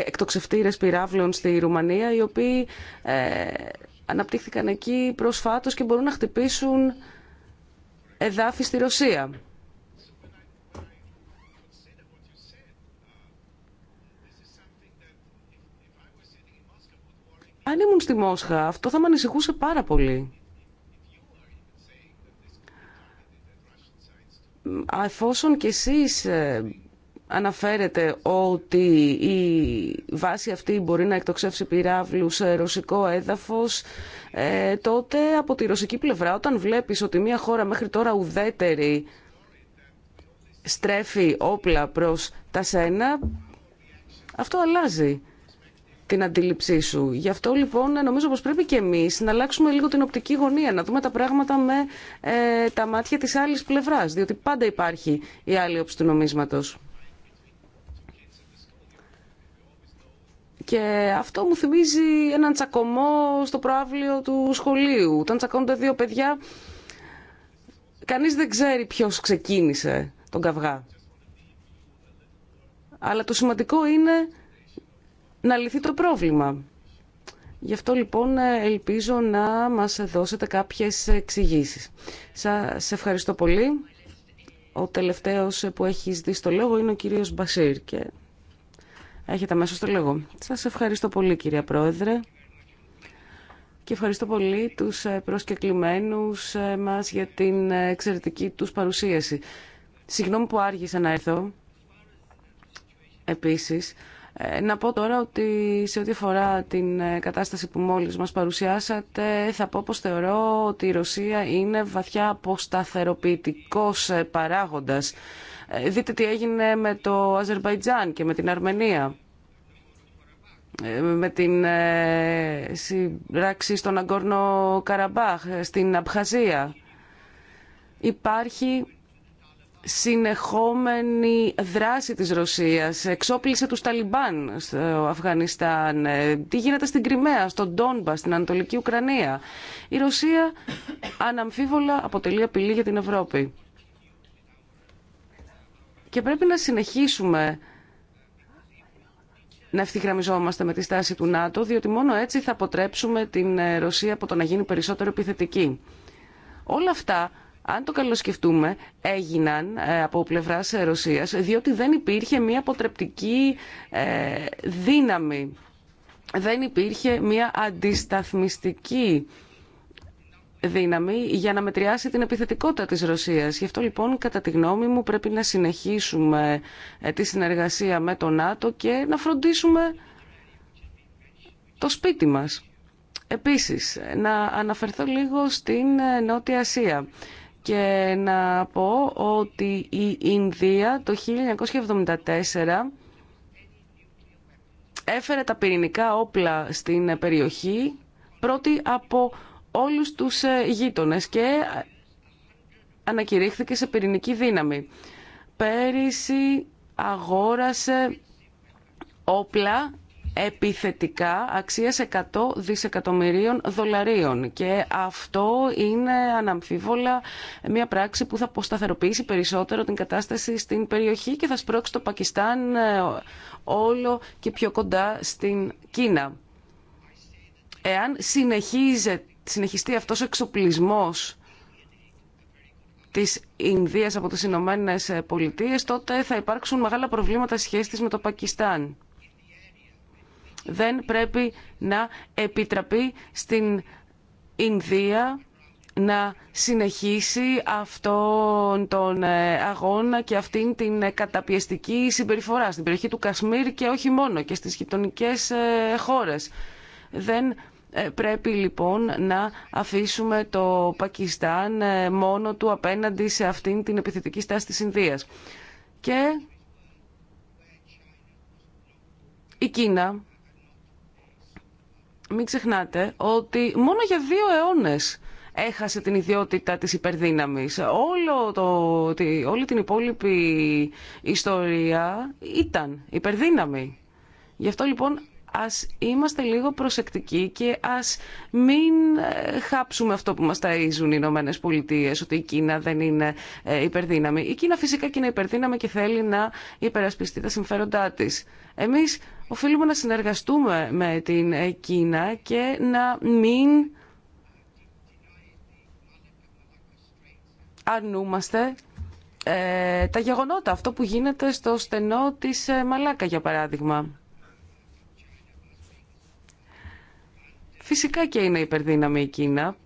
Speaker 1: εκτοξευτήρες πυράβλων στη Ρουμανία, οι οποίοι αναπτύχθηκαν εκεί προσφάτως και μπορούν να χτυπήσουν εδάφη στη Ρωσία. Αν ήμουν στη Μόσχα, αυτό θα με ανησυχούσε πάρα πολύ. Αφόσον κι εσείς ε, αναφέρετε ότι η βάση αυτή μπορεί να εκτοξεύσει πυράβλου σε ρωσικό έδαφος, ε, τότε από τη ρωσική πλευρά όταν βλέπεις ότι μια χώρα μέχρι τώρα ουδέτερη στρέφει όπλα προς τα σένα, αυτό αλλάζει την αντίληψή σου. Γι' αυτό λοιπόν νομίζω πως πρέπει και εμείς να αλλάξουμε λίγο την οπτική γωνία, να δούμε τα πράγματα με ε, τα μάτια της άλλης πλευράς, διότι πάντα υπάρχει η άλλη όψη του νομίσματος. Και αυτό μου θυμίζει έναν τσακωμό στο προάβλιο του σχολείου. Όταν τσακώνονται δύο παιδιά, κανείς δεν ξέρει ποιος ξεκίνησε τον καυγά. Αλλά το σημαντικό είναι να λυθεί το πρόβλημα. Γι' αυτό λοιπόν ελπίζω να μας δώσετε κάποιες εξηγήσεις. Σας ευχαριστώ πολύ. Ο τελευταίος που έχει δει στο λόγο είναι ο κύριος Μπασίρ και έχετε μέσα στο λόγο. Σας ευχαριστώ πολύ κυρία Πρόεδρε και ευχαριστώ πολύ τους προσκεκλημένους μας για την εξαιρετική τους παρουσίαση. Συγγνώμη που άργησα να έρθω επίσης. Ε, να πω τώρα ότι σε ό,τι αφορά την ε, κατάσταση που μόλις μας παρουσιάσατε, θα πω πως θεωρώ ότι η Ρωσία είναι βαθιά αποσταθεροποιητικός ε, παράγοντας. Δείτε τι έγινε με το Αζερβαϊτζάν και με την Αρμενία με την συμπράξη στον Αγκόρνο Καραμπάχ, στην Αμπχαζία. Υπάρχει συνεχόμενη δράση της Ρωσίας. Εξόπλησε τους Ταλιμπάν στο Αφγανιστάν. Ε, τι γίνεται στην Κρυμαία, στον Ντόνμπα, στην Ανατολική Ουκρανία. Η Ρωσία αναμφίβολα αποτελεί απειλή για την Ευρώπη. Και πρέπει να συνεχίσουμε να ευθυγραμμιζόμαστε με τη στάση του ΝΑΤΟ, διότι μόνο έτσι θα αποτρέψουμε την ε, Ρωσία από το να γίνει περισσότερο επιθετική. Όλα αυτά αν το καλοσκεφτούμε, έγιναν ε, από πλευρά Ρωσία διότι δεν υπήρχε μια αποτρεπτική ε, δύναμη. Δεν υπήρχε μια αντισταθμιστική δύναμη για να μετριάσει την επιθετικότητα της Ρωσίας. Γι' αυτό λοιπόν κατά τη γνώμη μου πρέπει να συνεχίσουμε ε, τη συνεργασία με το ΝΑΤΟ και να φροντίσουμε το σπίτι μας. Επίσης, να αναφερθώ λίγο στην Νότια Ασία και να πω ότι η Ινδία το 1974 έφερε τα πυρηνικά όπλα στην περιοχή πρώτη από όλους τους ε, γείτονες και ανακηρύχθηκε σε πυρηνική δύναμη. Πέρυσι αγόρασε όπλα επιθετικά αξίας 100 δισεκατομμυρίων δολαρίων και αυτό είναι αναμφίβολα μια πράξη που θα αποσταθεροποιήσει περισσότερο την κατάσταση στην περιοχή και θα σπρώξει το Πακιστάν ε, όλο και πιο κοντά στην Κίνα. Εάν συνεχιστεί αυτός ο εξοπλισμός της Ινδίας από τις Ηνωμένε Πολιτείες, τότε θα υπάρξουν μεγάλα προβλήματα σχέσης με το Πακιστάν δεν πρέπει να επιτραπεί στην Ινδία να συνεχίσει αυτόν τον ε, αγώνα και αυτήν την ε, καταπιεστική συμπεριφορά στην περιοχή του Κασμίρ και όχι μόνο και στις γειτονικέ ε, χώρες. Δεν πρέπει λοιπόν να αφήσουμε το Πακιστάν μόνο του απέναντι σε αυτήν την επιθετική στάση της Ινδίας. Και η Κίνα μην ξεχνάτε ότι μόνο για δύο αιώνες έχασε την ιδιότητα της υπερδύναμης. Όλο το, τη, όλη την υπόλοιπη ιστορία ήταν υπερδύναμη. Γι' αυτό λοιπόν Ας είμαστε λίγο προσεκτικοί και ας μην ε, χάψουμε αυτό που μας ταΐζουν οι Ηνωμένε Πολιτείε, ότι η Κίνα δεν είναι ε, υπερδύναμη. Η Κίνα φυσικά και είναι υπερδύναμη και θέλει να υπερασπιστεί τα συμφέροντά της. Εμείς οφείλουμε να συνεργαστούμε με την ε, Κίνα και να μην αρνούμαστε τα γεγονότα, αυτό που γίνεται στο στενό της Μαλάκα για παράδειγμα. Φυσικά και είναι υπερδύναμη η Κίνα.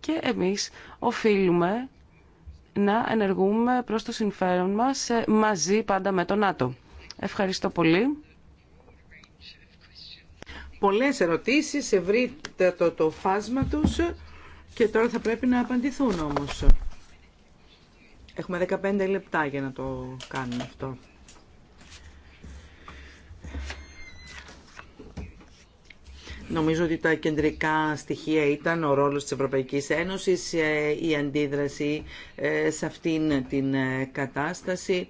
Speaker 1: Και εμείς οφείλουμε να ενεργούμε προς το συμφέρον μας ε, μαζί πάντα με τον ΝΑΤΟ.
Speaker 3: Ευχαριστώ πολύ. Πολλές ερωτήσεις, το, το φάσμα τους και τώρα θα πρέπει να απαντηθούν όμως. Έχουμε 15 λεπτά για να το κάνουμε αυτό. Νομίζω ότι τα κεντρικά στοιχεία ήταν ο ρόλος της Ευρωπαϊκής Ένωσης, ε, η αντίδραση ε, σε αυτήν την ε, κατάσταση.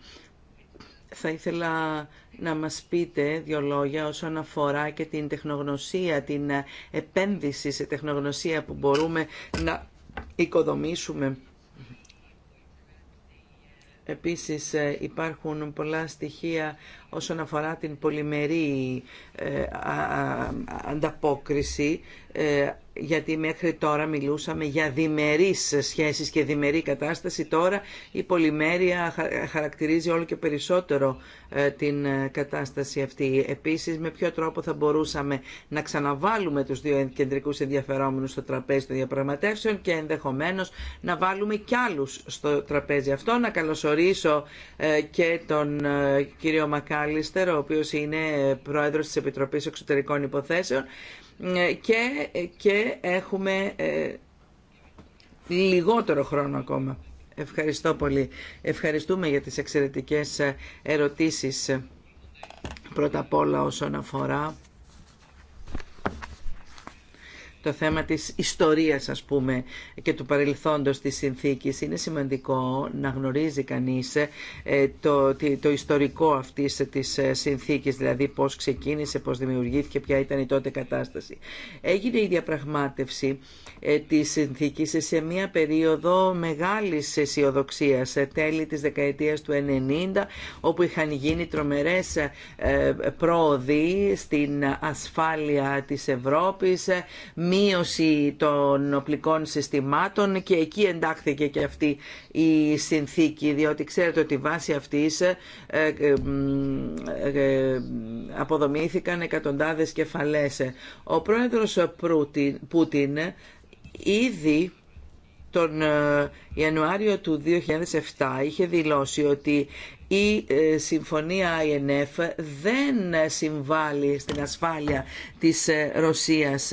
Speaker 3: Θα ήθελα να μας πείτε δύο λόγια όσον αφορά και την τεχνογνωσία, την επένδυση σε τεχνογνωσία που μπορούμε να οικοδομήσουμε Επίσης ε, υπάρχουν πολλά στοιχεία όσον αφορά την πολυμερή ε, ανταπόκριση ε, γιατί μέχρι τώρα μιλούσαμε για διμερείς σχέσεις και διμερή κατάσταση. Τώρα η πολυμέρεια χαρακτηρίζει όλο και περισσότερο ε, την ε, κατάσταση αυτή. Επίσης, με ποιο τρόπο θα μπορούσαμε να ξαναβάλουμε τους δύο κεντρικούς ενδιαφερόμενους στο τραπέζι των διαπραγματεύσεων και ενδεχομένως να βάλουμε κι άλλους στο τραπέζι αυτό. Να καλωσορίσω ε, και τον κύριο Μακάλιστερ, ο οποίος είναι πρόεδρος της Επιτροπής Εξωτερικών Υποθέσεων και, και έχουμε ε, λιγότερο χρόνο ακόμα. Ευχαριστώ πολύ. Ευχαριστούμε για τις εξαιρετικές ε, ερωτήσεις. Ε, πρώτα απ' όλα όσον αφορά το θέμα της ιστορίας ας πούμε και του παρελθόντος της συνθήκης. Είναι σημαντικό να γνωρίζει κανείς ε, το, το ιστορικό αυτής της ε, συνθήκης, δηλαδή πώς ξεκίνησε, πώς δημιουργήθηκε, ποια ήταν η τότε κατάσταση. Έγινε η διαπραγμάτευση ε, της συνθήκης σε μια περίοδο μεγάλης αισιοδοξία, τέλη της δεκαετίας του 90, όπου είχαν γίνει τρομερές πρόοδοι στην ασφάλεια της Ευρώπης, μείωση των οπλικών συστημάτων και εκεί εντάχθηκε και αυτή η συνθήκη διότι ξέρετε ότι βάσει αυτής ε, ε, ε, αποδομήθηκαν εκατοντάδες κεφαλές. Ο πρόεδρος Πούτιν ήδη τον Ιανουάριο του 2007 είχε δηλώσει ότι η ε, συμφωνία INF δεν συμβάλλει στην ασφάλεια της ε, Ρωσίας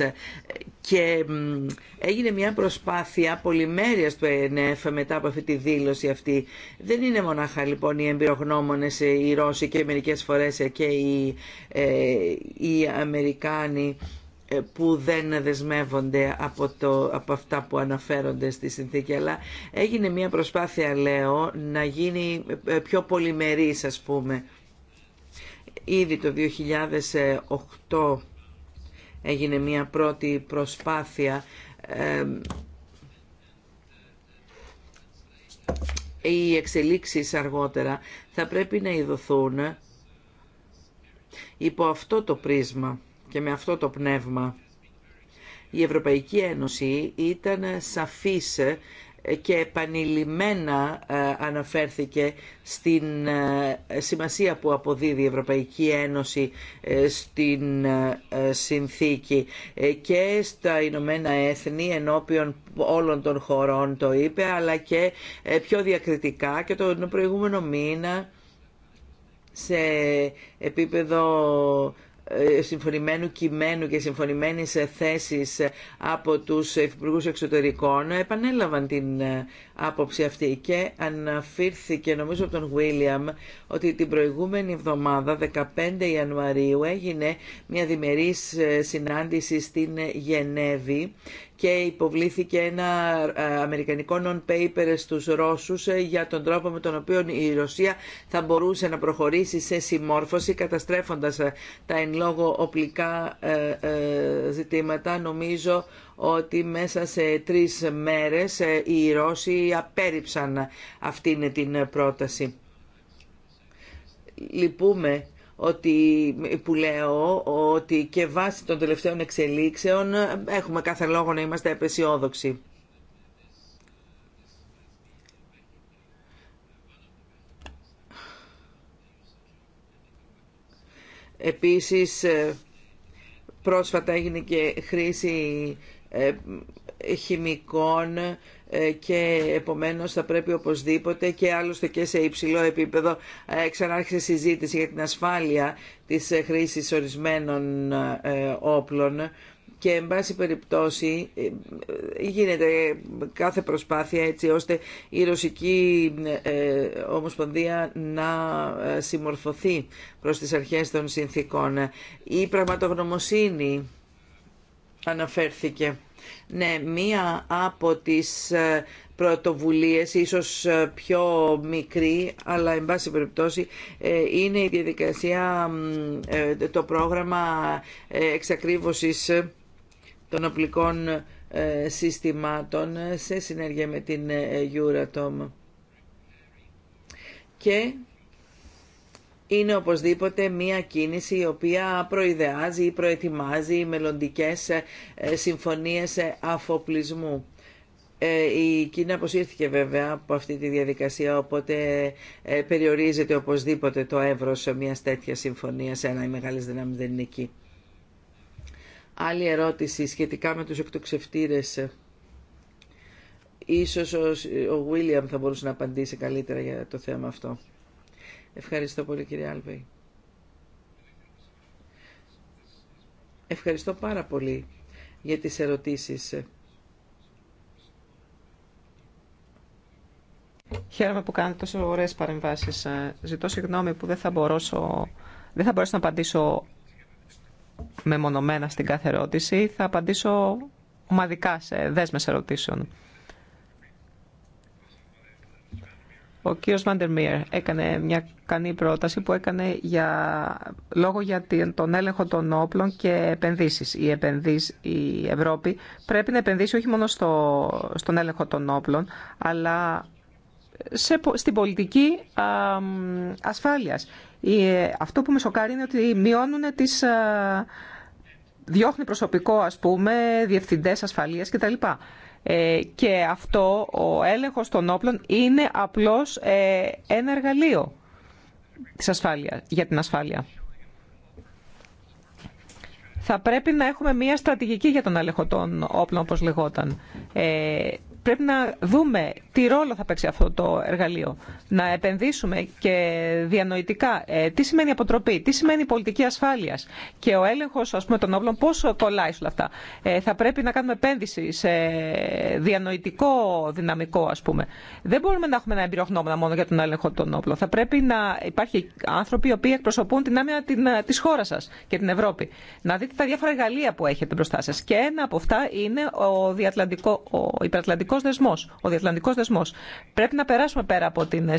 Speaker 3: και έγινε μια προσπάθεια πολυμέρειας του ΕΝΕΦ μετά από αυτή τη δήλωση αυτή. Δεν είναι μονάχα λοιπόν οι εμπειρογνώμονες, ε, οι Ρώσοι και μερικές φορές και οι, οι Αμερικάνοι ε, που δεν δεσμεύονται από, το, από αυτά που αναφέρονται στη συνθήκη αλλά έγινε μια προσπάθεια λέω να γίνει ε, πιο πολυμερής ας πούμε ήδη το 2008 έγινε μια πρώτη προσπάθεια ε, οι εξελίξεις αργότερα θα πρέπει να ειδωθούν υπό αυτό το πρίσμα και με αυτό το πνεύμα. Η Ευρωπαϊκή Ένωση ήταν σαφής και επανειλημμένα ε, αναφέρθηκε στην ε, σημασία που αποδίδει η Ευρωπαϊκή Ένωση ε, στην συνθήκη και στα Ηνωμένα Έθνη ενώπιον όλων των χωρών το είπε αλλά και πιο διακριτικά και τον προηγούμενο μήνα σε επίπεδο ε, συμφωνημένου κειμένου και συμφωνημένης ε, θέσης ε, από τους Υπουργούς Εξωτερικών επανέλαβαν την άποψη αυτή και αναφέρθηκε νομίζω από τον Βίλιαμ ότι την προηγούμενη εβδομάδα 15 Ιανουαρίου έγινε μια διμερής συνάντηση στην Γενέβη και υποβλήθηκε ένα ε, αμερικανικό non-paper στους Ρώσους ε, για τον τρόπο με τον οποίο η Ρωσία θα μπορούσε να προχωρήσει σε συμμόρφωση καταστρέφοντας ε, τα εν λόγω οπλικά ζητήματα. Νομίζω ότι μέσα σε τρεις μέρες οι Ρώσοι απέρριψαν αυτήν την πρόταση. Λυπούμε ότι, που λέω ότι και βάσει των τελευταίων εξελίξεων ε, έχουμε κάθε λόγο να είμαστε απεσιόδοξοι. Επίσης, ε, πρόσφατα έγινε και χρήση ε, χημικών ε, και επομένως θα πρέπει οπωσδήποτε και άλλωστε και σε υψηλό επίπεδο ε, ξανάρχισε συζήτηση για την ασφάλεια της ε, χρήσης ορισμένων όπλων και εν πάση περιπτώσει γίνεται κάθε προσπάθεια έτσι ώστε η Ρωσική Ομοσπονδία να συμμορφωθεί προς τις αρχές των συνθήκων. Η πραγματογνωμοσύνη αναφέρθηκε. Ναι, μία από τις ε, πρωτοβουλίες, ίσως ε, πιο μικρή, αλλά εν πάση περιπτώσει ε, είναι η διαδικασία, το πρόγραμμα εξακρίβωσης των οπλικών συστημάτων σε συνέργεια με την Euratom. Και είναι οπωσδήποτε μία κίνηση η οποία προειδεάζει ή προετοιμάζει μελλοντικέ ε, συμφωνίες ε, αφοπλισμού. Ε, η Κίνα αποσύρθηκε βέβαια από αυτή τη διαδικασία, οπότε περιορίζεται οπωσδήποτε το εύρος μιας τέτοιας συμφωνίας, ένα οι μεγάλες δυνάμεις δεν είναι εκεί. Άλλη ερώτηση σχετικά με τους εκτοξευτήρες. Ίσως ο Βίλιαμ θα μπορούσε να απαντήσει καλύτερα για το θέμα αυτό. Ευχαριστώ πολύ κύριε Άλβεϊ. Ευχαριστώ πάρα πολύ για τις ερωτήσεις.
Speaker 2: Χαίρομαι που κάνετε τόσο ωραίες παρεμβάσεις. Ε, ζητώ συγγνώμη που δεν θα, μπορώσω, δεν θα μπορέσω να απαντήσω μεμονωμένα στην κάθε ερώτηση. Θα απαντήσω ομαδικά σε δέσμες ερωτήσεων. Ο κ. Βαντερμίρ έκανε μια κανή πρόταση που έκανε για, λόγο για τον έλεγχο των όπλων και επενδύσεις. Η, επενδύση η Ευρώπη πρέπει να επενδύσει όχι μόνο στο, στον έλεγχο των όπλων, αλλά σε, στην πολιτική α, ασφάλειας. Η, αυτό που με σοκάρει είναι ότι μειώνουν τις... Α, διώχνει προσωπικό, ας πούμε, διευθυντές ασφαλείας κτλ. Ε, και αυτό ο έλεγχος των όπλων είναι απλώς ε, ένα εργαλείο της ασφάλειας, για την ασφάλεια. Θα πρέπει να έχουμε μία στρατηγική για τον έλεγχο των όπλων, όπως λεγόταν. Ε, πρέπει να δούμε τι ρόλο θα παίξει αυτό το εργαλείο. Να επενδύσουμε και διανοητικά ε, τι σημαίνει αποτροπή, τι σημαίνει πολιτική ασφάλεια και ο έλεγχο των όπλων, πόσο κολλάει όλα αυτά. Ε, θα πρέπει να κάνουμε επένδυση σε διανοητικό δυναμικό, α πούμε. Δεν μπορούμε να έχουμε ένα εμπειρογνώμονα μόνο για τον έλεγχο των όπλων. Θα πρέπει να υπάρχει άνθρωποι οι οποίοι εκπροσωπούν την άμυνα τη ε, χώρα σα και την Ευρώπη. Να δείτε τα διάφορα εργαλεία που έχετε μπροστά σα. Και ένα από αυτά είναι ο, διατλαντικό, ο δεσμό. Ο διατλαντικό δεσμό. Πρέπει να περάσουμε πέρα από την ε,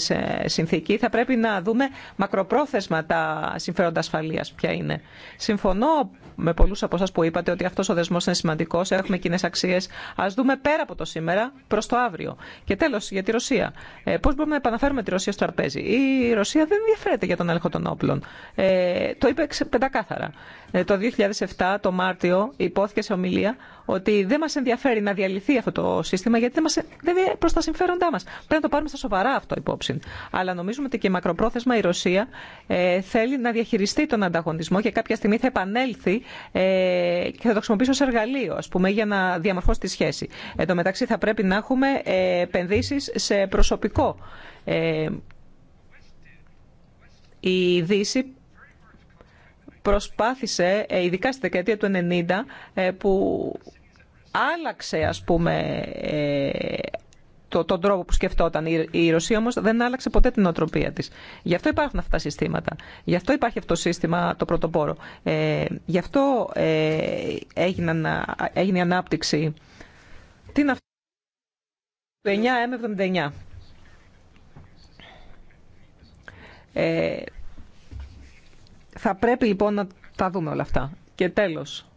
Speaker 2: συνθήκη. Θα πρέπει να δούμε μακροπρόθεσμα τα συμφέροντα ασφαλεία ποια είναι. Συμφωνώ με πολλού από εσά που είπατε ότι αυτό ο δεσμό είναι σημαντικό. Έχουμε κοινέ αξίε. Α δούμε πέρα από το σήμερα προ το αύριο. Και τέλο, για τη Ρωσία. Ε, Πώ μπορούμε να επαναφέρουμε τη Ρωσία στο τραπέζι. Η Ρωσία δεν ενδιαφέρεται για τον έλεγχο των όπλων. Ε, το είπε πεντακάθαρα. Ε, το 2007, το Μάρτιο, υπόθηκε σε ομιλία ότι δεν μας ενδιαφέρει να διαλυθεί αυτό το σύστημα γιατί δεν, μας, δεν είναι προ τα συμφέροντά μα. Πρέπει να το πάρουμε στα σοβαρά αυτό υπόψη. Αλλά νομίζουμε ότι και μακροπρόθεσμα η Ρωσία ε, θέλει να διαχειριστεί τον ανταγωνισμό και κάποια στιγμή θα επανέλθει ε, και θα το χρησιμοποιήσει ω εργαλείο α πούμε, για να διαμορφώσει τη σχέση. Εν τω μεταξύ θα πρέπει να έχουμε ε, επενδύσεις σε προσωπικό. Ε, η Δύση προσπάθησε, ε, ειδικά στη δεκαετία του 90, ε, που άλλαξε, ας πούμε, ε, το, τον τρόπο που σκεφτόταν. Η, Ρωσία όμως δεν άλλαξε ποτέ την οτροπία της. Γι' αυτό υπάρχουν αυτά τα συστήματα. Γι' αυτό υπάρχει αυτό το σύστημα το πρωτοπόρο. Ε, γι' αυτό ε, έγινε η ανάπτυξη. Τι είναι αυτό. Το 9M79. Ε, θα πρέπει λοιπόν να τα δούμε όλα αυτά. Και τέλος,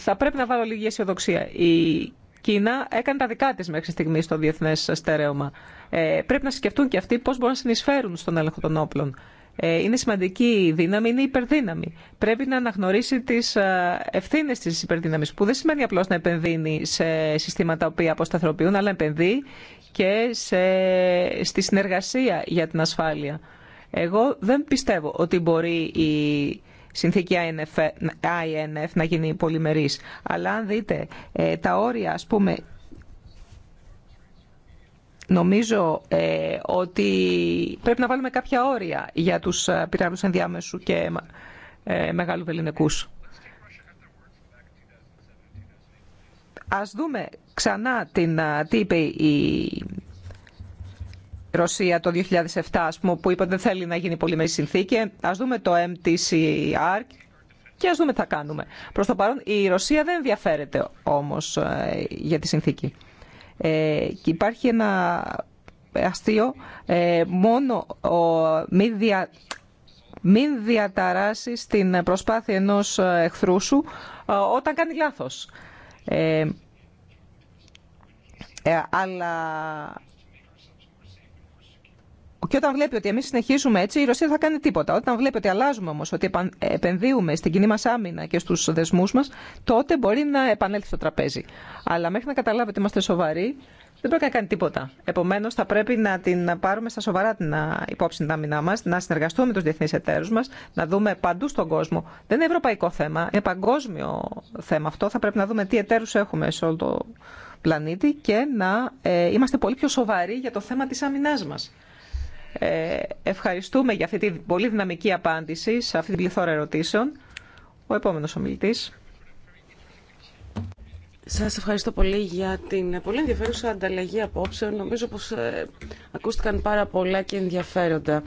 Speaker 2: θα πρέπει να βάλω λίγη αισιοδοξία. Η Κίνα έκανε τα δικά της μέχρι στιγμή στο διεθνές στερέωμα. Ε, πρέπει να σκεφτούν και αυτοί πώς μπορούν να συνεισφέρουν στον έλεγχο των όπλων. Ε, είναι σημαντική η δύναμη, είναι υπερδύναμη. Πρέπει να αναγνωρίσει τις ε, ευθύνες της υπερδύναμης, που δεν σημαίνει απλώς να επενδύνει σε συστήματα που αποσταθροποιούν, αλλά επενδύει και σε, στη συνεργασία για την ασφάλεια. Εγώ δεν πιστεύω ότι μπορεί η συνθήκη INF, να γίνει πολυμερής. Αλλά αν δείτε ε, τα όρια, ας πούμε, νομίζω ε, ότι πρέπει να βάλουμε κάποια όρια για τους ε, πυράβλους ενδιάμεσου και μεγάλου βεληνικούς. Ας δούμε ξανά την, τι είπε η Ρωσία το 2007, ας πούμε, που είπε ότι δεν θέλει να γίνει πολυμερή συνθήκη. Ας δούμε το MTCR και ας δούμε τι θα κάνουμε. Προς το παρόν, η Ρωσία δεν ενδιαφέρεται όμως ε, για τη συνθήκη. Ε, και υπάρχει ένα αστείο, ε, μόνο μη, δια, μην διαταράσεις την προσπάθεια ενός ε, εχθρού σου ε, όταν κάνει λάθος. Ε, αλλά και όταν βλέπει ότι εμεί συνεχίζουμε έτσι, η Ρωσία δεν θα κάνει τίποτα. Όταν βλέπει ότι αλλάζουμε όμω, ότι επενδύουμε στην κοινή μα άμυνα και στου δεσμού μα, τότε μπορεί να επανέλθει στο τραπέζι. Αλλά μέχρι να καταλάβει ότι είμαστε σοβαροί, δεν πρέπει να κάνει τίποτα. Επομένω, θα πρέπει να την πάρουμε στα σοβαρά την υπόψη την άμυνά μα, να συνεργαστούμε με του διεθνεί εταίρου μα, να δούμε παντού στον κόσμο. Δεν είναι ευρωπαϊκό θέμα, είναι παγκόσμιο θέμα αυτό. Θα πρέπει να δούμε τι εταίρου έχουμε σε όλο το πλανήτη και να ε, είμαστε πολύ πιο σοβαροί για το θέμα τη άμυνά μα. Ε, ευχαριστούμε για αυτή την πολύ δυναμική απάντηση σε αυτή την πληθώρα ερωτήσεων. Ο επόμενος ομιλητής. Σας ευχαριστώ πολύ για την
Speaker 1: πολύ ενδιαφέρουσα ανταλλαγή απόψεων. Νομίζω πως ε, ακούστηκαν πάρα πολλά και ενδιαφέροντα.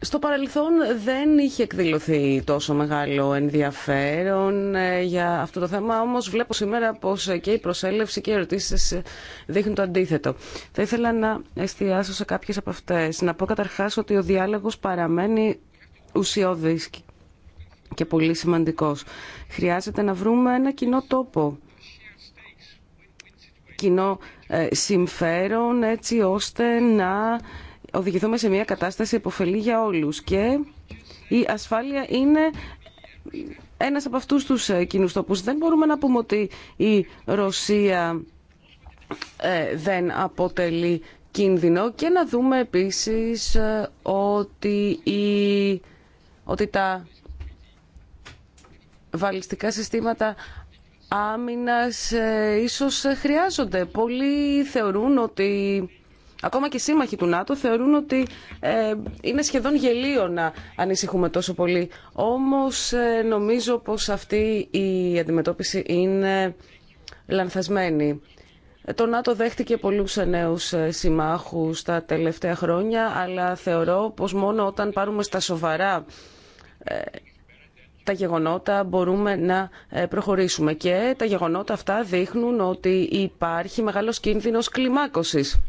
Speaker 1: Στο παρελθόν δεν είχε εκδηλωθεί τόσο μεγάλο ενδιαφέρον ε, για αυτό το θέμα, όμως βλέπω σήμερα πως ε, και η προσέλευση και οι ερωτήσεις ε, δείχνουν το αντίθετο. Θα ήθελα να εστιάσω σε κάποιες από αυτές. Να πω καταρχάς ότι ο διάλογος παραμένει ουσιώδης και πολύ σημαντικός. Χρειάζεται να βρούμε ένα κοινό τόπο, κοινό συμφέρον έτσι ώστε να οδηγηθούμε σε μια κατάσταση υποφελή για όλους και η ασφάλεια είναι ένας από αυτούς τους ε, κοινούς τόπους. Δεν μπορούμε να πούμε ότι η Ρωσία ε, δεν αποτελεί κίνδυνο και να δούμε επίσης ε, ότι, η, ότι τα βαλιστικά συστήματα άμυνας ίσως χρειάζονται. Πολλοί θεωρούν ότι Ακόμα και οι σύμμαχοι του ΝΑΤΟ θεωρούν ότι ε, είναι σχεδόν γελίο να ανησυχούμε τόσο πολύ. Όμως ε, νομίζω πως αυτή η αντιμετώπιση είναι λανθασμένη. Το ΝΑΤΟ δέχτηκε πολλούς νέους ε, συμμάχους τα τελευταία χρόνια, αλλά θεωρώ πως μόνο όταν πάρουμε στα σοβαρά τα γεγονότα μπορούμε να προχωρήσουμε. Και τα γεγονότα αυτά δείχνουν ότι υπάρχει μεγάλος κίνδυνος κλιμάκωσης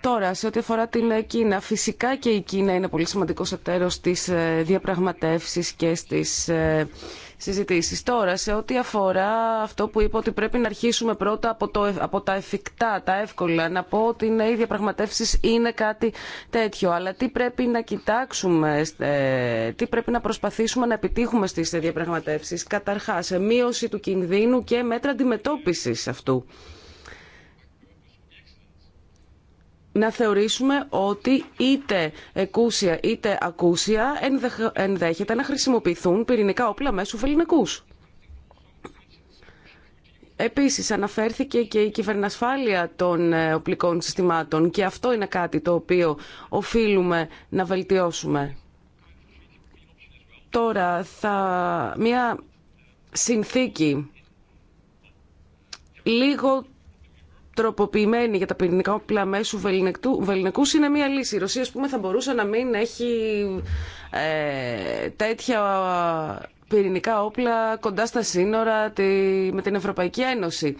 Speaker 1: Τώρα, σε ό,τι αφορά την Κίνα, φυσικά και η Κίνα είναι πολύ σημαντικό εταίρο στι ε, διαπραγματεύσει και στι ε, συζητήσει. Τώρα, σε ό,τι αφορά αυτό που είπα ότι πρέπει να αρχίσουμε πρώτα από, το, από τα εφικτά, τα εύκολα, να πω ότι ναι, οι διαπραγματεύσει είναι κάτι τέτοιο. Αλλά τι πρέπει να κοιτάξουμε, ε, τι πρέπει να προσπαθήσουμε να επιτύχουμε στι διαπραγματεύσει. Καταρχά, μείωση του κινδύνου και μέτρα αντιμετώπιση αυτού. να θεωρήσουμε ότι είτε εκούσια είτε ακούσια ενδέχεται να χρησιμοποιηθούν πυρηνικά όπλα μέσω φελληνικού. Επίσης αναφέρθηκε και η κυβερνασφάλεια των ε, οπλικών συστημάτων και αυτό είναι κάτι το οποίο οφείλουμε να βελτιώσουμε. Τώρα θα μια συνθήκη λίγο τροποποιημένη για τα πυρηνικά όπλα μέσου βεληνικού είναι μία λύση. Η Ρωσία, α πούμε, θα μπορούσε να μην έχει ε, τέτοια πυρηνικά όπλα κοντά στα σύνορα τη, με την Ευρωπαϊκή Ένωση.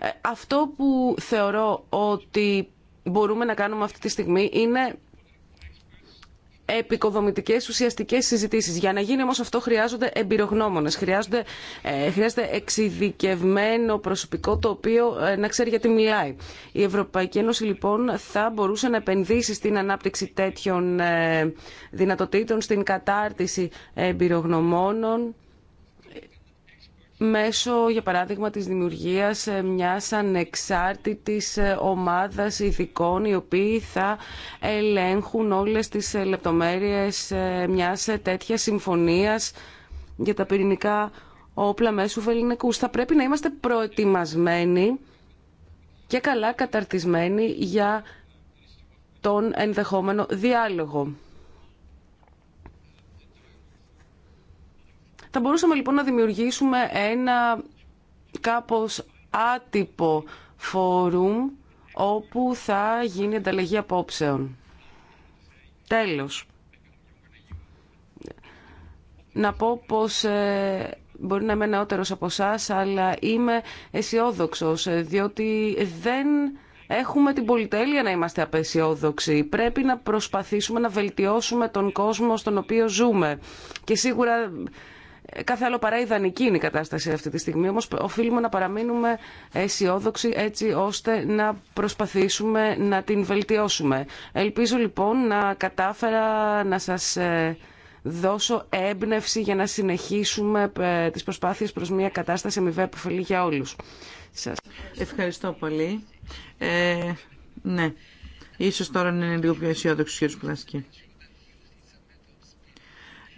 Speaker 1: Ε, αυτό που θεωρώ ότι μπορούμε να κάνουμε αυτή τη στιγμή είναι επικοδομητικές ουσιαστικές συζητήσεις. Για να γίνει όμως αυτό χρειάζονται εμπειρογνώμονες, χρειάζονται, ε, χρειάζεται εξειδικευμένο προσωπικό το οποίο ε, να ξέρει γιατί μιλάει. Η Ευρωπαϊκή Ένωση λοιπόν θα μπορούσε να επενδύσει στην ανάπτυξη τέτοιων ε, δυνατοτήτων, στην κατάρτιση εμπειρογνωμόνων μέσω, για παράδειγμα, της δημιουργίας ε, μιας ανεξάρτητης ε, ομάδας ειδικών οι οποίοι θα ελέγχουν όλες τις ε, λεπτομέρειες μιας τέτοιας συμφωνίας για τα πυρηνικά όπλα μέσου Βελληνικούς. Θα πρέπει να είμαστε προετοιμασμένοι και καλά καταρτισμένοι για τον ενδεχόμενο διάλογο. Θα μπορούσαμε λοιπόν να δημιουργήσουμε ένα κάπως άτυπο φόρουμ όπου θα γίνει ανταλλαγή απόψεων. Τέλος. Να πω πως ε, μπορεί να είμαι νεότερος από εσά, αλλά είμαι αισιόδοξο, ε, διότι δεν έχουμε την πολυτέλεια να είμαστε απεσιόδοξοι. Πρέπει να προσπαθήσουμε να βελτιώσουμε τον κόσμο στον οποίο ζούμε. Και σίγουρα Κάθε άλλο παρά ιδανική είναι η κατάσταση αυτή τη στιγμή, όμως οφείλουμε να παραμείνουμε αισιόδοξοι έτσι ώστε να προσπαθήσουμε να την βελτιώσουμε. Ελπίζω λοιπόν να κατάφερα να σας ε, δώσω έμπνευση για να συνεχίσουμε ε, τις προσπάθειες προς μια κατάσταση αμοιβέ αποφελή για όλους. Σας. Ευχαριστώ πολύ. Ε,
Speaker 3: ναι, ίσως τώρα είναι λίγο πιο αισιόδοξο ο κ.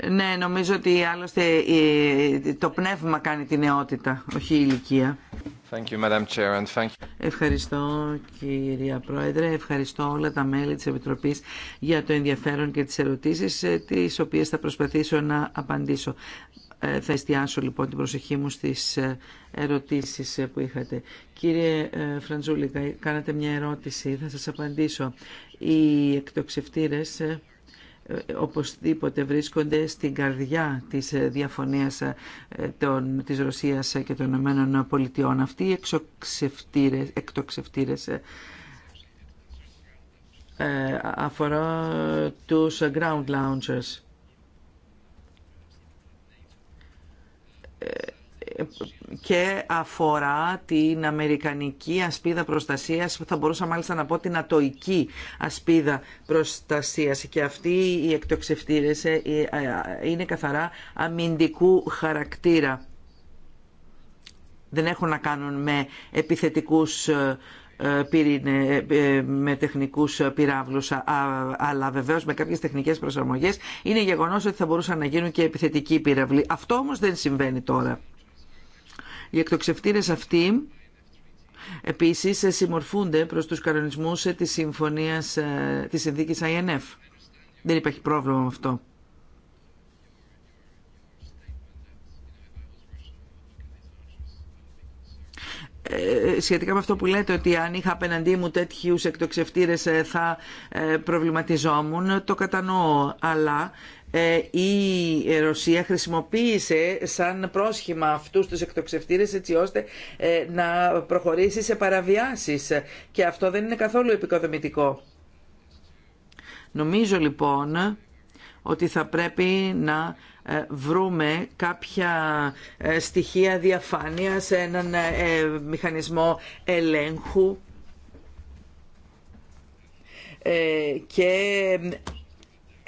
Speaker 3: Ναι, νομίζω ότι άλλωστε ε, το πνεύμα κάνει τη νεότητα, όχι η ηλικία. Thank you, Madam Chair, and Ευχαριστώ κυρία Πρόεδρε, ευχαριστώ όλα τα μέλη της Επιτροπής για το ενδιαφέρον και τις ερωτήσεις ε, τις οποίες θα προσπαθήσω να απαντήσω. Ε, θα εστιάσω λοιπόν την προσοχή μου στις ερωτήσεις που είχατε. Κύριε Φραντζούλη, κάνατε μια ερώτηση, θα σας απαντήσω. Οι εκτοξευτήρες οπωσδήποτε βρίσκονται στην καρδιά της διαφωνίας ε, των, της Ρωσίας και των Ηνωμένων Πολιτειών. Αυτοί οι εκτοξευτήρες ε, ε, αφορά τους ground launchers και αφορά την Αμερικανική ασπίδα προστασίας, θα μπορούσα μάλιστα να πω την Ατοική ασπίδα προστασίας και αυτή η εκτοξευτήρες ε, ε, ε, είναι καθαρά αμυντικού χαρακτήρα. Δεν έχουν να κάνουν με επιθετικούς πυρήνε, με τεχνικούς πυράβλους αλλά βεβαίως με κάποιες τεχνικές προσαρμογές είναι γεγονός ότι θα μπορούσαν να γίνουν και επιθετικοί πυράβλοι. Αυτό όμως δεν συμβαίνει τώρα. Οι εκτοξευτήρες αυτοί επίσης συμμορφούνται προς τους κανονισμούς της συμφωνίας ε, της συνθήκης INF. Δεν υπάρχει πρόβλημα με αυτό. Ε, σχετικά με αυτό που λέτε ότι αν είχα απέναντί μου τέτοιους εκτοξευτήρες ε, θα προβληματιζόμουν, το κατανοώ. Αλλά ε, η ε, Ρωσία χρησιμοποίησε σαν πρόσχημα αυτούς τους εκτοξευτήρες έτσι ώστε ε, να προχωρήσει σε παραβιάσεις και αυτό δεν είναι καθόλου επικοδομητικό. Νομίζω λοιπόν ότι θα πρέπει να βρούμε κάποια στοιχεία διαφάνειας, έναν μηχανισμό ελέγχου και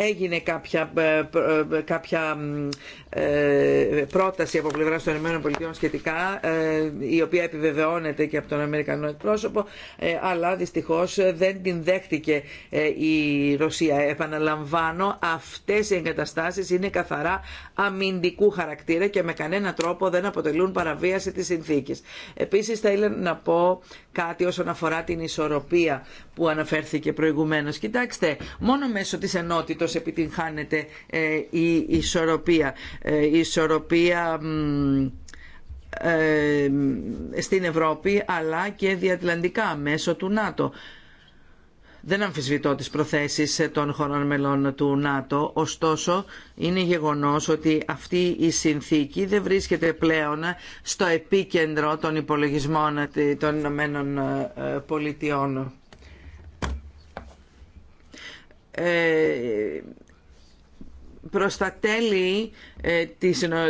Speaker 3: έγινε κάποια, ε, ε, κάποια ε, πρόταση από πλευρά των ΗΠΑ σχετικά, η οποία επιβεβαιώνεται και από τον Αμερικανό εκπρόσωπο, αλλά δυστυχώς δεν την δέχτηκε η Ρωσία. Επαναλαμβάνω, αυτές οι εγκαταστάσεις είναι καθαρά αμυντικού χαρακτήρα και με κανένα τρόπο δεν αποτελούν παραβίαση της συνθήκης. Επίσης θα ήθελα να πω κάτι όσον αφορά την ισορροπία που αναφέρθηκε προηγουμένως. Κοιτάξτε, μόνο μέσω της ενότητας πώς επιτυγχάνεται ε, η ισορροπία. Ε, η ισορροπία ε, στην Ευρώπη αλλά και διατλαντικά μέσω του ΝΑΤΟ. Δεν αμφισβητώ τις προθέσεις των χωρών μελών του ΝΑΤΟ, ωστόσο είναι γεγονός ότι αυτή η συνθήκη δεν βρίσκεται πλέον στο επίκεντρο των υπολογισμών των Ηνωμένων Πολιτειών. Ε, προς τα τέλη ε, ε,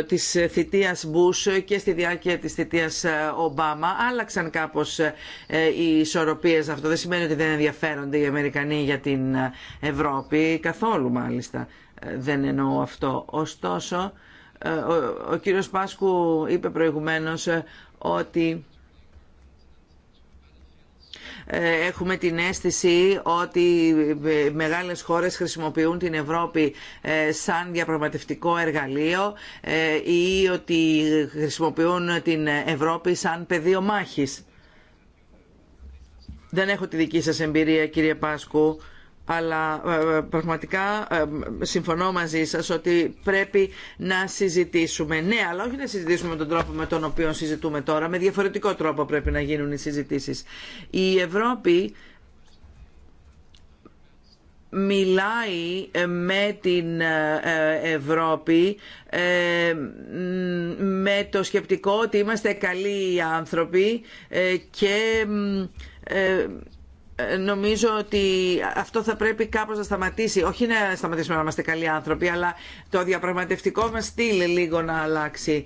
Speaker 3: της, θητείας Μπούς και στη διάρκεια της θητείας Ομπάμα άλλαξαν κάπως οι ισορροπίες αυτό. Δεν σημαίνει ότι δεν ενδιαφέρονται οι Αμερικανοί για την Ευρώπη, καθόλου μάλιστα δεν εννοώ αυτό. Ωστόσο, ο, ο κύριος Πάσκου είπε προηγουμένως ότι ε, έχουμε την αίσθηση ότι ε, μεγάλες χώρες χρησιμοποιούν την Ευρώπη ε, σαν διαπραγματευτικό εργαλείο ή ότι χρησιμοποιούν την Ευρώπη σαν πεδίο μάχης. Δεν έχω τη δική σας εμπειρία κύριε Πάσκου αλλά ε, ε, πραγματικά ε, συμφωνώ μαζί σας ότι πρέπει να συζητήσουμε. Ναι, αλλά όχι να συζητήσουμε με τον τρόπο με τον οποίο συζητούμε τώρα, με διαφορετικό τρόπο πρέπει να γίνουν οι συζητήσεις. Η Ευρώπη μιλάει με την Ευρώπη με το σκεπτικό ότι είμαστε καλοί άνθρωποι και νομίζω ότι αυτό θα πρέπει κάπως να σταματήσει. Όχι να σταματήσουμε να είμαστε καλοί άνθρωποι, αλλά το διαπραγματευτικό μας στυλ λίγο να αλλάξει.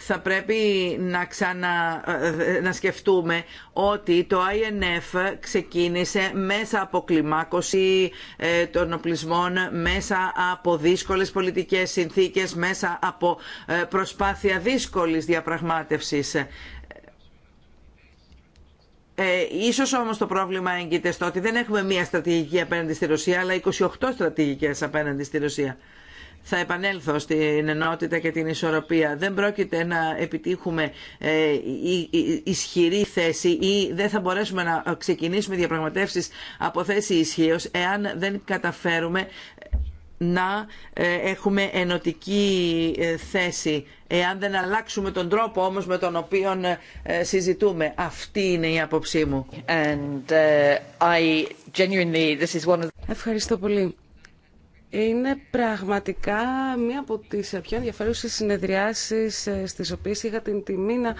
Speaker 3: Θα πρέπει να ξανα ε, να σκεφτούμε ότι το INF ξεκίνησε μέσα από κλιμάκωση ε, των οπλισμών, μέσα από δύσκολες πολιτικές συνθήκες, μέσα από ε, προσπάθεια δύσκολης διαπραγμάτευσης ε, ίσως όμως το πρόβλημα έγκυται στο ότι δεν έχουμε μία στρατηγική απέναντι στη Ρωσία, αλλά 28 στρατηγικές απέναντι στη Ρωσία. Θα επανέλθω στην ενότητα και την ισορροπία. Δεν πρόκειται να επιτύχουμε ε, ισχυρή θέση ή δεν θα μπορέσουμε να ξεκινήσουμε διαπραγματεύσεις από θέση ισχύω εάν δεν καταφέρουμε να ε, έχουμε ενωτική ε, θέση. Εάν δεν αλλάξουμε τον τρόπο όμως με τον οποίο ε, συζητούμε. Αυτή είναι η άποψή μου. Ευχαριστώ πολύ.
Speaker 1: Είναι πραγματικά μία από τις πιο ενδιαφέρουσες συνεδριάσεις ε, στις οποίες είχα την τιμή να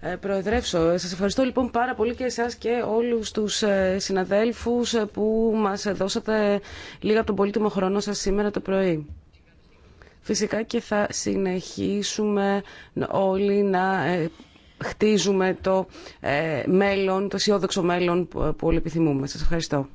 Speaker 1: ε, προεδρεύσω. Σας ευχαριστώ λοιπόν πάρα πολύ και εσάς και όλους τους ε, συναδέλφους που μας δώσατε λίγα από τον πολύτιμο χρόνο σας σήμερα το πρωί. Φυσικά και θα συνεχίσουμε όλοι να χτίζουμε το μέλλον, το αισιόδοξο μέλλον που όλοι επιθυμούμε. Σας ευχαριστώ.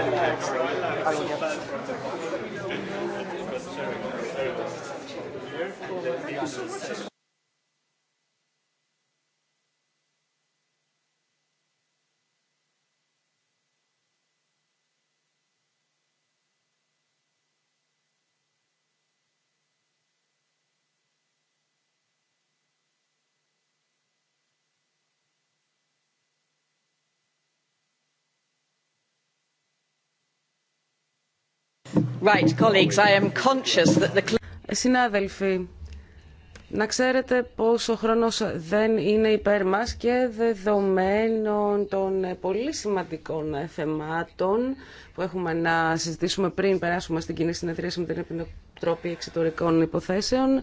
Speaker 2: have
Speaker 3: I so much.
Speaker 1: Ε, συνάδελφοι, να ξέρετε πως ο χρόνος δεν είναι υπέρ μας και δεδομένων των ε, πολύ σημαντικών ε, θεμάτων που έχουμε να συζητήσουμε πριν περάσουμε στην κοινή συνεδρίαση με την Επιτροπή Εξωτερικών Υποθέσεων,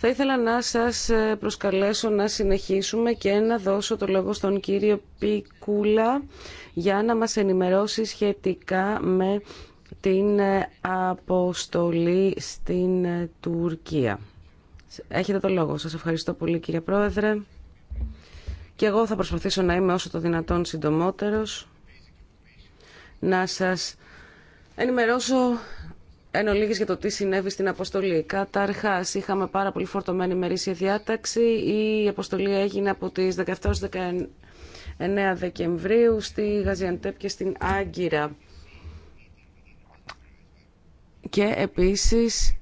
Speaker 1: θα ήθελα να σας προσκαλέσω να συνεχίσουμε και να δώσω το λόγο στον κύριο Πικούλα για να μας ενημερώσει σχετικά με την ε, αποστολή στην ε, Τουρκία. Έχετε το λόγο. Σας ευχαριστώ πολύ κύριε Πρόεδρε. Και εγώ θα προσπαθήσω να είμαι όσο το δυνατόν συντομότερος. Να σας ενημερώσω εν για το τι συνέβη στην αποστολή. Καταρχάς είχαμε πάρα πολύ φορτωμένη μερίσια διάταξη. Η αποστολή έγινε από τις 17 19 Δεκεμβρίου στη Γαζιαντέπ και στην Άγκυρα και επίσης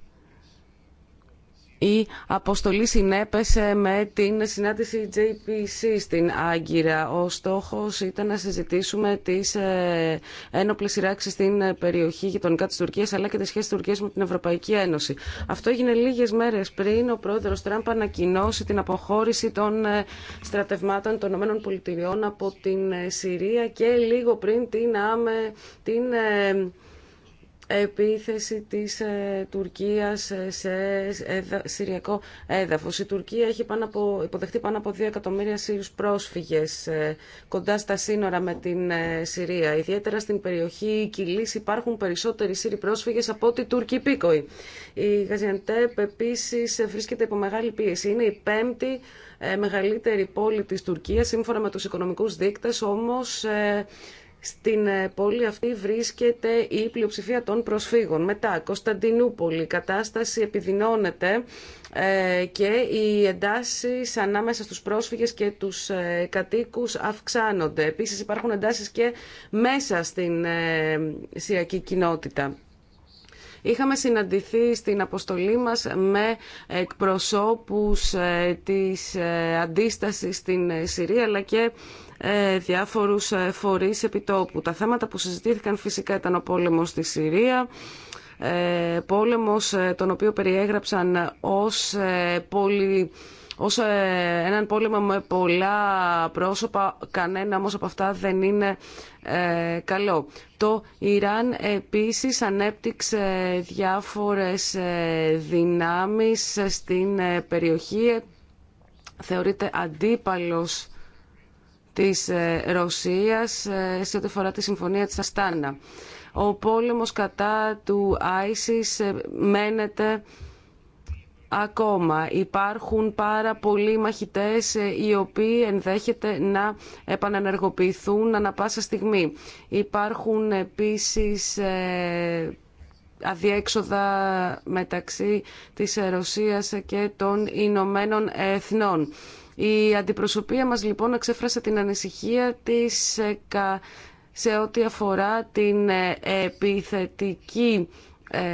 Speaker 1: η αποστολή συνέπεσε με την συνάντηση JPC στην Άγκυρα. Ο στόχος ήταν να συζητήσουμε τις ε, ένοπλες σειράξεις στην περιοχή γειτονικά της Τουρκίας αλλά και τις σχέσεις Τουρκίας με την Ευρωπαϊκή Ένωση. Αυτό έγινε λίγες μέρες πριν ο πρόεδρος Τραμπ ανακοινώσει την αποχώρηση των ε, στρατευμάτων των ΗΠΑ από την ε, Συρία και λίγο πριν την, άμε, την επίθεση της ε, Τουρκίας ε, σε Συριακό έδαφος. Η Τουρκία έχει πάνω από, υποδεχτεί πάνω από 2 εκατομμύρια Σύριους πρόσφυγες ε, κοντά στα σύνορα με την Συρία. Ιδιαίτερα στην περιοχή Κιλής υπάρχουν περισσότεροι Σύριοι πρόσφυγες από ότι Τούρκοι πίκοοι. Η Γαζιαντέπ επίσης βρίσκεται υπό μεγάλη πίεση. Είναι η πέμπτη μεγαλύτερη πόλη της Τουρκίας σύμφωνα με τους οικονομικούς δείκτες, όμως στην ε, πόλη αυτή βρίσκεται η πλειοψηφία των προσφύγων. Μετά, Κωνσταντινούπολη, η κατάσταση επιδεινώνεται ε, και οι εντάσεις ανάμεσα στους πρόσφυγες και τους ε, κατοίκους αυξάνονται. Επίσης υπάρχουν εντάσεις και μέσα στην σιακή κοινότητα. Είχαμε συναντηθεί στην αποστολή μας με εκπροσώπους της αντίστασης στην Συρία αλλά και ε, διάφορους ε, φορείς επιτόπου. Τα θέματα που συζητήθηκαν φυσικά ήταν ο πόλεμος στη Συρία, ε, πόλεμος τον οποίο περιέγραψαν ως πολύ ως έναν πόλεμο με πολλά πρόσωπα, κανένα όμως από αυτά δεν είναι καλό. Το Ιράν επίσης ανέπτυξε διάφορες δυνάμεις στην περιοχή, θεωρείται αντίπαλος της ε, Ρωσίας ε, σε ό,τι αφορά τη συμφωνία της Αστάνα. Ο πόλεμος κατά του Άισις ε, μένεται ακόμα. Υπάρχουν πάρα πολλοί μαχητές οι οποίοι ενδέχεται να επανανεργοποιηθούν ανα πάσα στιγμή. Υπάρχουν επίσης αδιέξοδα μεταξύ της Ρωσίας και των Ηνωμένων Εθνών. Η αντιπροσωπεία μας λοιπόν εξέφρασε την ανησυχία της ε, σε ό,τι αφορά την ε, επιθετική ε,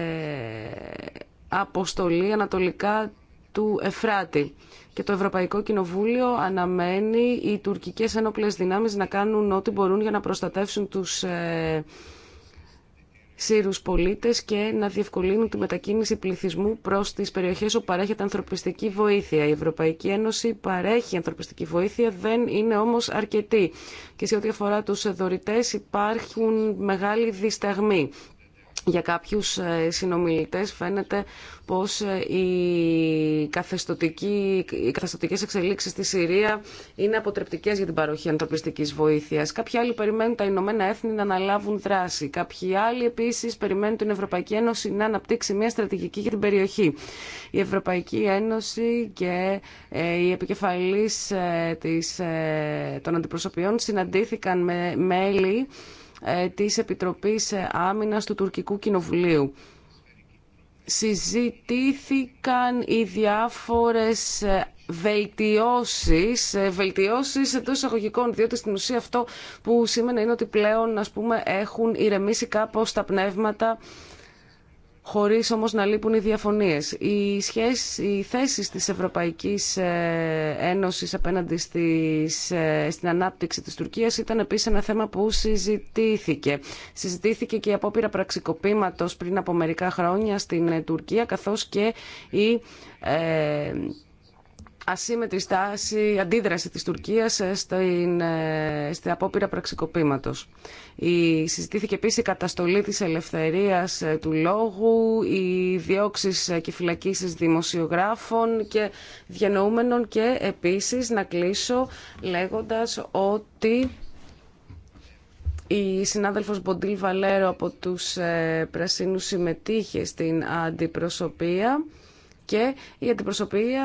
Speaker 1: αποστολή ανατολικά του Εφράτη. Και το Ευρωπαϊκό Κοινοβούλιο αναμένει οι τουρκικές ενόπλες δυνάμεις να κάνουν ό,τι μπορούν για να προστατεύσουν τους σύρους πολίτες και να διευκολύνουν τη μετακίνηση πληθυσμού προς τις περιοχές όπου παρέχεται ανθρωπιστική βοήθεια. Η Ευρωπαϊκή Ένωση παρέχει ανθρωπιστική βοήθεια, δεν είναι όμως αρκετή. Και σε ό,τι αφορά τους δωρητές υπάρχουν μεγάλοι δισταγμοί για κάποιους ε, συνομιλητές φαίνεται πως ε, οι, καθεστοτικέ εξελίξει καθεστοτικές εξελίξεις στη Συρία είναι αποτρεπτικές για την παροχή ανθρωπιστικής βοήθειας. Κάποιοι άλλοι περιμένουν τα Ηνωμένα Έθνη να αναλάβουν δράση. Κάποιοι άλλοι επίσης περιμένουν την Ευρωπαϊκή Ένωση να αναπτύξει μια στρατηγική για την περιοχή. Η Ευρωπαϊκή Ένωση και ε, οι επικεφαλής των αντιπροσωπιών συναντήθηκαν με μέλη ε, της Επιτροπής Άμυνας του Τουρκικού Κοινοβουλίου. Συζητήθηκαν οι διάφορες ε, βελτιώσεις, ε, βελτιώσεις εντός εισαγωγικών, διότι στην ουσία αυτό που σήμαινε είναι ότι πλέον ας πούμε, έχουν ηρεμήσει κάπως τα πνεύματα χωρίς όμως να λείπουν οι διαφωνίες. Οι, σχέσεις, οι θέσεις της Ευρωπαϊκής ε, Ένωσης απέναντι στις, ε, στην ανάπτυξη της Τουρκίας ήταν επίσης ένα θέμα που συζητήθηκε. Συζητήθηκε και η απόπειρα πραξικοπήματος πριν από μερικά χρόνια στην ε, Τουρκία καθώς και η ασύμετρη στάση, αντίδραση της Τουρκίας ε, στην, ε, στην απόπειρα πραξικοπήματος. Η, συζητήθηκε επίσης η καταστολή της ελευθερίας ε, του λόγου, οι διώξεις και φυλακίσεις δημοσιογράφων και διανοούμενων και επίσης να κλείσω λέγοντας ότι η συνάδελφος Μποντήλ Βαλέρο από τους Πρασίνους συμμετείχε στην αντιπροσωπεία και η αντιπροσωπεία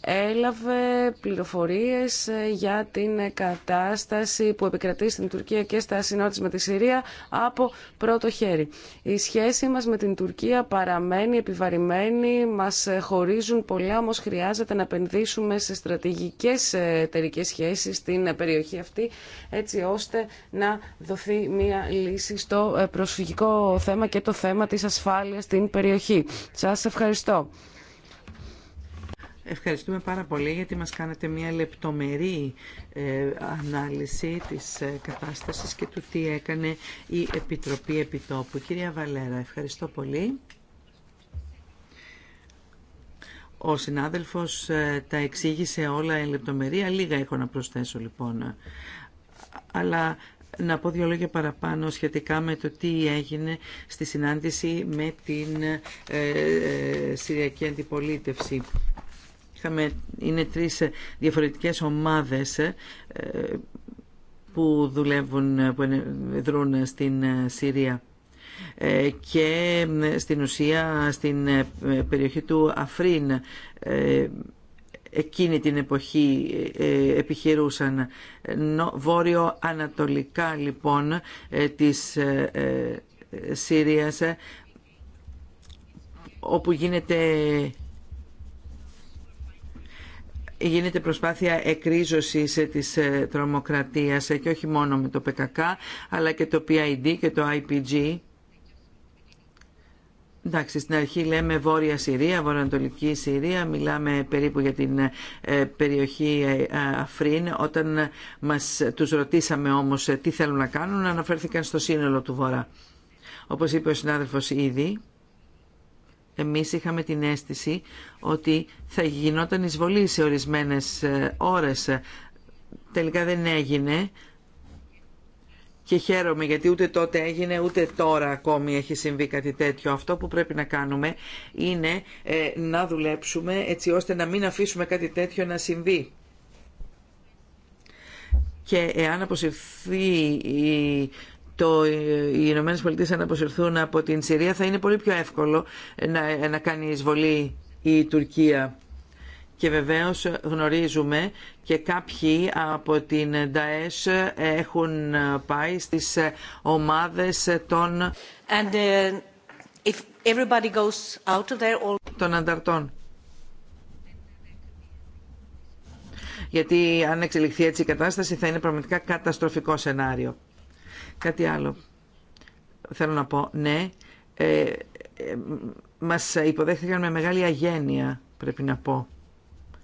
Speaker 1: έλαβε πληροφορίες ε, για την κατάσταση που επικρατεί στην Τουρκία και στα σύνορά με τη Συρία από πρώτο χέρι. Η σχέση μας με την Τουρκία παραμένει επιβαρημένη, μας χωρίζουν πολλά, όμως χρειάζεται να επενδύσουμε σε στρατηγικές ε, εταιρικέ σχέσεις στην ε, περιοχή αυτή, έτσι ώστε να δοθεί μία λύση στο προσφυγικό θέμα και το θέμα της ασφάλειας στην περιοχή. Σας
Speaker 3: ευχαριστώ. Ευχαριστούμε πάρα πολύ γιατί μας κάνατε μια λεπτομερή ε, ανάλυση της ε, κατάστασης και του τι έκανε η Επιτροπή Επιτόπου. Κυρία Βαλέρα, ευχαριστώ πολύ. Ο συνάδελφος ε, τα εξήγησε όλα εν λεπτομερία. Λίγα έχω να προσθέσω λοιπόν. Αλλά να πω δύο λόγια παραπάνω σχετικά με το τι έγινε στη συνάντηση με την Συριακή Αντιπολίτευση Είχαμε, είναι τρεις ε, διαφορετικές ομάδες ε, που δουλεύουν, που δρούν στην ε, Συρία και στην ουσία στην περιοχή του Αφρίν εκείνη την εποχή επιχειρούσαν βόρειο ανατολικά λοιπόν της Συρίας όπου γίνεται γίνεται προσπάθεια εκρίζωσης ε, της ε, τρομοκρατίας ε, και όχι μόνο με το ΠΚΚ αλλά και το PID και το IPG. Εντάξει, στην αρχή λέμε Βόρεια Συρία, Βορειοανατολική Συρία, μιλάμε περίπου για την περιοχή Αφρίν. Όταν μας, τους ρωτήσαμε όμως τι θέλουν να κάνουν, αναφέρθηκαν στο σύνολο του Βορρά. Όπως είπε ο συνάδελφος ήδη, εμείς είχαμε την αίσθηση ότι θα γινόταν εισβολή σε ορισμένες ε, ώρες. Τελικά δεν έγινε και χαίρομαι γιατί ούτε τότε έγινε ούτε τώρα ακόμη έχει συμβεί κάτι τέτοιο. Αυτό που πρέπει να κάνουμε είναι ε, να δουλέψουμε έτσι ώστε να μην αφήσουμε κάτι τέτοιο να συμβεί και εάν αποσυρθεί η το, οι Ηνωμένες Πολιτείες αν αποσυρθούν από την Συρία θα είναι πολύ πιο εύκολο να, κάνει εισβολή η Τουρκία. Και βεβαίως γνωρίζουμε και κάποιοι από την ΝΤΑΕΣ έχουν πάει στις ομάδες των, And, uh, there, all... των ανταρτών. Γιατί αν εξελιχθεί έτσι η κατάσταση θα είναι πραγματικά καταστροφικό σενάριο. Κάτι άλλο. Θέλω να πω, ναι, ε, ε, μας υποδέχθηκαν με μεγάλη αγένεια, πρέπει να πω.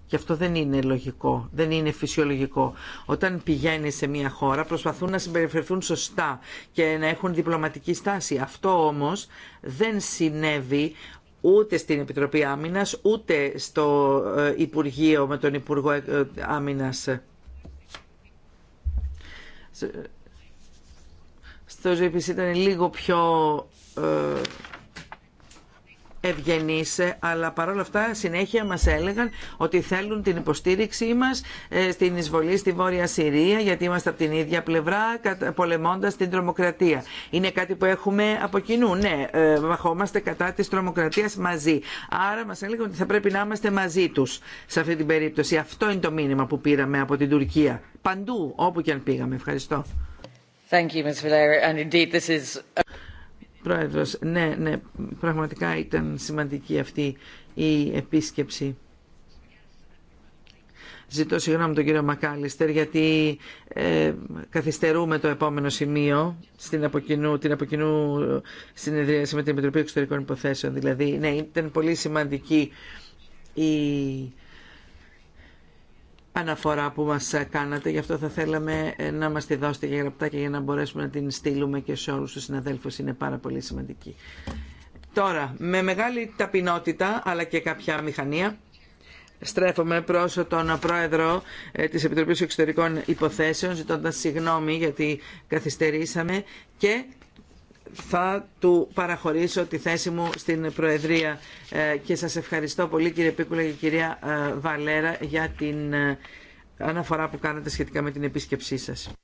Speaker 3: Και αυτό δεν είναι λογικό, δεν είναι φυσιολογικό. Όταν πηγαίνει σε μια χώρα προσπαθούν να συμπεριφερθούν σωστά και να έχουν διπλωματική στάση. Αυτό όμως δεν συνέβη ούτε στην Επιτροπή Άμυνας, ούτε στο ε, Υπουργείο με τον Υπουργό ε, Άμυνας στο ΖΕΠΙΣ ήταν λίγο πιο ε, ευγενείς, αλλά παρόλα αυτά συνέχεια μας έλεγαν ότι θέλουν την υποστήριξή μας ε, στην εισβολή στη Βόρεια Συρία, γιατί είμαστε από την ίδια πλευρά, πολεμώντας την τρομοκρατία. Είναι κάτι που έχουμε από κοινού. Ναι, βαχόμαστε ε, κατά της τρομοκρατίας μαζί. Άρα μας έλεγαν ότι θα πρέπει να είμαστε μαζί τους σε αυτή την περίπτωση. Αυτό είναι το μήνυμα που πήραμε από την Τουρκία. Παντού, όπου και αν πήγαμε. Ευχαριστώ. Thank Πρόεδρος, ναι, ναι, πραγματικά ήταν σημαντική αυτή η επίσκεψη. Ζητώ συγγνώμη τον κύριο Μακάλιστερ γιατί ε, καθυστερούμε το επόμενο σημείο στην αποκοινού, την αποκοινού συνεδρίαση με την Επιτροπή Εξωτερικών Υποθέσεων. Δηλαδή, ναι, ήταν πολύ σημαντική η αναφορά που μας κάνατε. Γι' αυτό θα θέλαμε ε, να μας τη δώσετε για γραπτά και για να μπορέσουμε να την στείλουμε και σε όλους τους συναδέλφους. Είναι πάρα πολύ σημαντική. Τώρα, με μεγάλη ταπεινότητα αλλά και κάποια μηχανία, στρέφομαι προς τον Πρόεδρο ε, της Επιτροπής Εξωτερικών Υποθέσεων, ζητώντας συγγνώμη γιατί καθυστερήσαμε και θα του παραχωρήσω τη θέση μου στην Προεδρία ε, και σας ευχαριστώ πολύ κύριε Πίκουλα και κυρία ε, Βαλέρα για την ε, αναφορά που κάνατε σχετικά με την επίσκεψή σας.